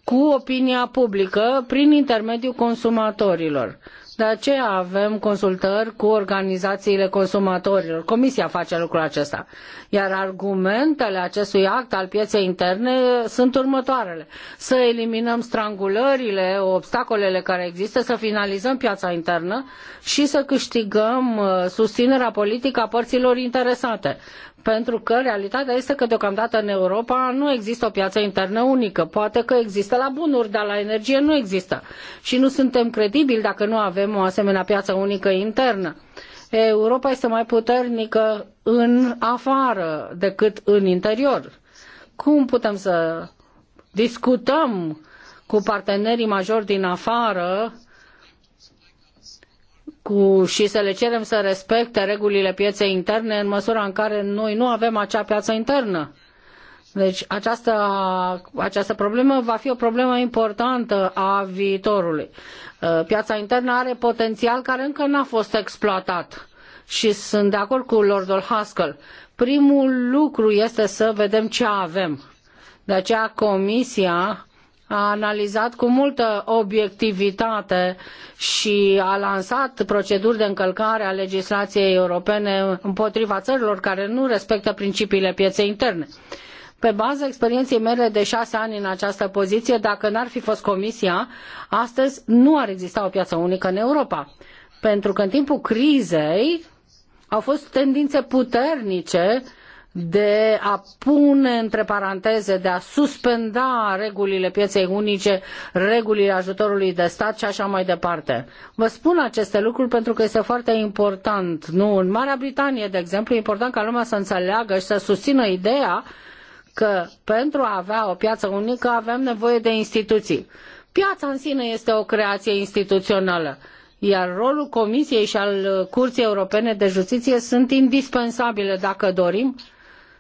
cu opinia publică prin intermediul consumatorilor. De aceea avem consultări cu organizațiile consumatorilor. Comisia face lucrul acesta. Iar argumentele acestui act al pieței interne sunt următoarele. Să eliminăm strangulările, obstacolele care există, să finalizăm piața internă și să câștigăm uh, susținerea politică a părților interesate pentru că realitatea este că deocamdată în Europa nu există o piață internă unică. Poate că există la bunuri, dar la energie nu există. Și nu suntem credibili dacă nu avem o asemenea piață unică internă. Europa este mai puternică în afară decât în interior. Cum putem să discutăm cu partenerii majori din afară cu, și să le cerem să respecte regulile pieței interne în măsura în care noi nu avem acea piață internă. Deci această, această problemă va fi o problemă importantă a viitorului. Uh, piața internă are potențial care încă n-a fost exploatat și sunt de acord cu Lordul Haskell. Primul lucru este să vedem ce avem. De aceea Comisia a analizat cu multă obiectivitate și a lansat proceduri de încălcare a legislației europene împotriva țărilor care nu respectă principiile pieței interne. Pe baza experienței mele de șase ani în această poziție, dacă n-ar fi fost comisia, astăzi nu ar exista o piață unică în Europa. Pentru că în timpul crizei au fost tendințe puternice uh, de a pune între paranteze, de a suspenda regulile pieței unice, regulile ajutorului de stat și așa mai departe. Vă spun aceste lucruri pentru că este foarte important. Nu? În Marea Britanie, de exemplu, e important ca lumea să înțeleagă și să susțină ideea că pentru a avea o piață unică avem nevoie de instituții. Piața în sine este o creație instituțională iar rolul Comisiei și al Curții Europene de Justiție sunt indispensabile dacă dorim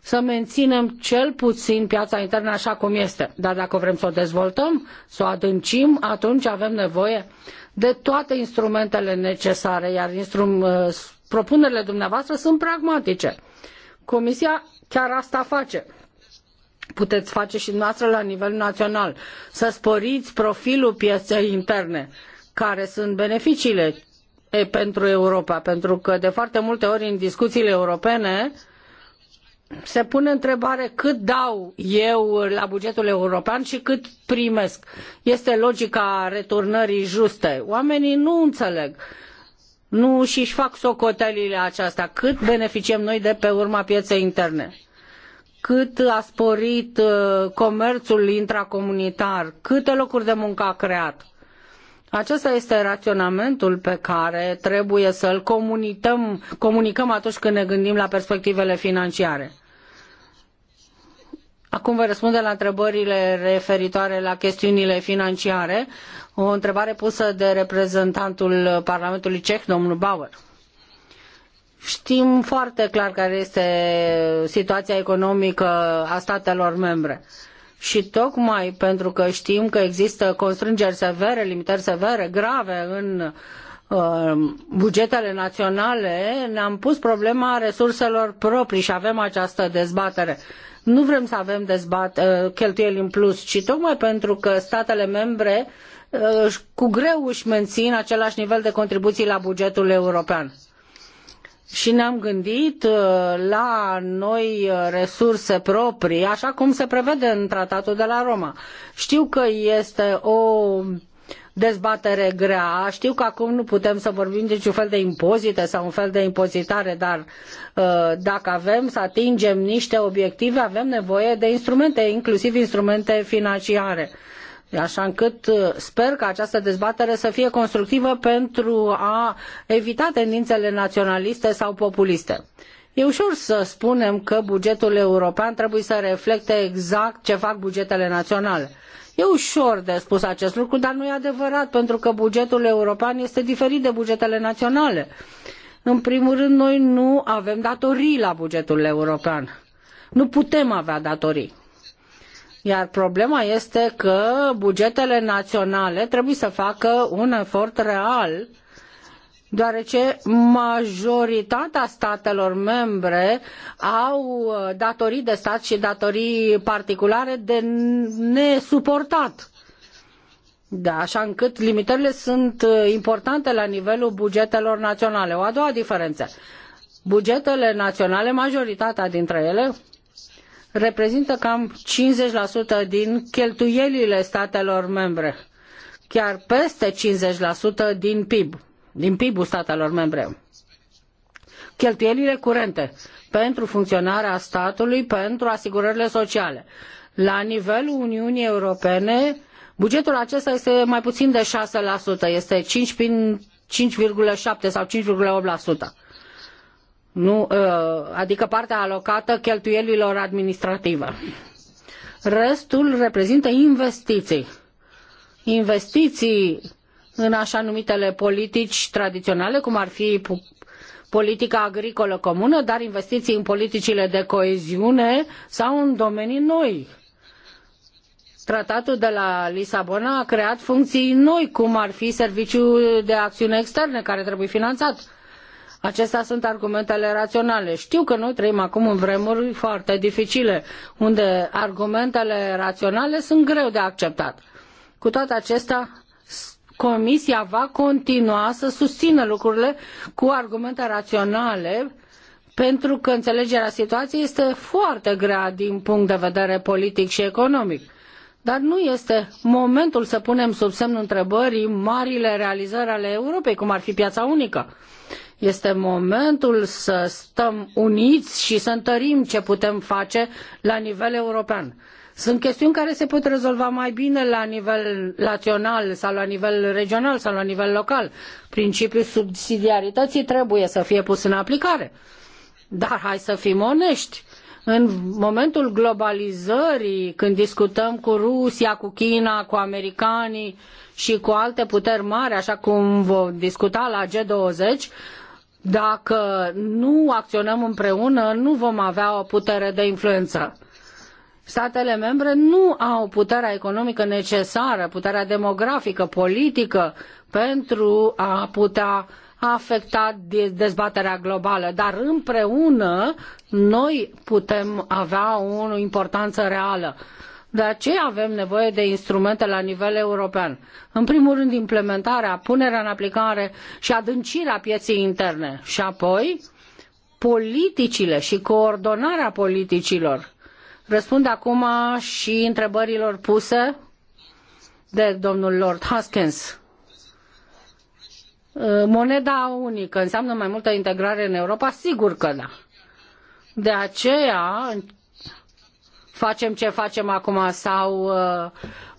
să menținem cel puțin piața internă așa cum este. Dar dacă vrem să o dezvoltăm, să o adâncim, atunci avem nevoie de toate instrumentele necesare, iar instrum, propunerile dumneavoastră sunt pragmatice. Comisia chiar asta face puteți face și dumneavoastră la nivel național, să sporiți profilul pieței interne, care sunt beneficiile pentru Europa, pentru că de foarte multe ori în discuțiile europene uh, se pune întrebare cât dau eu la bugetul european și cât primesc. Este logica returnării juste. Oamenii nu înțeleg nu și fac socotelile aceasta, cât beneficiem noi de pe urma pieței interne, cât a sporit uh, comerțul intracomunitar, câte locuri de muncă a creat. Acesta este raționamentul pe care trebuie să-l comunicăm atunci când ne gândim la perspectivele financiare. Acum vă răspunde la întrebările referitoare la chestiunile financiare, o întrebare pusă de reprezentantul Parlamentului Ceh, domnul Bauer. Știm foarte clar care este situația economică a statelor membre. Și tocmai pentru că știm că există constrângeri severe, limitări severe, grave în uh, bugetele naționale, ne-am pus problema resurselor proprii și avem această dezbatere. Nu vrem să avem dezbat, uh, cheltuieli în plus, ci tocmai pentru că statele membre uh, cu greu își mențin același nivel de contribuții la bugetul european. Și ne-am gândit uh, la noi resurse proprii, așa cum se prevede în tratatul de la Roma. Știu că este o dezbatere grea. Știu că acum nu putem să vorbim de niciun fel de impozite sau un fel de impozitare, dar uh, dacă avem să atingem niște obiective, avem nevoie de instrumente, inclusiv instrumente financiare. Așa încât uh, sper că această dezbatere să fie constructivă pentru a evita tendințele naționaliste sau populiste. E ușor să spunem că bugetul european trebuie să reflecte exact ce fac bugetele naționale. E ușor de spus acest lucru, dar nu e adevărat, pentru că bugetul european este diferit de bugetele naționale. În primul rând, noi nu avem datorii la bugetul european. Nu putem avea datorii. Iar problema este că bugetele naționale trebuie să facă un efort real uh, deoarece majoritatea statelor membre au uh, datorii de stat și datorii particulare de nesuportat. Da, așa încât limitările sunt uh, importante la nivelul bugetelor naționale. O a doua diferență. Bugetele naționale, majoritatea dintre ele, reprezintă cam 50% din cheltuielile statelor membre, chiar peste 50% din PIB din PIB-ul statelor membre. Cheltuielile curente pentru funcționarea statului, pentru asigurările sociale. La nivelul Uniunii Europene, bugetul acesta este mai puțin de 6%, este 5,7 sau 5,8% nu, ă, adică partea alocată cheltuielilor administrative. Restul reprezintă investiții. Investiții în așa numitele politici tradiționale, cum ar fi politica agricolă comună, dar investiții în politicile de coeziune sau în domenii noi. Tratatul de la Lisabona a creat funcții noi, cum ar fi serviciul de acțiune externe, care trebuie finanțat. Acestea sunt argumentele raționale. Știu că noi trăim acum în vremuri foarte dificile, unde argumentele raționale sunt greu de acceptat. Cu toate acestea, Comisia va continua să susțină lucrurile cu argumente raționale pentru că înțelegerea situației este foarte grea din punct de vedere politic și economic. Dar nu este momentul să punem sub semnul întrebării marile realizări ale Europei, cum ar fi piața unică. Este momentul să stăm uniți și să întărim ce putem face la nivel european. Sunt chestiuni care se pot rezolva mai bine la nivel național sau la nivel regional sau la nivel local. Principiul subsidiarității trebuie să fie pus în aplicare. Dar hai să fim onești. În momentul globalizării, când discutăm cu Rusia, cu China, cu americanii și cu alte puteri mari, așa cum vom discuta la G20, dacă nu acționăm împreună, nu vom avea o putere de influență statele membre nu au puterea economică necesară, puterea demografică, politică pentru a putea afecta dezbaterea globală, dar împreună noi putem avea o importanță reală. De aceea avem nevoie de instrumente la nivel european. În primul rând, implementarea, punerea în aplicare și adâncirea pieței interne și apoi politicile și coordonarea politicilor Răspund acum și întrebărilor puse de domnul Lord Haskins. Moneda unică înseamnă mai multă integrare în Europa? Sigur că da. De aceea facem ce facem acum sau uh,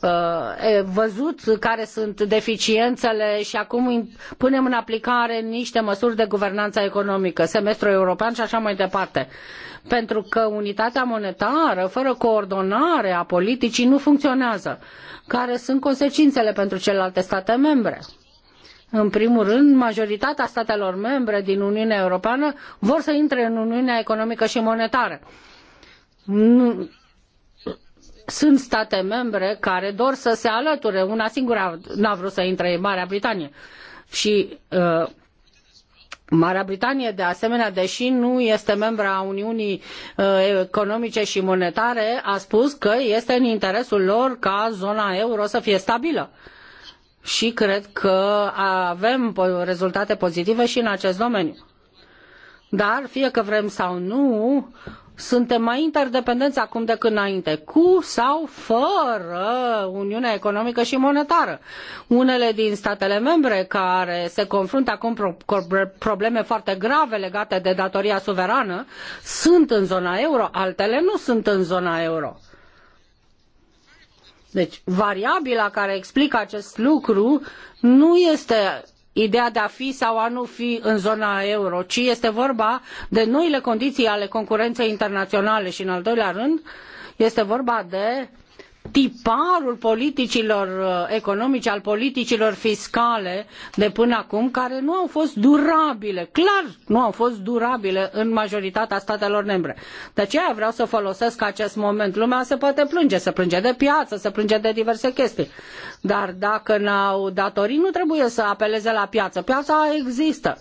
uh, văzut care sunt deficiențele și acum punem în aplicare niște măsuri de guvernanță economică, semestrul european și așa mai departe pentru că unitatea monetară, fără coordonare a politicii, nu funcționează. Care sunt consecințele pentru celelalte state membre? În primul rând, majoritatea statelor membre din Uniunea Europeană vor să intre în Uniunea Economică și Monetară. Nu, sunt state membre care dor să se alăture, una singură n-a vrut să intre Marea Britanie. Și uh, Marea Britanie, de asemenea, deși nu este membra a Uniunii uh, Economice și Monetare, a spus că este în interesul lor ca zona euro să fie stabilă. Și cred că avem rezultate pozitive și în acest domeniu. Dar, fie că vrem sau nu, suntem mai interdependenți acum decât înainte, cu sau fără Uniunea Economică și Monetară. Unele din statele membre care se confruntă acum probleme foarte grave legate de datoria suverană sunt în zona euro, altele nu sunt în zona euro. Deci, variabila care explică acest lucru nu este ideea de a fi sau a nu fi în zona euro, ci este vorba de noile condiții ale concurenței internaționale și, în al doilea rând, este vorba de tiparul politicilor uh, economice, al politicilor fiscale de până acum, care nu au fost durabile, clar nu au fost durabile în majoritatea statelor membre. De aceea vreau să folosesc acest moment. Lumea se poate plânge, se plânge de piață, se plânge de diverse chestii. Dar dacă n-au datorii, nu trebuie să apeleze la piață. Piața există.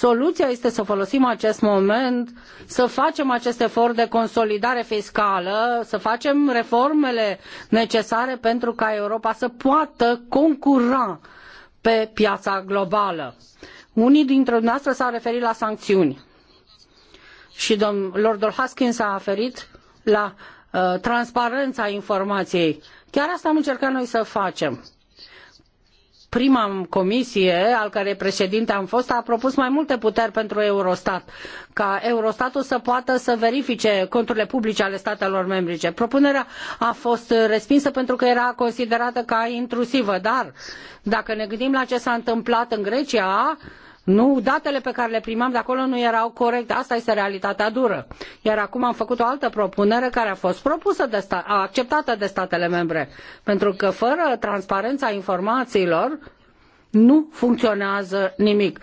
Soluția este să folosim acest moment, să facem acest efort de consolidare fiscală, să facem reformele necesare pentru ca Europa să poată concura pe piața globală. Unii dintre dumneavoastră s-au referit la sancțiuni și domn, Lordul Haskins s-a referit la uh, transparența informației. Chiar asta am încercat noi să facem prima comisie, al cărei președinte am fost, a propus mai multe puteri pentru Eurostat, ca Eurostatul să poată să verifice conturile publice ale statelor membre. Propunerea a fost respinsă pentru că era considerată ca intrusivă, dar dacă ne gândim la ce s-a întâmplat în Grecia, nu, datele pe care le primeam de acolo nu erau corecte. Asta este realitatea dură. Iar acum am făcut o altă propunere care a fost propusă de sta- acceptată de statele membre. Pentru că fără transparența informațiilor, nu funcționează nimic.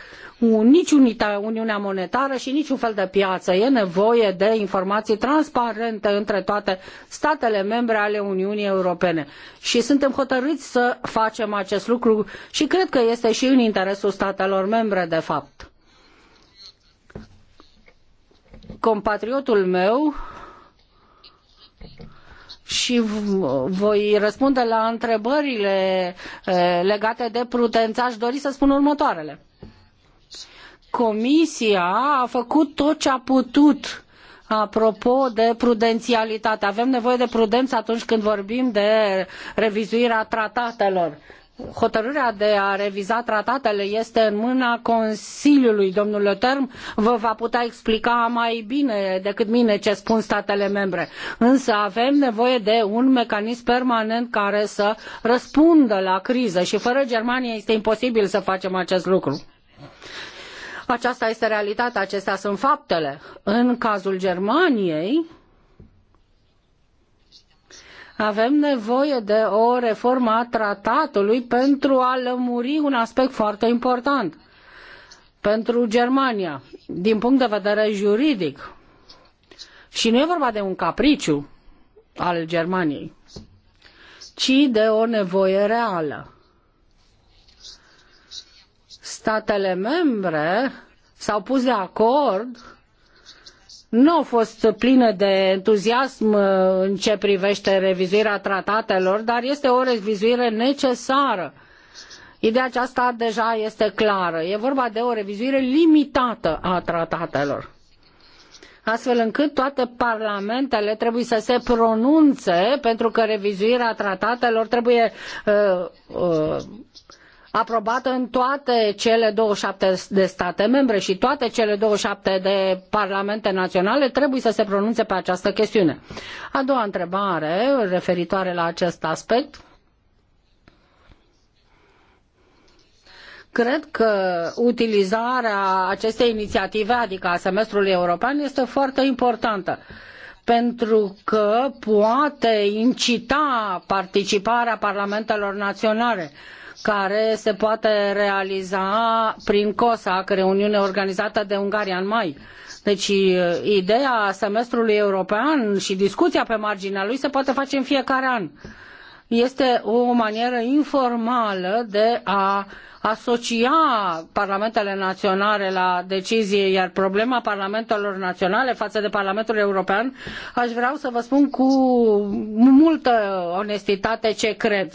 Nici unita, Uniunea Monetară și niciun fel de piață. E nevoie de informații transparente între toate statele membre ale Uniunii Europene. Și suntem hotărâți să facem acest lucru și cred că este și în interesul statelor membre, de fapt. Compatriotul meu, și voi răspunde la întrebările eh, legate de prudență, aș dori să spun următoarele. Comisia a făcut tot ce a putut apropo de prudențialitate. Avem nevoie de prudență atunci când vorbim de revizuirea tratatelor hotărârea de a reviza tratatele este în mâna Consiliului, domnule Term, vă va putea explica mai bine decât mine ce spun statele membre. Însă avem nevoie de un mecanism permanent care să răspundă la criză și fără Germania este imposibil să facem acest lucru. Aceasta este realitatea, acestea sunt faptele. În cazul Germaniei, avem nevoie de o reformă a tratatului pentru a lămuri un aspect foarte important pentru Germania, din punct de vedere juridic. Și nu e vorba de un capriciu al Germaniei, ci de o nevoie reală. Statele membre s-au pus de acord nu au fost pline de entuziasm uh, în ce privește revizuirea tratatelor, dar este o revizuire necesară. Ideea aceasta deja este clară. E vorba de o revizuire limitată a tratatelor astfel încât toate parlamentele trebuie să se pronunțe pentru că revizuirea tratatelor trebuie uh, uh, aprobată în toate cele 27 de state membre și toate cele 27 de parlamente naționale trebuie să se pronunțe pe această chestiune. A doua întrebare referitoare la acest aspect. Cred că utilizarea acestei inițiative, adică a semestrului european, este foarte importantă pentru că poate incita participarea parlamentelor naționale. Uh, care se poate realiza prin COSAC, reuniune organizată de Ungaria în mai. Deci uh, ideea semestrului european și discuția pe marginea lui se poate face în fiecare an. Este o manieră informală de a asocia parlamentele naționale la decizie, iar problema parlamentelor naționale față de Parlamentul European, aș vrea să vă spun cu multă onestitate ce cred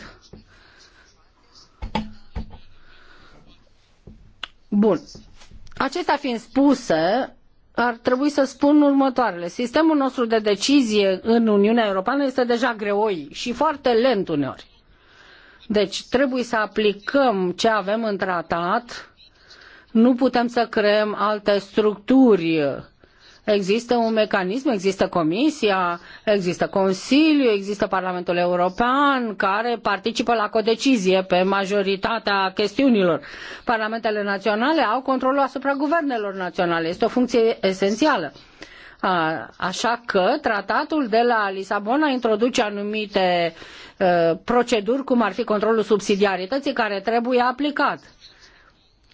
Bun. Acestea fiind spuse, ar trebui să spun următoarele. Sistemul nostru de decizie în Uniunea Europeană este deja greoi și foarte lent uneori. Deci trebuie să aplicăm ce avem în tratat, nu putem să creăm alte structuri Există un mecanism, există Comisia, există Consiliu, există Parlamentul European care participă la codecizie pe majoritatea chestiunilor. Parlamentele naționale au controlul asupra guvernelor naționale. Este o funcție esențială. Așa că tratatul de la Lisabona introduce anumite proceduri, cum ar fi controlul subsidiarității, care trebuie aplicat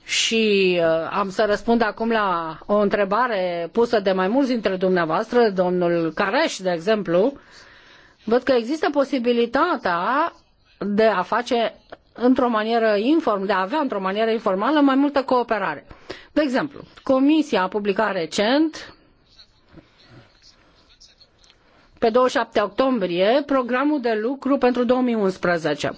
și uh, am să răspund acum la o întrebare pusă de mai mulți dintre dumneavoastră, domnul Careș, de exemplu, văd că există posibilitatea de a face într-o manieră inform, de a avea într-o manieră informală mai multă cooperare. De exemplu, Comisia a publicat recent pe 27 octombrie programul de lucru pentru 2011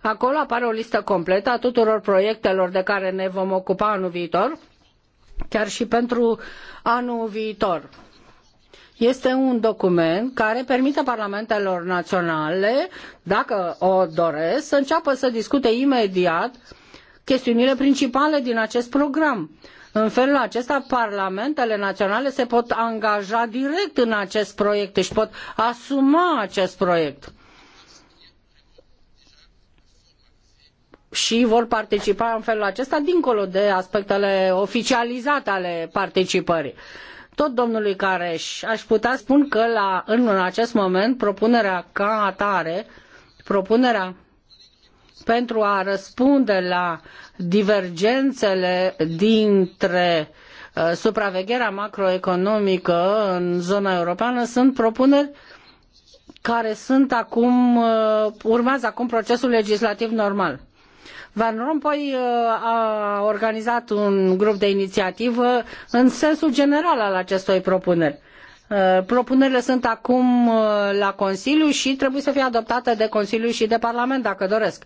Acolo apare o listă completă a tuturor proiectelor de care ne vom ocupa anul viitor, chiar și pentru anul viitor. Este un document care permite parlamentelor naționale, dacă o doresc, să înceapă să discute imediat chestiunile principale din acest program. În felul acesta, parlamentele naționale se pot angaja direct în acest proiect, și pot asuma acest proiect. și vor participa în felul acesta, dincolo de aspectele oficializate ale participării. Tot domnului Careș, aș putea spun că la, în acest moment propunerea ca atare, propunerea pentru a răspunde la divergențele dintre uh, supravegherea macroeconomică în zona europeană sunt propuneri care sunt acum, uh, urmează acum procesul legislativ normal Van Rompuy uh, a organizat un grup de inițiativă în sensul general al acestor propuneri. Uh, propunerile sunt acum uh, la Consiliu și trebuie să fie adoptate de Consiliu și de Parlament, dacă doresc.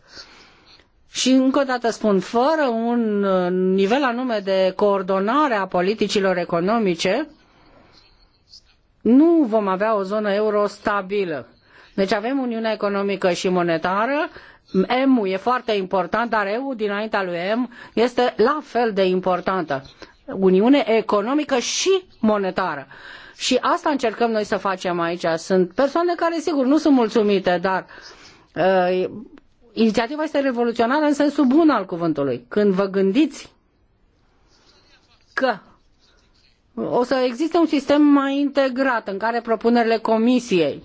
Și încă o dată spun, fără un nivel anume de coordonare a politicilor economice, nu vom avea o zonă euro stabilă. Deci avem Uniunea Economică și Monetară, M e foarte important, dar EU dinaintea lui M este la fel de importantă. Uniune economică și monetară. Și asta încercăm noi să facem aici. Sunt persoane care, sigur, nu sunt mulțumite, dar uh, inițiativa este revoluționară în sensul bun al cuvântului. Când vă gândiți că o să existe un sistem mai integrat în care propunerile comisiei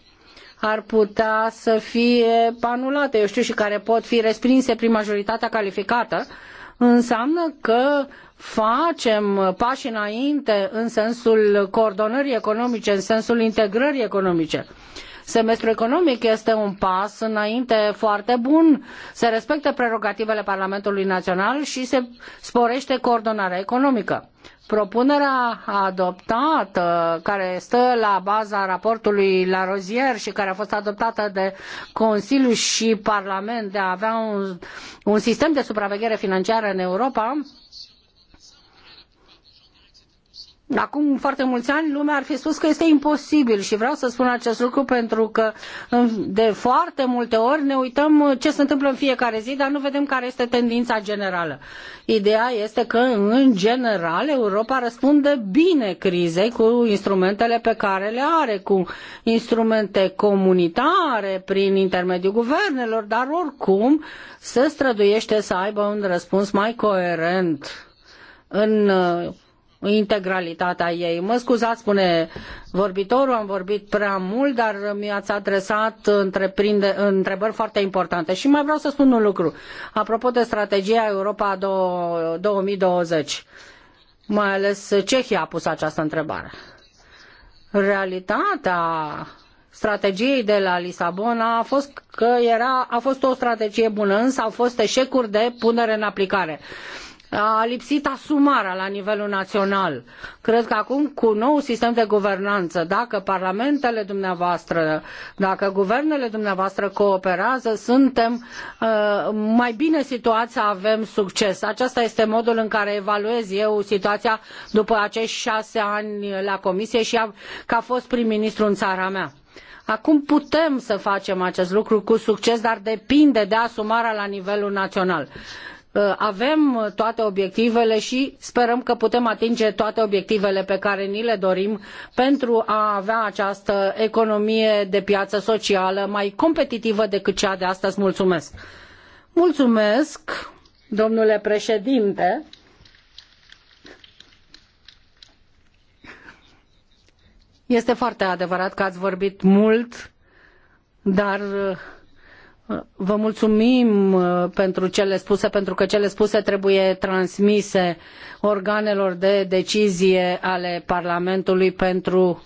ar putea să fie anulate, eu știu, și care pot fi respinse prin majoritatea calificată, înseamnă că facem pași înainte în sensul coordonării economice, în sensul integrării economice. Uh, Semestrul economic este un pas înainte foarte bun. Se respectă prerogativele Parlamentului Național și se sporește coordonarea economică. Propunerea adoptată, care stă la baza raportului La Rozier și care a fost adoptată de Consiliu și Parlament de a avea un, un sistem de supraveghere financiară în Europa, acum foarte mulți ani lumea ar fi spus că este imposibil și vreau să spun acest lucru pentru că de foarte multe ori ne uităm ce se întâmplă în fiecare zi, dar nu vedem care este tendința generală. Ideea este că, în general, Europa răspunde bine crizei cu instrumentele pe care le are, cu instrumente comunitare, prin intermediul guvernelor, dar oricum se străduiește să aibă un răspuns mai coerent în integralitatea ei. Mă scuzați, spune vorbitorul, am vorbit prea mult, dar mi-ați adresat întrebări foarte importante. Și mai vreau să spun un lucru. Apropo de strategia Europa 2020, mai ales Cehia a pus această întrebare. Realitatea strategiei de la Lisabona a fost că era, a fost o strategie bună, însă au fost eșecuri de punere în aplicare a lipsit asumarea la nivelul național. Cred că acum, cu nou sistem de guvernanță, dacă parlamentele dumneavoastră, dacă guvernele dumneavoastră cooperează, suntem uh, mai bine situați să avem succes. Aceasta este modul în care evaluez eu situația după acești șase ani la comisie și ca fost prim-ministru în țara mea. Acum putem să facem acest lucru cu succes, dar depinde de asumarea la nivelul național. Uh, avem toate obiectivele și sperăm că putem atinge toate obiectivele pe care ni le dorim pentru a avea această economie de piață socială mai competitivă decât cea de astăzi. Mulțumesc! Mulțumesc, domnule președinte! Este foarte adevărat că ați vorbit mult, dar uh, Vă mulțumim uh, pentru cele spuse, pentru că cele spuse trebuie transmise organelor de decizie ale Parlamentului pentru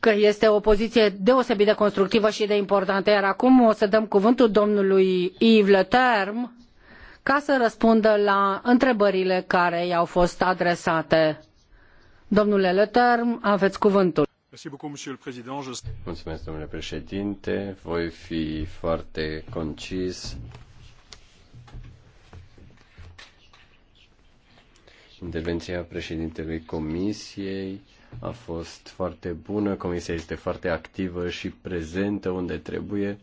că este o poziție deosebit de constructivă și de importantă. Iar acum o să dăm cuvântul domnului Yves Le ca să răspundă la întrebările care i-au fost adresate. Domnule Leterm, aveți cuvântul. Mulțumesc, domnule președinte. Voi fi foarte concis. Intervenția președintelui Comisiei a fost foarte bună. Comisia este foarte activă și prezentă unde trebuie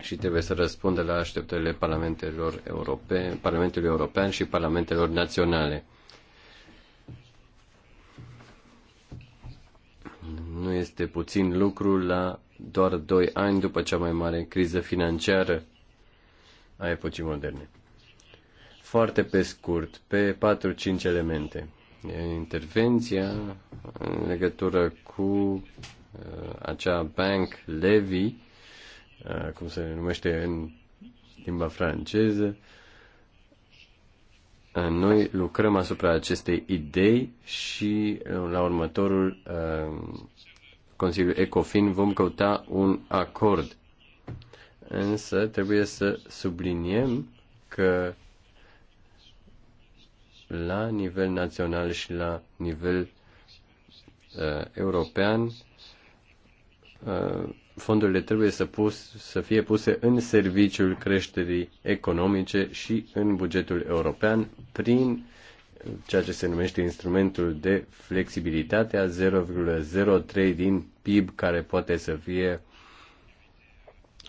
și trebuie să răspundă la așteptările parlamentelor europene, Parlamentului European și parlamentelor naționale. Nu este puțin lucru la doar doi ani după cea mai mare criză financiară a epocii moderne. Foarte pe scurt, pe 4-5 elemente. Intervenția în legătură cu uh, acea bank levy, uh, cum se numește în limba franceză, Uh, noi lucrăm asupra acestei idei și uh, la următorul uh, Consiliu ECOFIN vom căuta un acord. Însă trebuie să subliniem că la nivel național și la nivel uh, european uh, fondurile trebuie să, pus, să fie puse în serviciul creșterii economice și în bugetul european prin ceea ce se numește instrumentul de flexibilitate a 0,03 din PIB care poate să fie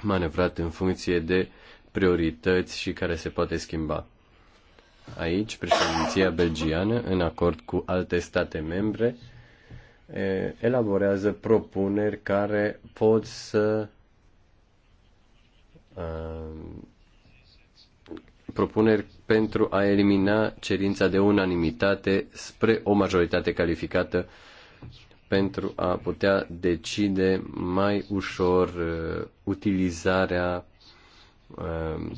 manevrat în funcție de priorități și care se poate schimba. Aici, președinția belgiană, în acord cu alte state membre, elaborează propuneri care pot să propuneri pentru a elimina cerința de unanimitate spre o majoritate calificată pentru a putea decide mai ușor utilizarea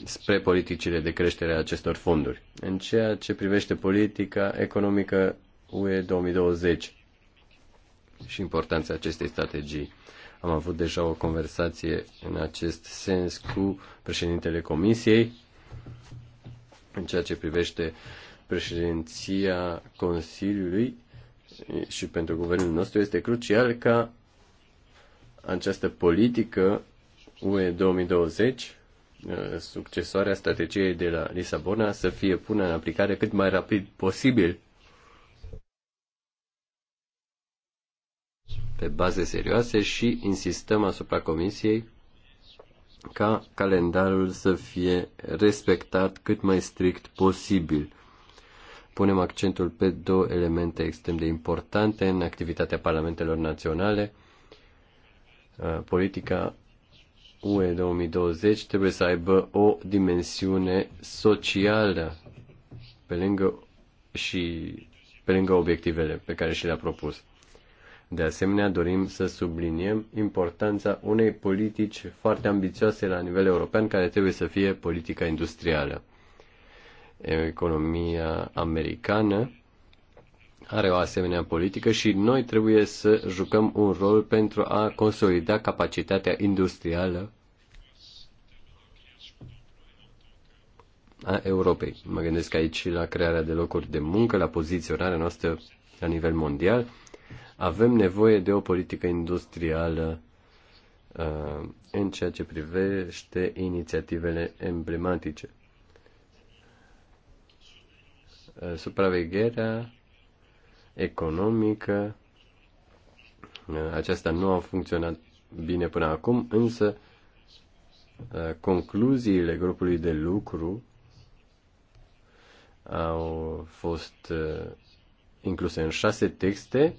spre politicile de creștere a acestor fonduri. În ceea ce privește politica economică UE 2020, și importanța acestei strategii. Am avut deja o conversație în acest sens cu președintele Comisiei în ceea ce privește președinția Consiliului și pentru guvernul nostru este crucial ca această politică UE 2020, succesoarea strategiei de la Lisabona, să fie pună în aplicare cât mai rapid posibil pe baze serioase și insistăm asupra Comisiei ca calendarul să fie respectat cât mai strict posibil. Punem accentul pe două elemente extrem de importante în activitatea parlamentelor naționale. Uh, politica UE 2020 trebuie să aibă o dimensiune socială pe lângă și pe lângă obiectivele pe care și le-a propus. De asemenea, dorim să subliniem importanța unei politici foarte ambițioase la nivel european, care trebuie să fie politica industrială. Economia americană are o asemenea politică și noi trebuie să jucăm un rol pentru a consolida capacitatea industrială a Europei. Mă gândesc aici la crearea de locuri de muncă, la poziționarea noastră la nivel mondial avem nevoie de o politică industrială uh, în ceea ce privește inițiativele emblematice. Uh, supravegherea economică, uh, aceasta nu a funcționat bine până acum, însă uh, concluziile grupului de lucru au fost uh, incluse în șase texte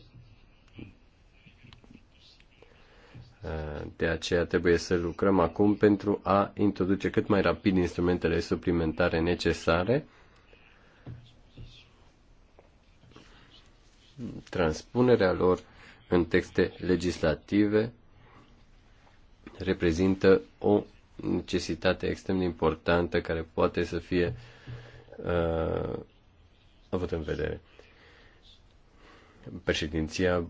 De aceea trebuie să lucrăm acum pentru a introduce cât mai rapid instrumentele suplimentare necesare. Transpunerea lor în texte legislative reprezintă o necesitate extrem de importantă care poate să fie uh, avut în vedere. Președinția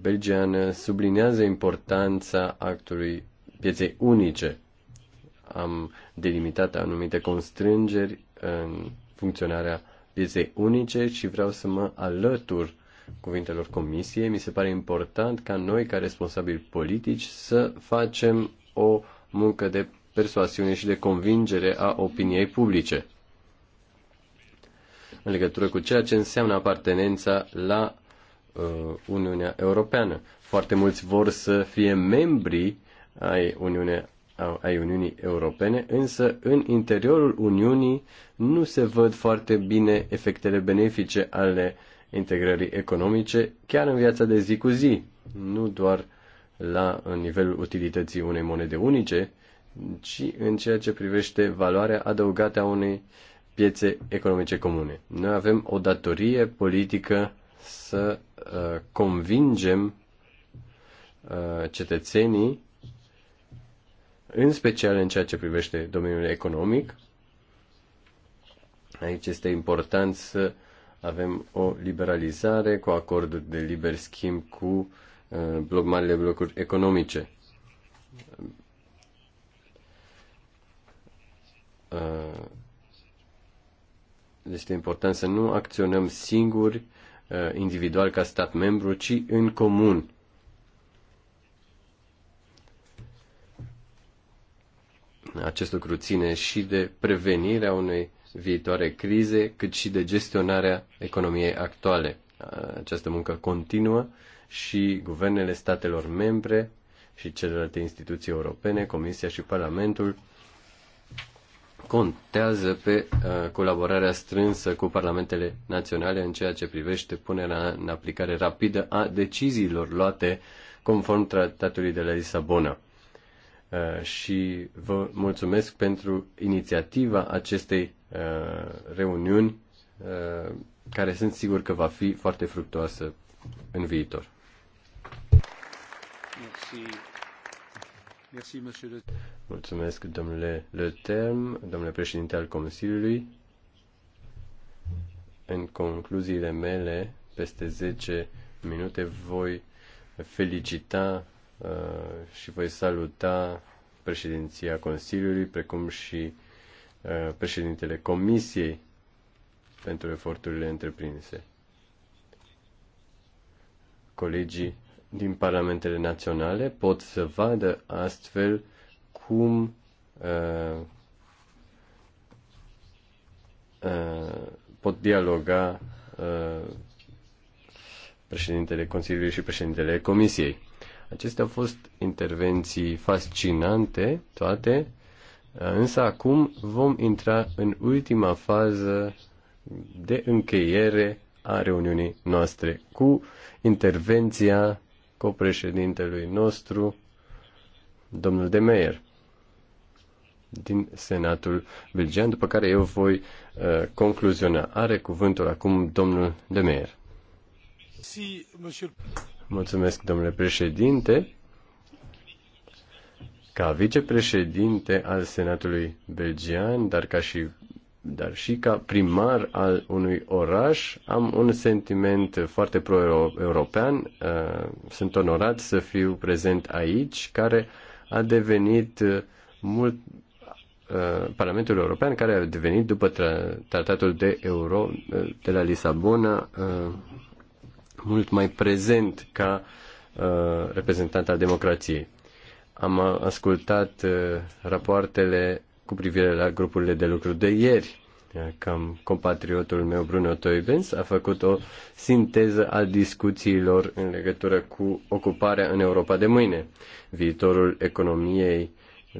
belgiană sublinează importanța actului pieței unice. Am delimitat anumite constrângeri în funcționarea pieței unice și vreau să mă alătur cuvintelor comisiei. Mi se pare important ca noi, ca responsabili politici, să facem o muncă de persoasiune și de convingere a opiniei publice în legătură cu ceea ce înseamnă apartenența la Uh, Uniunea Europeană. Foarte mulți vor să fie membri ai, Uniune, ai Uniunii Europene, însă în interiorul Uniunii nu se văd foarte bine efectele benefice ale integrării economice, chiar în viața de zi cu zi, nu doar la nivelul utilității unei monede unice, ci în ceea ce privește valoarea adăugată a unei piețe economice comune. Noi avem o datorie politică să uh, convingem uh, cetățenii, în special în ceea ce privește domeniul economic. Aici este important să avem o liberalizare cu acordul de liber schimb cu uh, marile blocuri economice. Uh, deci este important să nu acționăm singuri Uh, individual ca stat membru, ci în comun. Acest lucru ține și de prevenirea unei viitoare crize, cât și de gestionarea economiei actuale. Această muncă continuă și guvernele statelor membre și celelalte instituții europene, Comisia și Parlamentul contează pe uh, colaborarea strânsă cu parlamentele naționale în ceea ce privește punerea în aplicare rapidă a deciziilor luate conform tratatului de la Lisabona. Uh, și vă mulțumesc pentru inițiativa acestei uh, reuniuni, care sunt sigur că va fi foarte fructuoasă în viitor. Mulțumesc, domnule Le Term, domnule președinte al Consiliului. În concluziile mele, peste 10 minute, voi felicita uh, și voi saluta președinția Consiliului, precum și uh, președintele Comisiei pentru eforturile întreprinse. Colegii din parlamentele naționale pot să vadă astfel cum uh, uh, pot dialoga uh, președintele Consiliului și președintele Comisiei. Acestea au fost intervenții fascinante, toate, uh, însă acum vom intra în ultima fază de încheiere a reuniunii noastre cu intervenția copreședintelui nostru, domnul de Meier, din Senatul Belgian, după care eu voi uh, concluziona. Are cuvântul acum domnul de Meyer. Mulțumesc, domnule președinte. Ca vicepreședinte al Senatului Belgian, dar ca și dar și ca primar al unui oraș am un sentiment foarte pro-european. Uh, sunt onorat să fiu prezent aici, care a devenit uh, mult uh, Parlamentul European, care a devenit după tratatul de euro de la Lisabona mult mai prezent ca reprezentant al democrației. Am ascultat rapoartele cu privire la grupurile de lucru de ieri. Cam compatriotul meu, Bruno Toibens, a făcut o sinteză a discuțiilor în legătură cu ocuparea în Europa de mâine. Viitorul economiei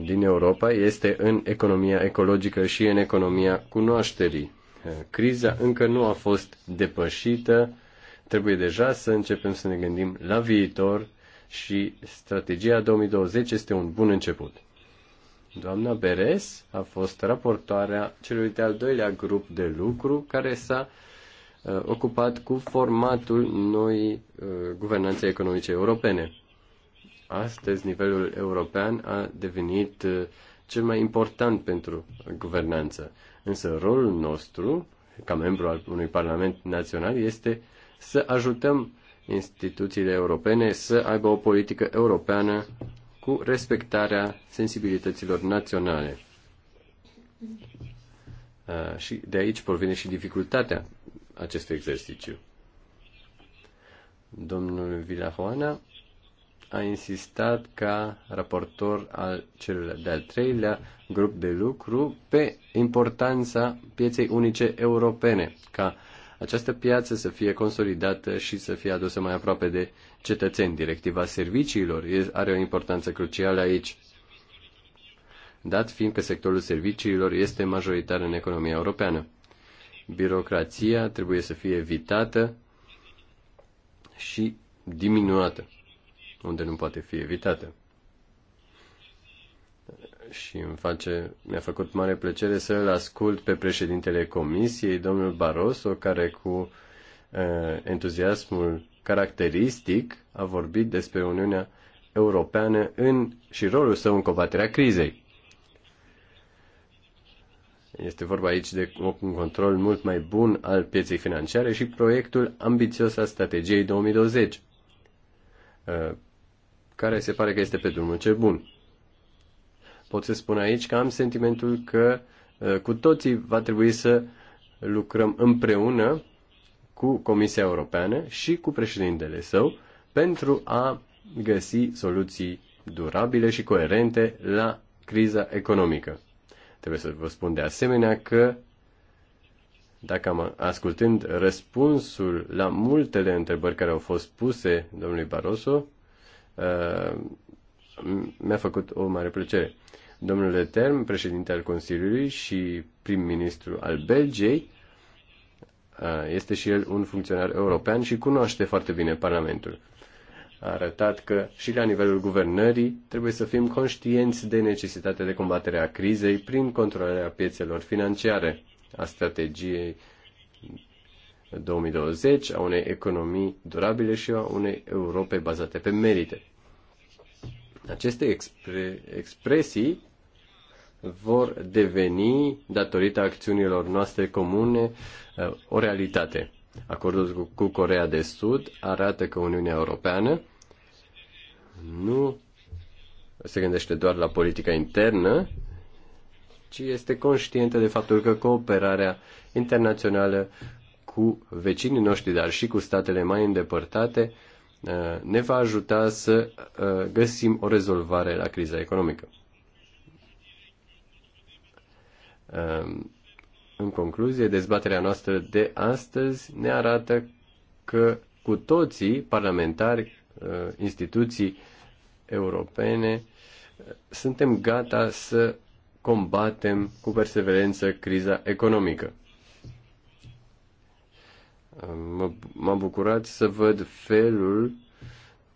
din Europa este în economia ecologică și în economia cunoașterii. Criza încă nu a fost depășită, trebuie deja să începem să ne gândim la viitor și strategia 2020 este un bun început. Doamna Beres a fost raportoarea celui de-al doilea grup de lucru care s-a uh, ocupat cu formatul noi uh, guvernanțe economice europene. Astăzi, nivelul european a devenit uh, cel mai important pentru guvernanță. Însă rolul nostru, ca membru al unui parlament național, este să ajutăm instituțiile europene să aibă o politică europeană cu respectarea sensibilităților naționale. Și de aici provine și dificultatea acestui exercițiu. Domnul Villahoana a insistat ca raportor al celor de-al treilea grup de lucru pe importanța pieței unice europene, ca această piață să fie consolidată și să fie adusă mai aproape de cetățeni. Directiva serviciilor are o importanță crucială aici, dat fiind că sectorul serviciilor este majoritar în economia europeană. Birocrația trebuie să fie evitată și diminuată, unde nu poate fi evitată. Și îmi face, mi-a făcut mare plăcere să îl ascult pe președintele Comisiei, domnul Barroso, care cu uh, entuziasmul caracteristic a vorbit despre Uniunea Europeană în, și rolul său în combaterea crizei. Este vorba aici de un control mult mai bun al pieței financiare și proiectul ambițios al strategiei 2020, uh, care se pare că este pe drumul cel bun. Pot să spun aici că am sentimentul că uh, cu toții va trebui să lucrăm împreună cu Comisia Europeană și cu președintele său pentru a găsi soluții durabile și coerente la criza economică. Trebuie să vă spun de asemenea că dacă am ascultând răspunsul la multele întrebări care au fost puse domnului Barroso, uh, mi-a făcut o mare plăcere. Domnul Term, președinte al Consiliului și prim-ministru al Belgiei, Eh, este și el un funcționar european și cunoaște foarte bine Parlamentul. A arătat că și la nivelul guvernării trebuie să fim conștienți de necesitatea de combatere a crizei prin controlarea piețelor financiare, a strategiei 2020, a unei economii durabile și a unei Europe bazate pe merite. Aceste expre- expresii vor deveni, datorită acțiunilor noastre comune, uh, o realitate. Acordul cu Corea de Sud arată că Uniunea Europeană nu se gândește doar la politica internă, ci este conștientă de faptul că cooperarea internațională cu vecinii noștri, dar și cu statele mai îndepărtate, uh, ne va ajuta să uh, găsim o rezolvare la criza economică. Ehm, în concluzie, dezbaterea noastră de astăzi ne arată că cu toții, parlamentari, eh, instituții europene, eh, suntem gata să combatem cu perseverență criza economică. m ehm, am bucurat să văd felul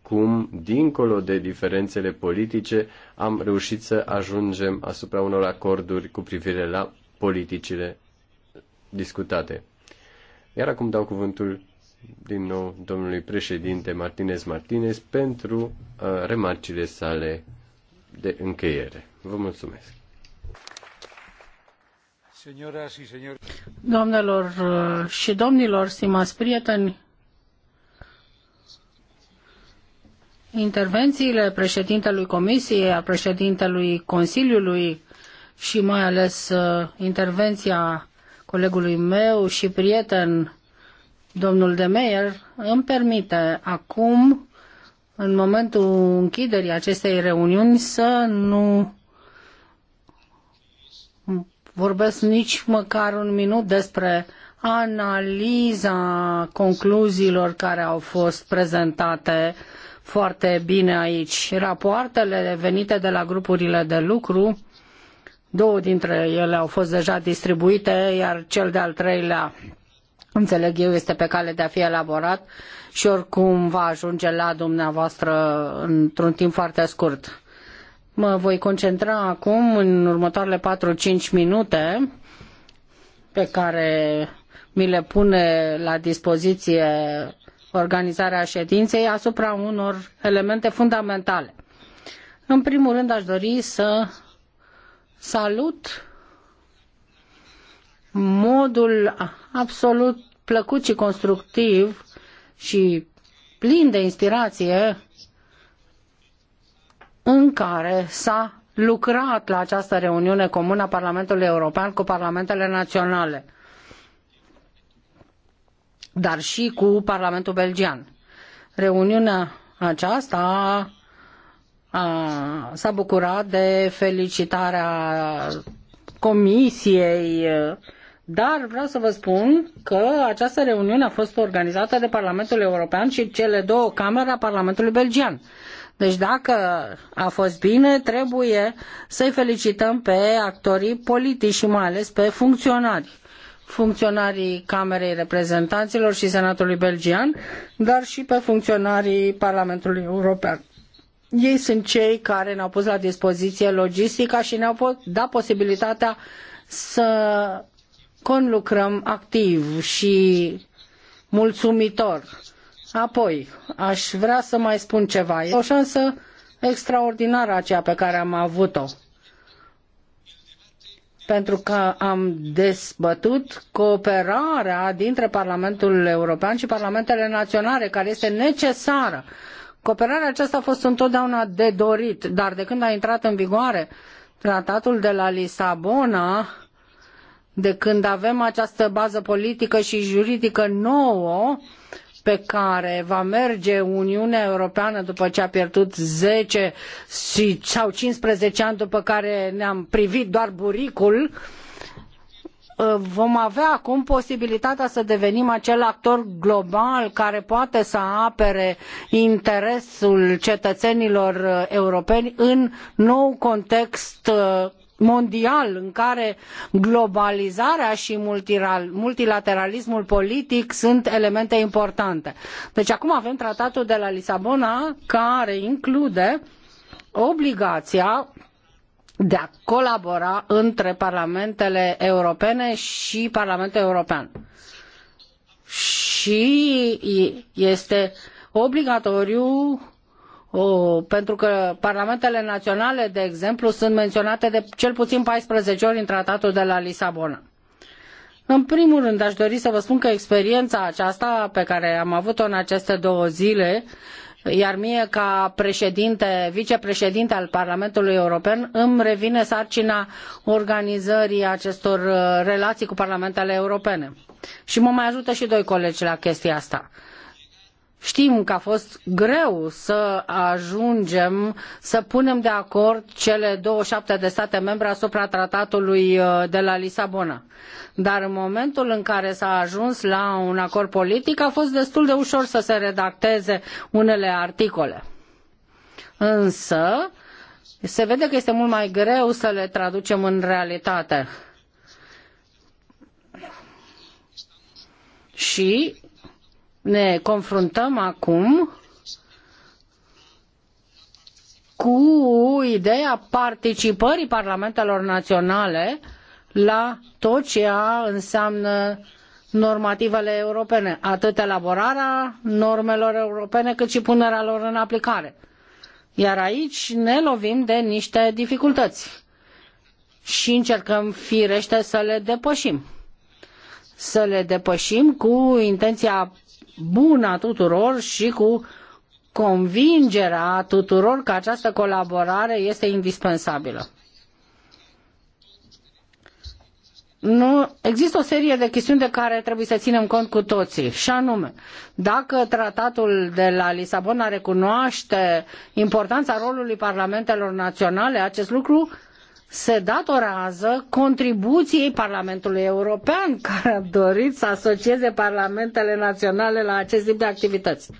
cum, dincolo de diferențele politice, am reușit să ajungem asupra unor acorduri cu privire la politicile discutate. Iar acum dau cuvântul din nou domnului președinte Martinez Martinez pentru uh, remarcile sale de încheiere. Vă mulțumesc. Doamnelor uh, și domnilor, stimați prieteni, Intervențiile președintelui Comisiei, a președintelui Consiliului și mai ales uh, intervenția colegului meu și prieten, domnul de Meier, îmi permite acum, în momentul închiderii acestei reuniuni, să nu vorbesc nici măcar un minut despre analiza concluziilor care au fost prezentate foarte bine aici. Rapoartele venite de la grupurile de lucru, două dintre ele au fost deja distribuite, iar cel de-al treilea, înțeleg eu, este pe cale de a fi elaborat și oricum va ajunge la dumneavoastră într-un timp foarte scurt. Mă voi concentra acum în următoarele patru cinci minute pe care mi le pune la dispoziție organizarea ședinței asupra unor elemente fundamentale. În primul rând aș dori să salut modul absolut plăcut și constructiv și plin de inspirație în care s-a lucrat la această reuniune comună a Parlamentului European cu parlamentele naționale dar și cu Parlamentul Belgian. Reuniunea aceasta s-a bucurat de felicitarea Comisiei, dar vreau să vă spun că această reuniune a fost organizată de Parlamentul European și cele două camere a Parlamentului Belgian. Deci dacă a fost bine, trebuie să-i felicităm pe actorii politici și mai ales pe funcționari funcționarii Camerei Reprezentanților și Senatului Belgian, dar și pe funcționarii Parlamentului European. Ei sunt cei care ne-au pus la dispoziție logistica și ne-au dat posibilitatea să conlucrăm activ și mulțumitor. Apoi, aș vrea să mai spun ceva. E o șansă extraordinară aceea pe care am avut-o pentru că am dezbătut cooperarea dintre Parlamentul European și Parlamentele Naționale, care este necesară. Cooperarea aceasta a fost întotdeauna de dorit, dar de când a intrat în vigoare tratatul de la Lisabona, de când avem această bază politică și juridică nouă, pe care va merge Uniunea Europeană după ce a pierdut zece sau 15 ani după care ne-am privit doar buricul, uh, vom avea acum posibilitatea să devenim acel actor global care poate să apere interesul cetățenilor uh, europeni în nou context uh, mondial în care globalizarea și multilateralismul politic sunt elemente importante. Deci acum avem tratatul de la Lisabona care include obligația de a colabora între parlamentele europene și Parlamentul European. Și este obligatoriu pentru că parlamentele naționale, de exemplu, sunt menționate de cel puțin 14 ori în tratatul de la Lisabona. În primul rând, aș dori să vă spun că experiența aceasta pe care am avut-o în aceste două zile, iar mie ca președinte, vicepreședinte al Parlamentului European, îmi revine sarcina organizării acestor uh, relații cu parlamentele europene. Și mă mai ajută și doi colegi la chestia asta. Știm că a fost greu să ajungem să punem de acord cele 27 de state membre asupra tratatului uh, de la Lisabona. Dar în momentul în care s-a ajuns la un acord politic a fost destul de ușor să se redacteze unele articole. Însă se vede că este mult mai greu să le traducem în realitate. Și ne confruntăm acum cu ideea participării parlamentelor naționale la tot ce înseamnă normativele europene, atât elaborarea normelor europene, cât și punerea lor în aplicare. Iar aici ne lovim de niște dificultăți și încercăm firește să le depășim. Să le depășim cu intenția bună a tuturor și cu convingerea tuturor că această colaborare este indispensabilă. Nu, există o serie de chestiuni de care trebuie să ținem cont cu toții, și anume, dacă tratatul de la Lisabona recunoaște importanța rolului parlamentelor naționale, acest lucru se datorează contribuției Parlamentului European, care a dorit să asocieze parlamentele naționale la acest tip de activități.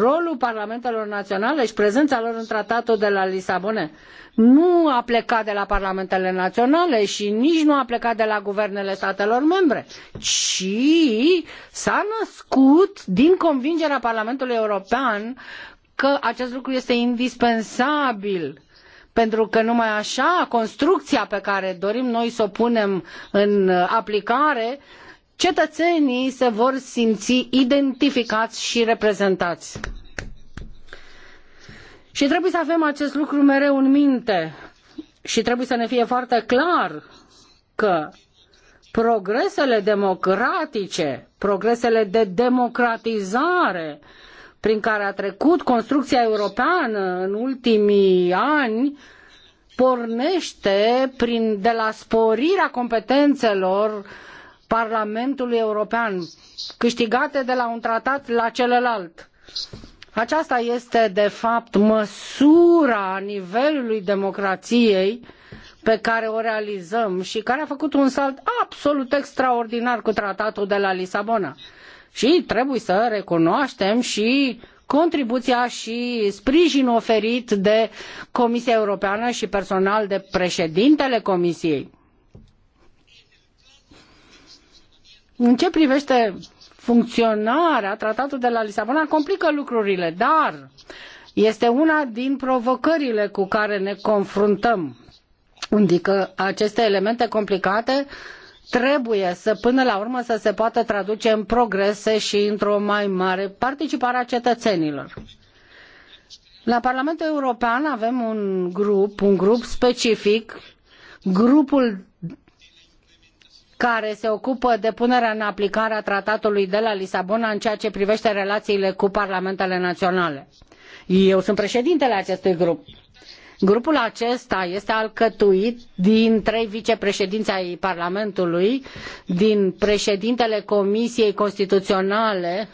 Rolul parlamentelor naționale și prezența lor în tratatul de la Lisabona nu a plecat de la parlamentele naționale și nici nu a plecat de la guvernele statelor membre, ci s-a născut din convingerea Parlamentului European că acest lucru este indispensabil pentru că numai așa construcția pe care dorim noi să o punem în aplicare, cetățenii se vor simți identificați și reprezentați. Și trebuie să avem acest lucru mereu în minte și trebuie să ne fie foarte clar că progresele democratice, progresele de democratizare, uh, prin care a trecut construcția europeană în ultimii ani pornește prin, de la sporirea competențelor Parlamentului European, câștigate de la un tratat la celălalt. Aceasta este, de fapt, măsura nivelului democrației pe care o realizăm și care a făcut un salt absolut extraordinar cu tratatul de la Lisabona. Și trebuie să recunoaștem și contribuția și sprijinul oferit de Comisia Europeană și personal de președintele Comisiei. În ce privește funcționarea, tratatul de la Lisabona complică lucrurile, dar este una din provocările cu care ne confruntăm. Adică aceste elemente complicate trebuie să până la urmă să se poată traduce în progrese și într-o mai mare participare a cetățenilor. La Parlamentul European avem un grup, un grup specific, grupul care se ocupă de punerea în aplicare a tratatului de la Lisabona în ceea ce privește relațiile cu parlamentele naționale. Eu sunt președintele acestui grup Grupul acesta este alcătuit din trei vicepreședinți ai Parlamentului, din președintele Comisiei Constituționale,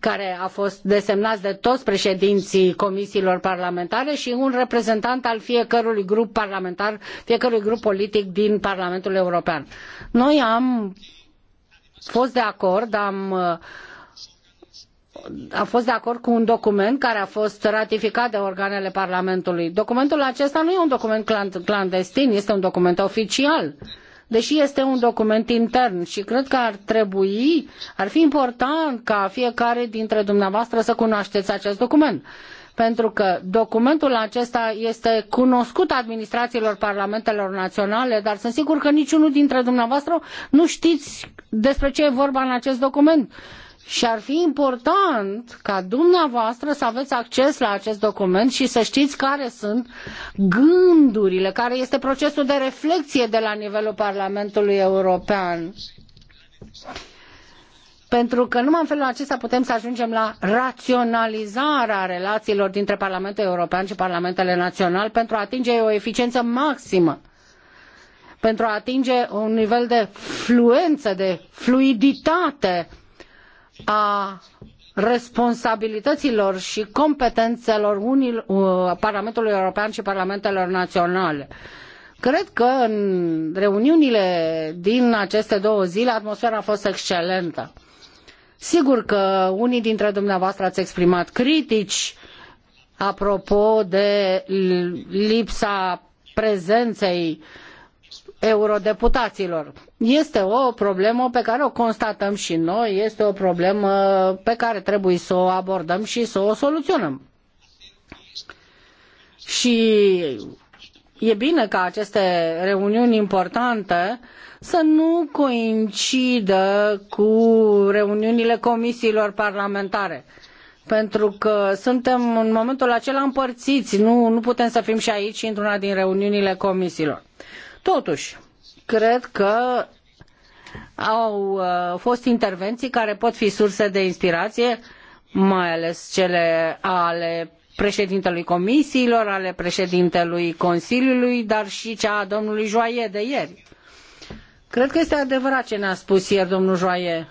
care a fost desemnat de toți președinții comisiilor parlamentare și un reprezentant al fiecărui grup parlamentar, fiecărui grup politic din Parlamentul European. Noi am fost de acord, am uh, a fost de acord cu un document care a fost ratificat de organele Parlamentului. Documentul acesta nu e un document clandestin, este un document oficial, deși este un document intern și cred că ar trebui, ar fi important ca fiecare dintre dumneavoastră să cunoașteți acest document. Pentru că documentul acesta este cunoscut administrațiilor parlamentelor naționale, dar sunt sigur că niciunul dintre dumneavoastră nu știți despre ce e vorba în acest document. Uh, și ar fi important ca dumneavoastră să aveți acces la acest document și să știți care sunt gândurile, care este procesul de reflexie de la nivelul Parlamentului European. Pentru că numai în felul acesta putem să ajungem la raționalizarea relațiilor dintre Parlamentul European și Parlamentele Naționale pentru a atinge o eficiență maximă pentru a atinge un nivel de fluență, de fluiditate a responsabilităților și competențelor unil, uh, Parlamentului European și Parlamentelor Naționale. Cred că în reuniunile din aceste două zile atmosfera a fost excelentă. Sigur că unii dintre dumneavoastră ați exprimat critici apropo de lipsa prezenței uh, eurodeputaților. Este o problemă pe care o constatăm și noi, este o problemă pe care trebuie să o abordăm și să o soluționăm. Și e bine ca aceste reuniuni importante să nu coincidă cu reuniunile comisiilor parlamentare pentru că suntem în momentul acela împărțiți, nu, nu putem să fim și aici într-una din reuniunile comisiilor. Totuși, cred că au uh, fost intervenții care pot fi surse de inspirație, mai ales cele ale președintelui comisiilor, ale președintelui Consiliului, dar și cea a domnului Joaie de ieri. Cred că este adevărat ce ne-a spus ieri domnul Joaie.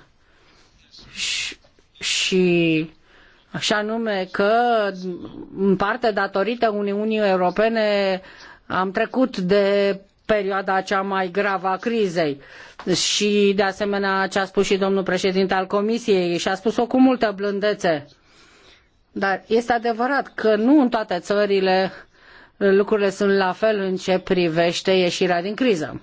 Și, și așa anume că, în parte, datorită Uniunii Europene, am trecut de perioada cea mai gravă a crizei. Și, de asemenea, ce a spus și domnul președinte al Comisiei, și a spus-o cu multă blândețe. Dar este adevărat că nu în toate țările lucrurile sunt la fel în ce privește ieșirea din criză.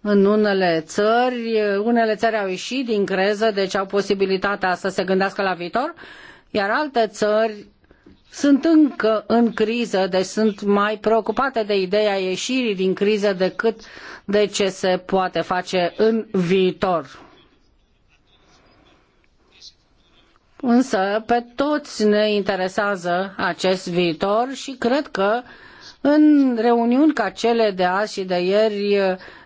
În unele țări, unele țări au ieșit din criză, deci au posibilitatea să se gândească la viitor, iar alte țări sunt încă în criză, deci sunt mai preocupate de ideea ieșirii din criză decât de ce se poate face în viitor. Însă pe toți ne interesează acest viitor și cred că în reuniuni ca cele de azi și de ieri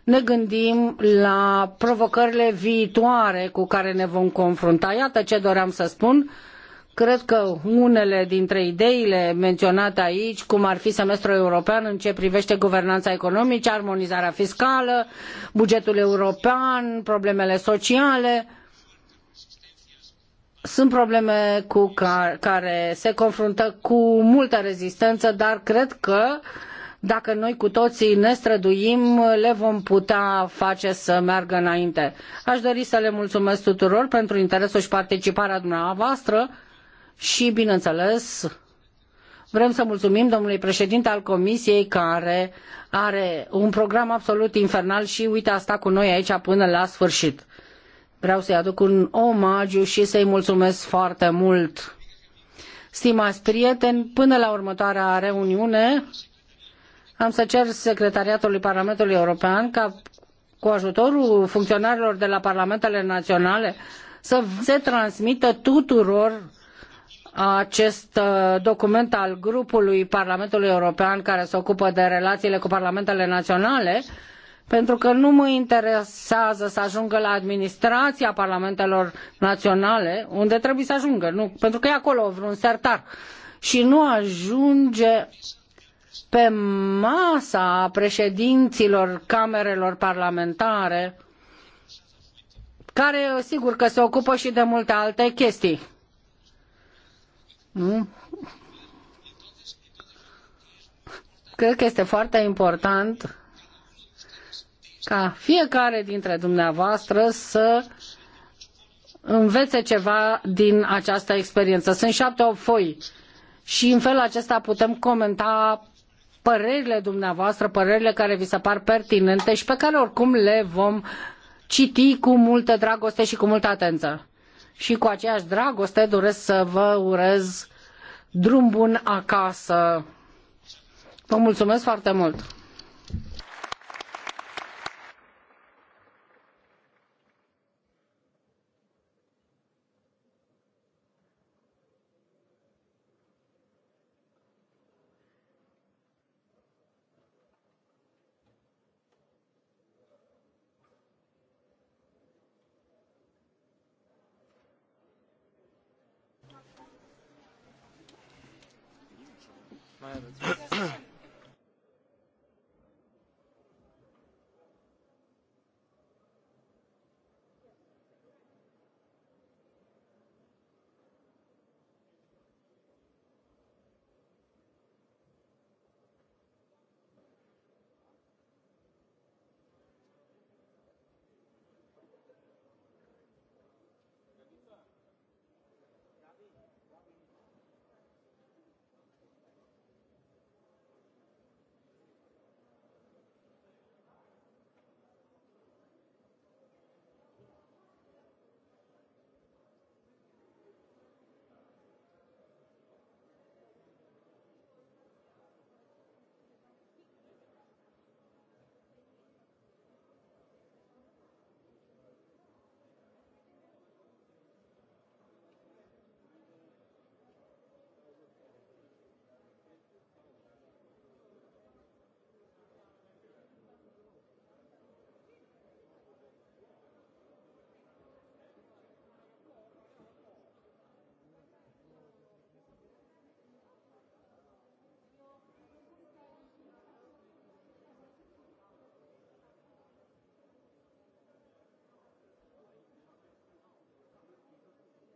ne gândim la provocările viitoare cu care ne vom confrunta. Iată ce doream să spun Cred că unele dintre ideile menționate aici, cum ar fi semestrul european în ce privește guvernanța economică, armonizarea fiscală, bugetul european, problemele sociale, sunt probleme cu care, care se confruntă cu multă rezistență, dar cred că dacă noi cu toții ne străduim, le vom putea face să meargă înainte. Aș dori să le mulțumesc tuturor pentru interesul și participarea dumneavoastră și, bineînțeles, vrem să mulțumim domnului președinte al Comisiei care are un program absolut infernal și uite a stat cu noi aici până la sfârșit. Vreau să-i aduc un omagiu și să-i mulțumesc foarte mult. Stimați prieteni, până la următoarea reuniune am să cer Secretariatului Parlamentului European ca cu ajutorul funcționarilor de la Parlamentele Naționale să se transmită tuturor acest uh, document al grupului Parlamentului European care se ocupă de relațiile cu parlamentele naționale, pentru că nu mă interesează să ajungă la administrația parlamentelor naționale, unde trebuie să ajungă, nu, pentru că e acolo vreun sertar. Și nu ajunge pe masa președinților camerelor parlamentare, care sigur că se ocupă și de multe alte chestii nu? Cred că este foarte important ca fiecare dintre dumneavoastră să învețe ceva din această experiență. Sunt șapte o foi și în felul acesta putem comenta părerile dumneavoastră, părerile care vi se par pertinente și pe care oricum le vom citi cu multă dragoste și cu multă atenție și cu aceeași dragoste doresc să vă urez drum bun acasă. Vă mulțumesc foarte mult!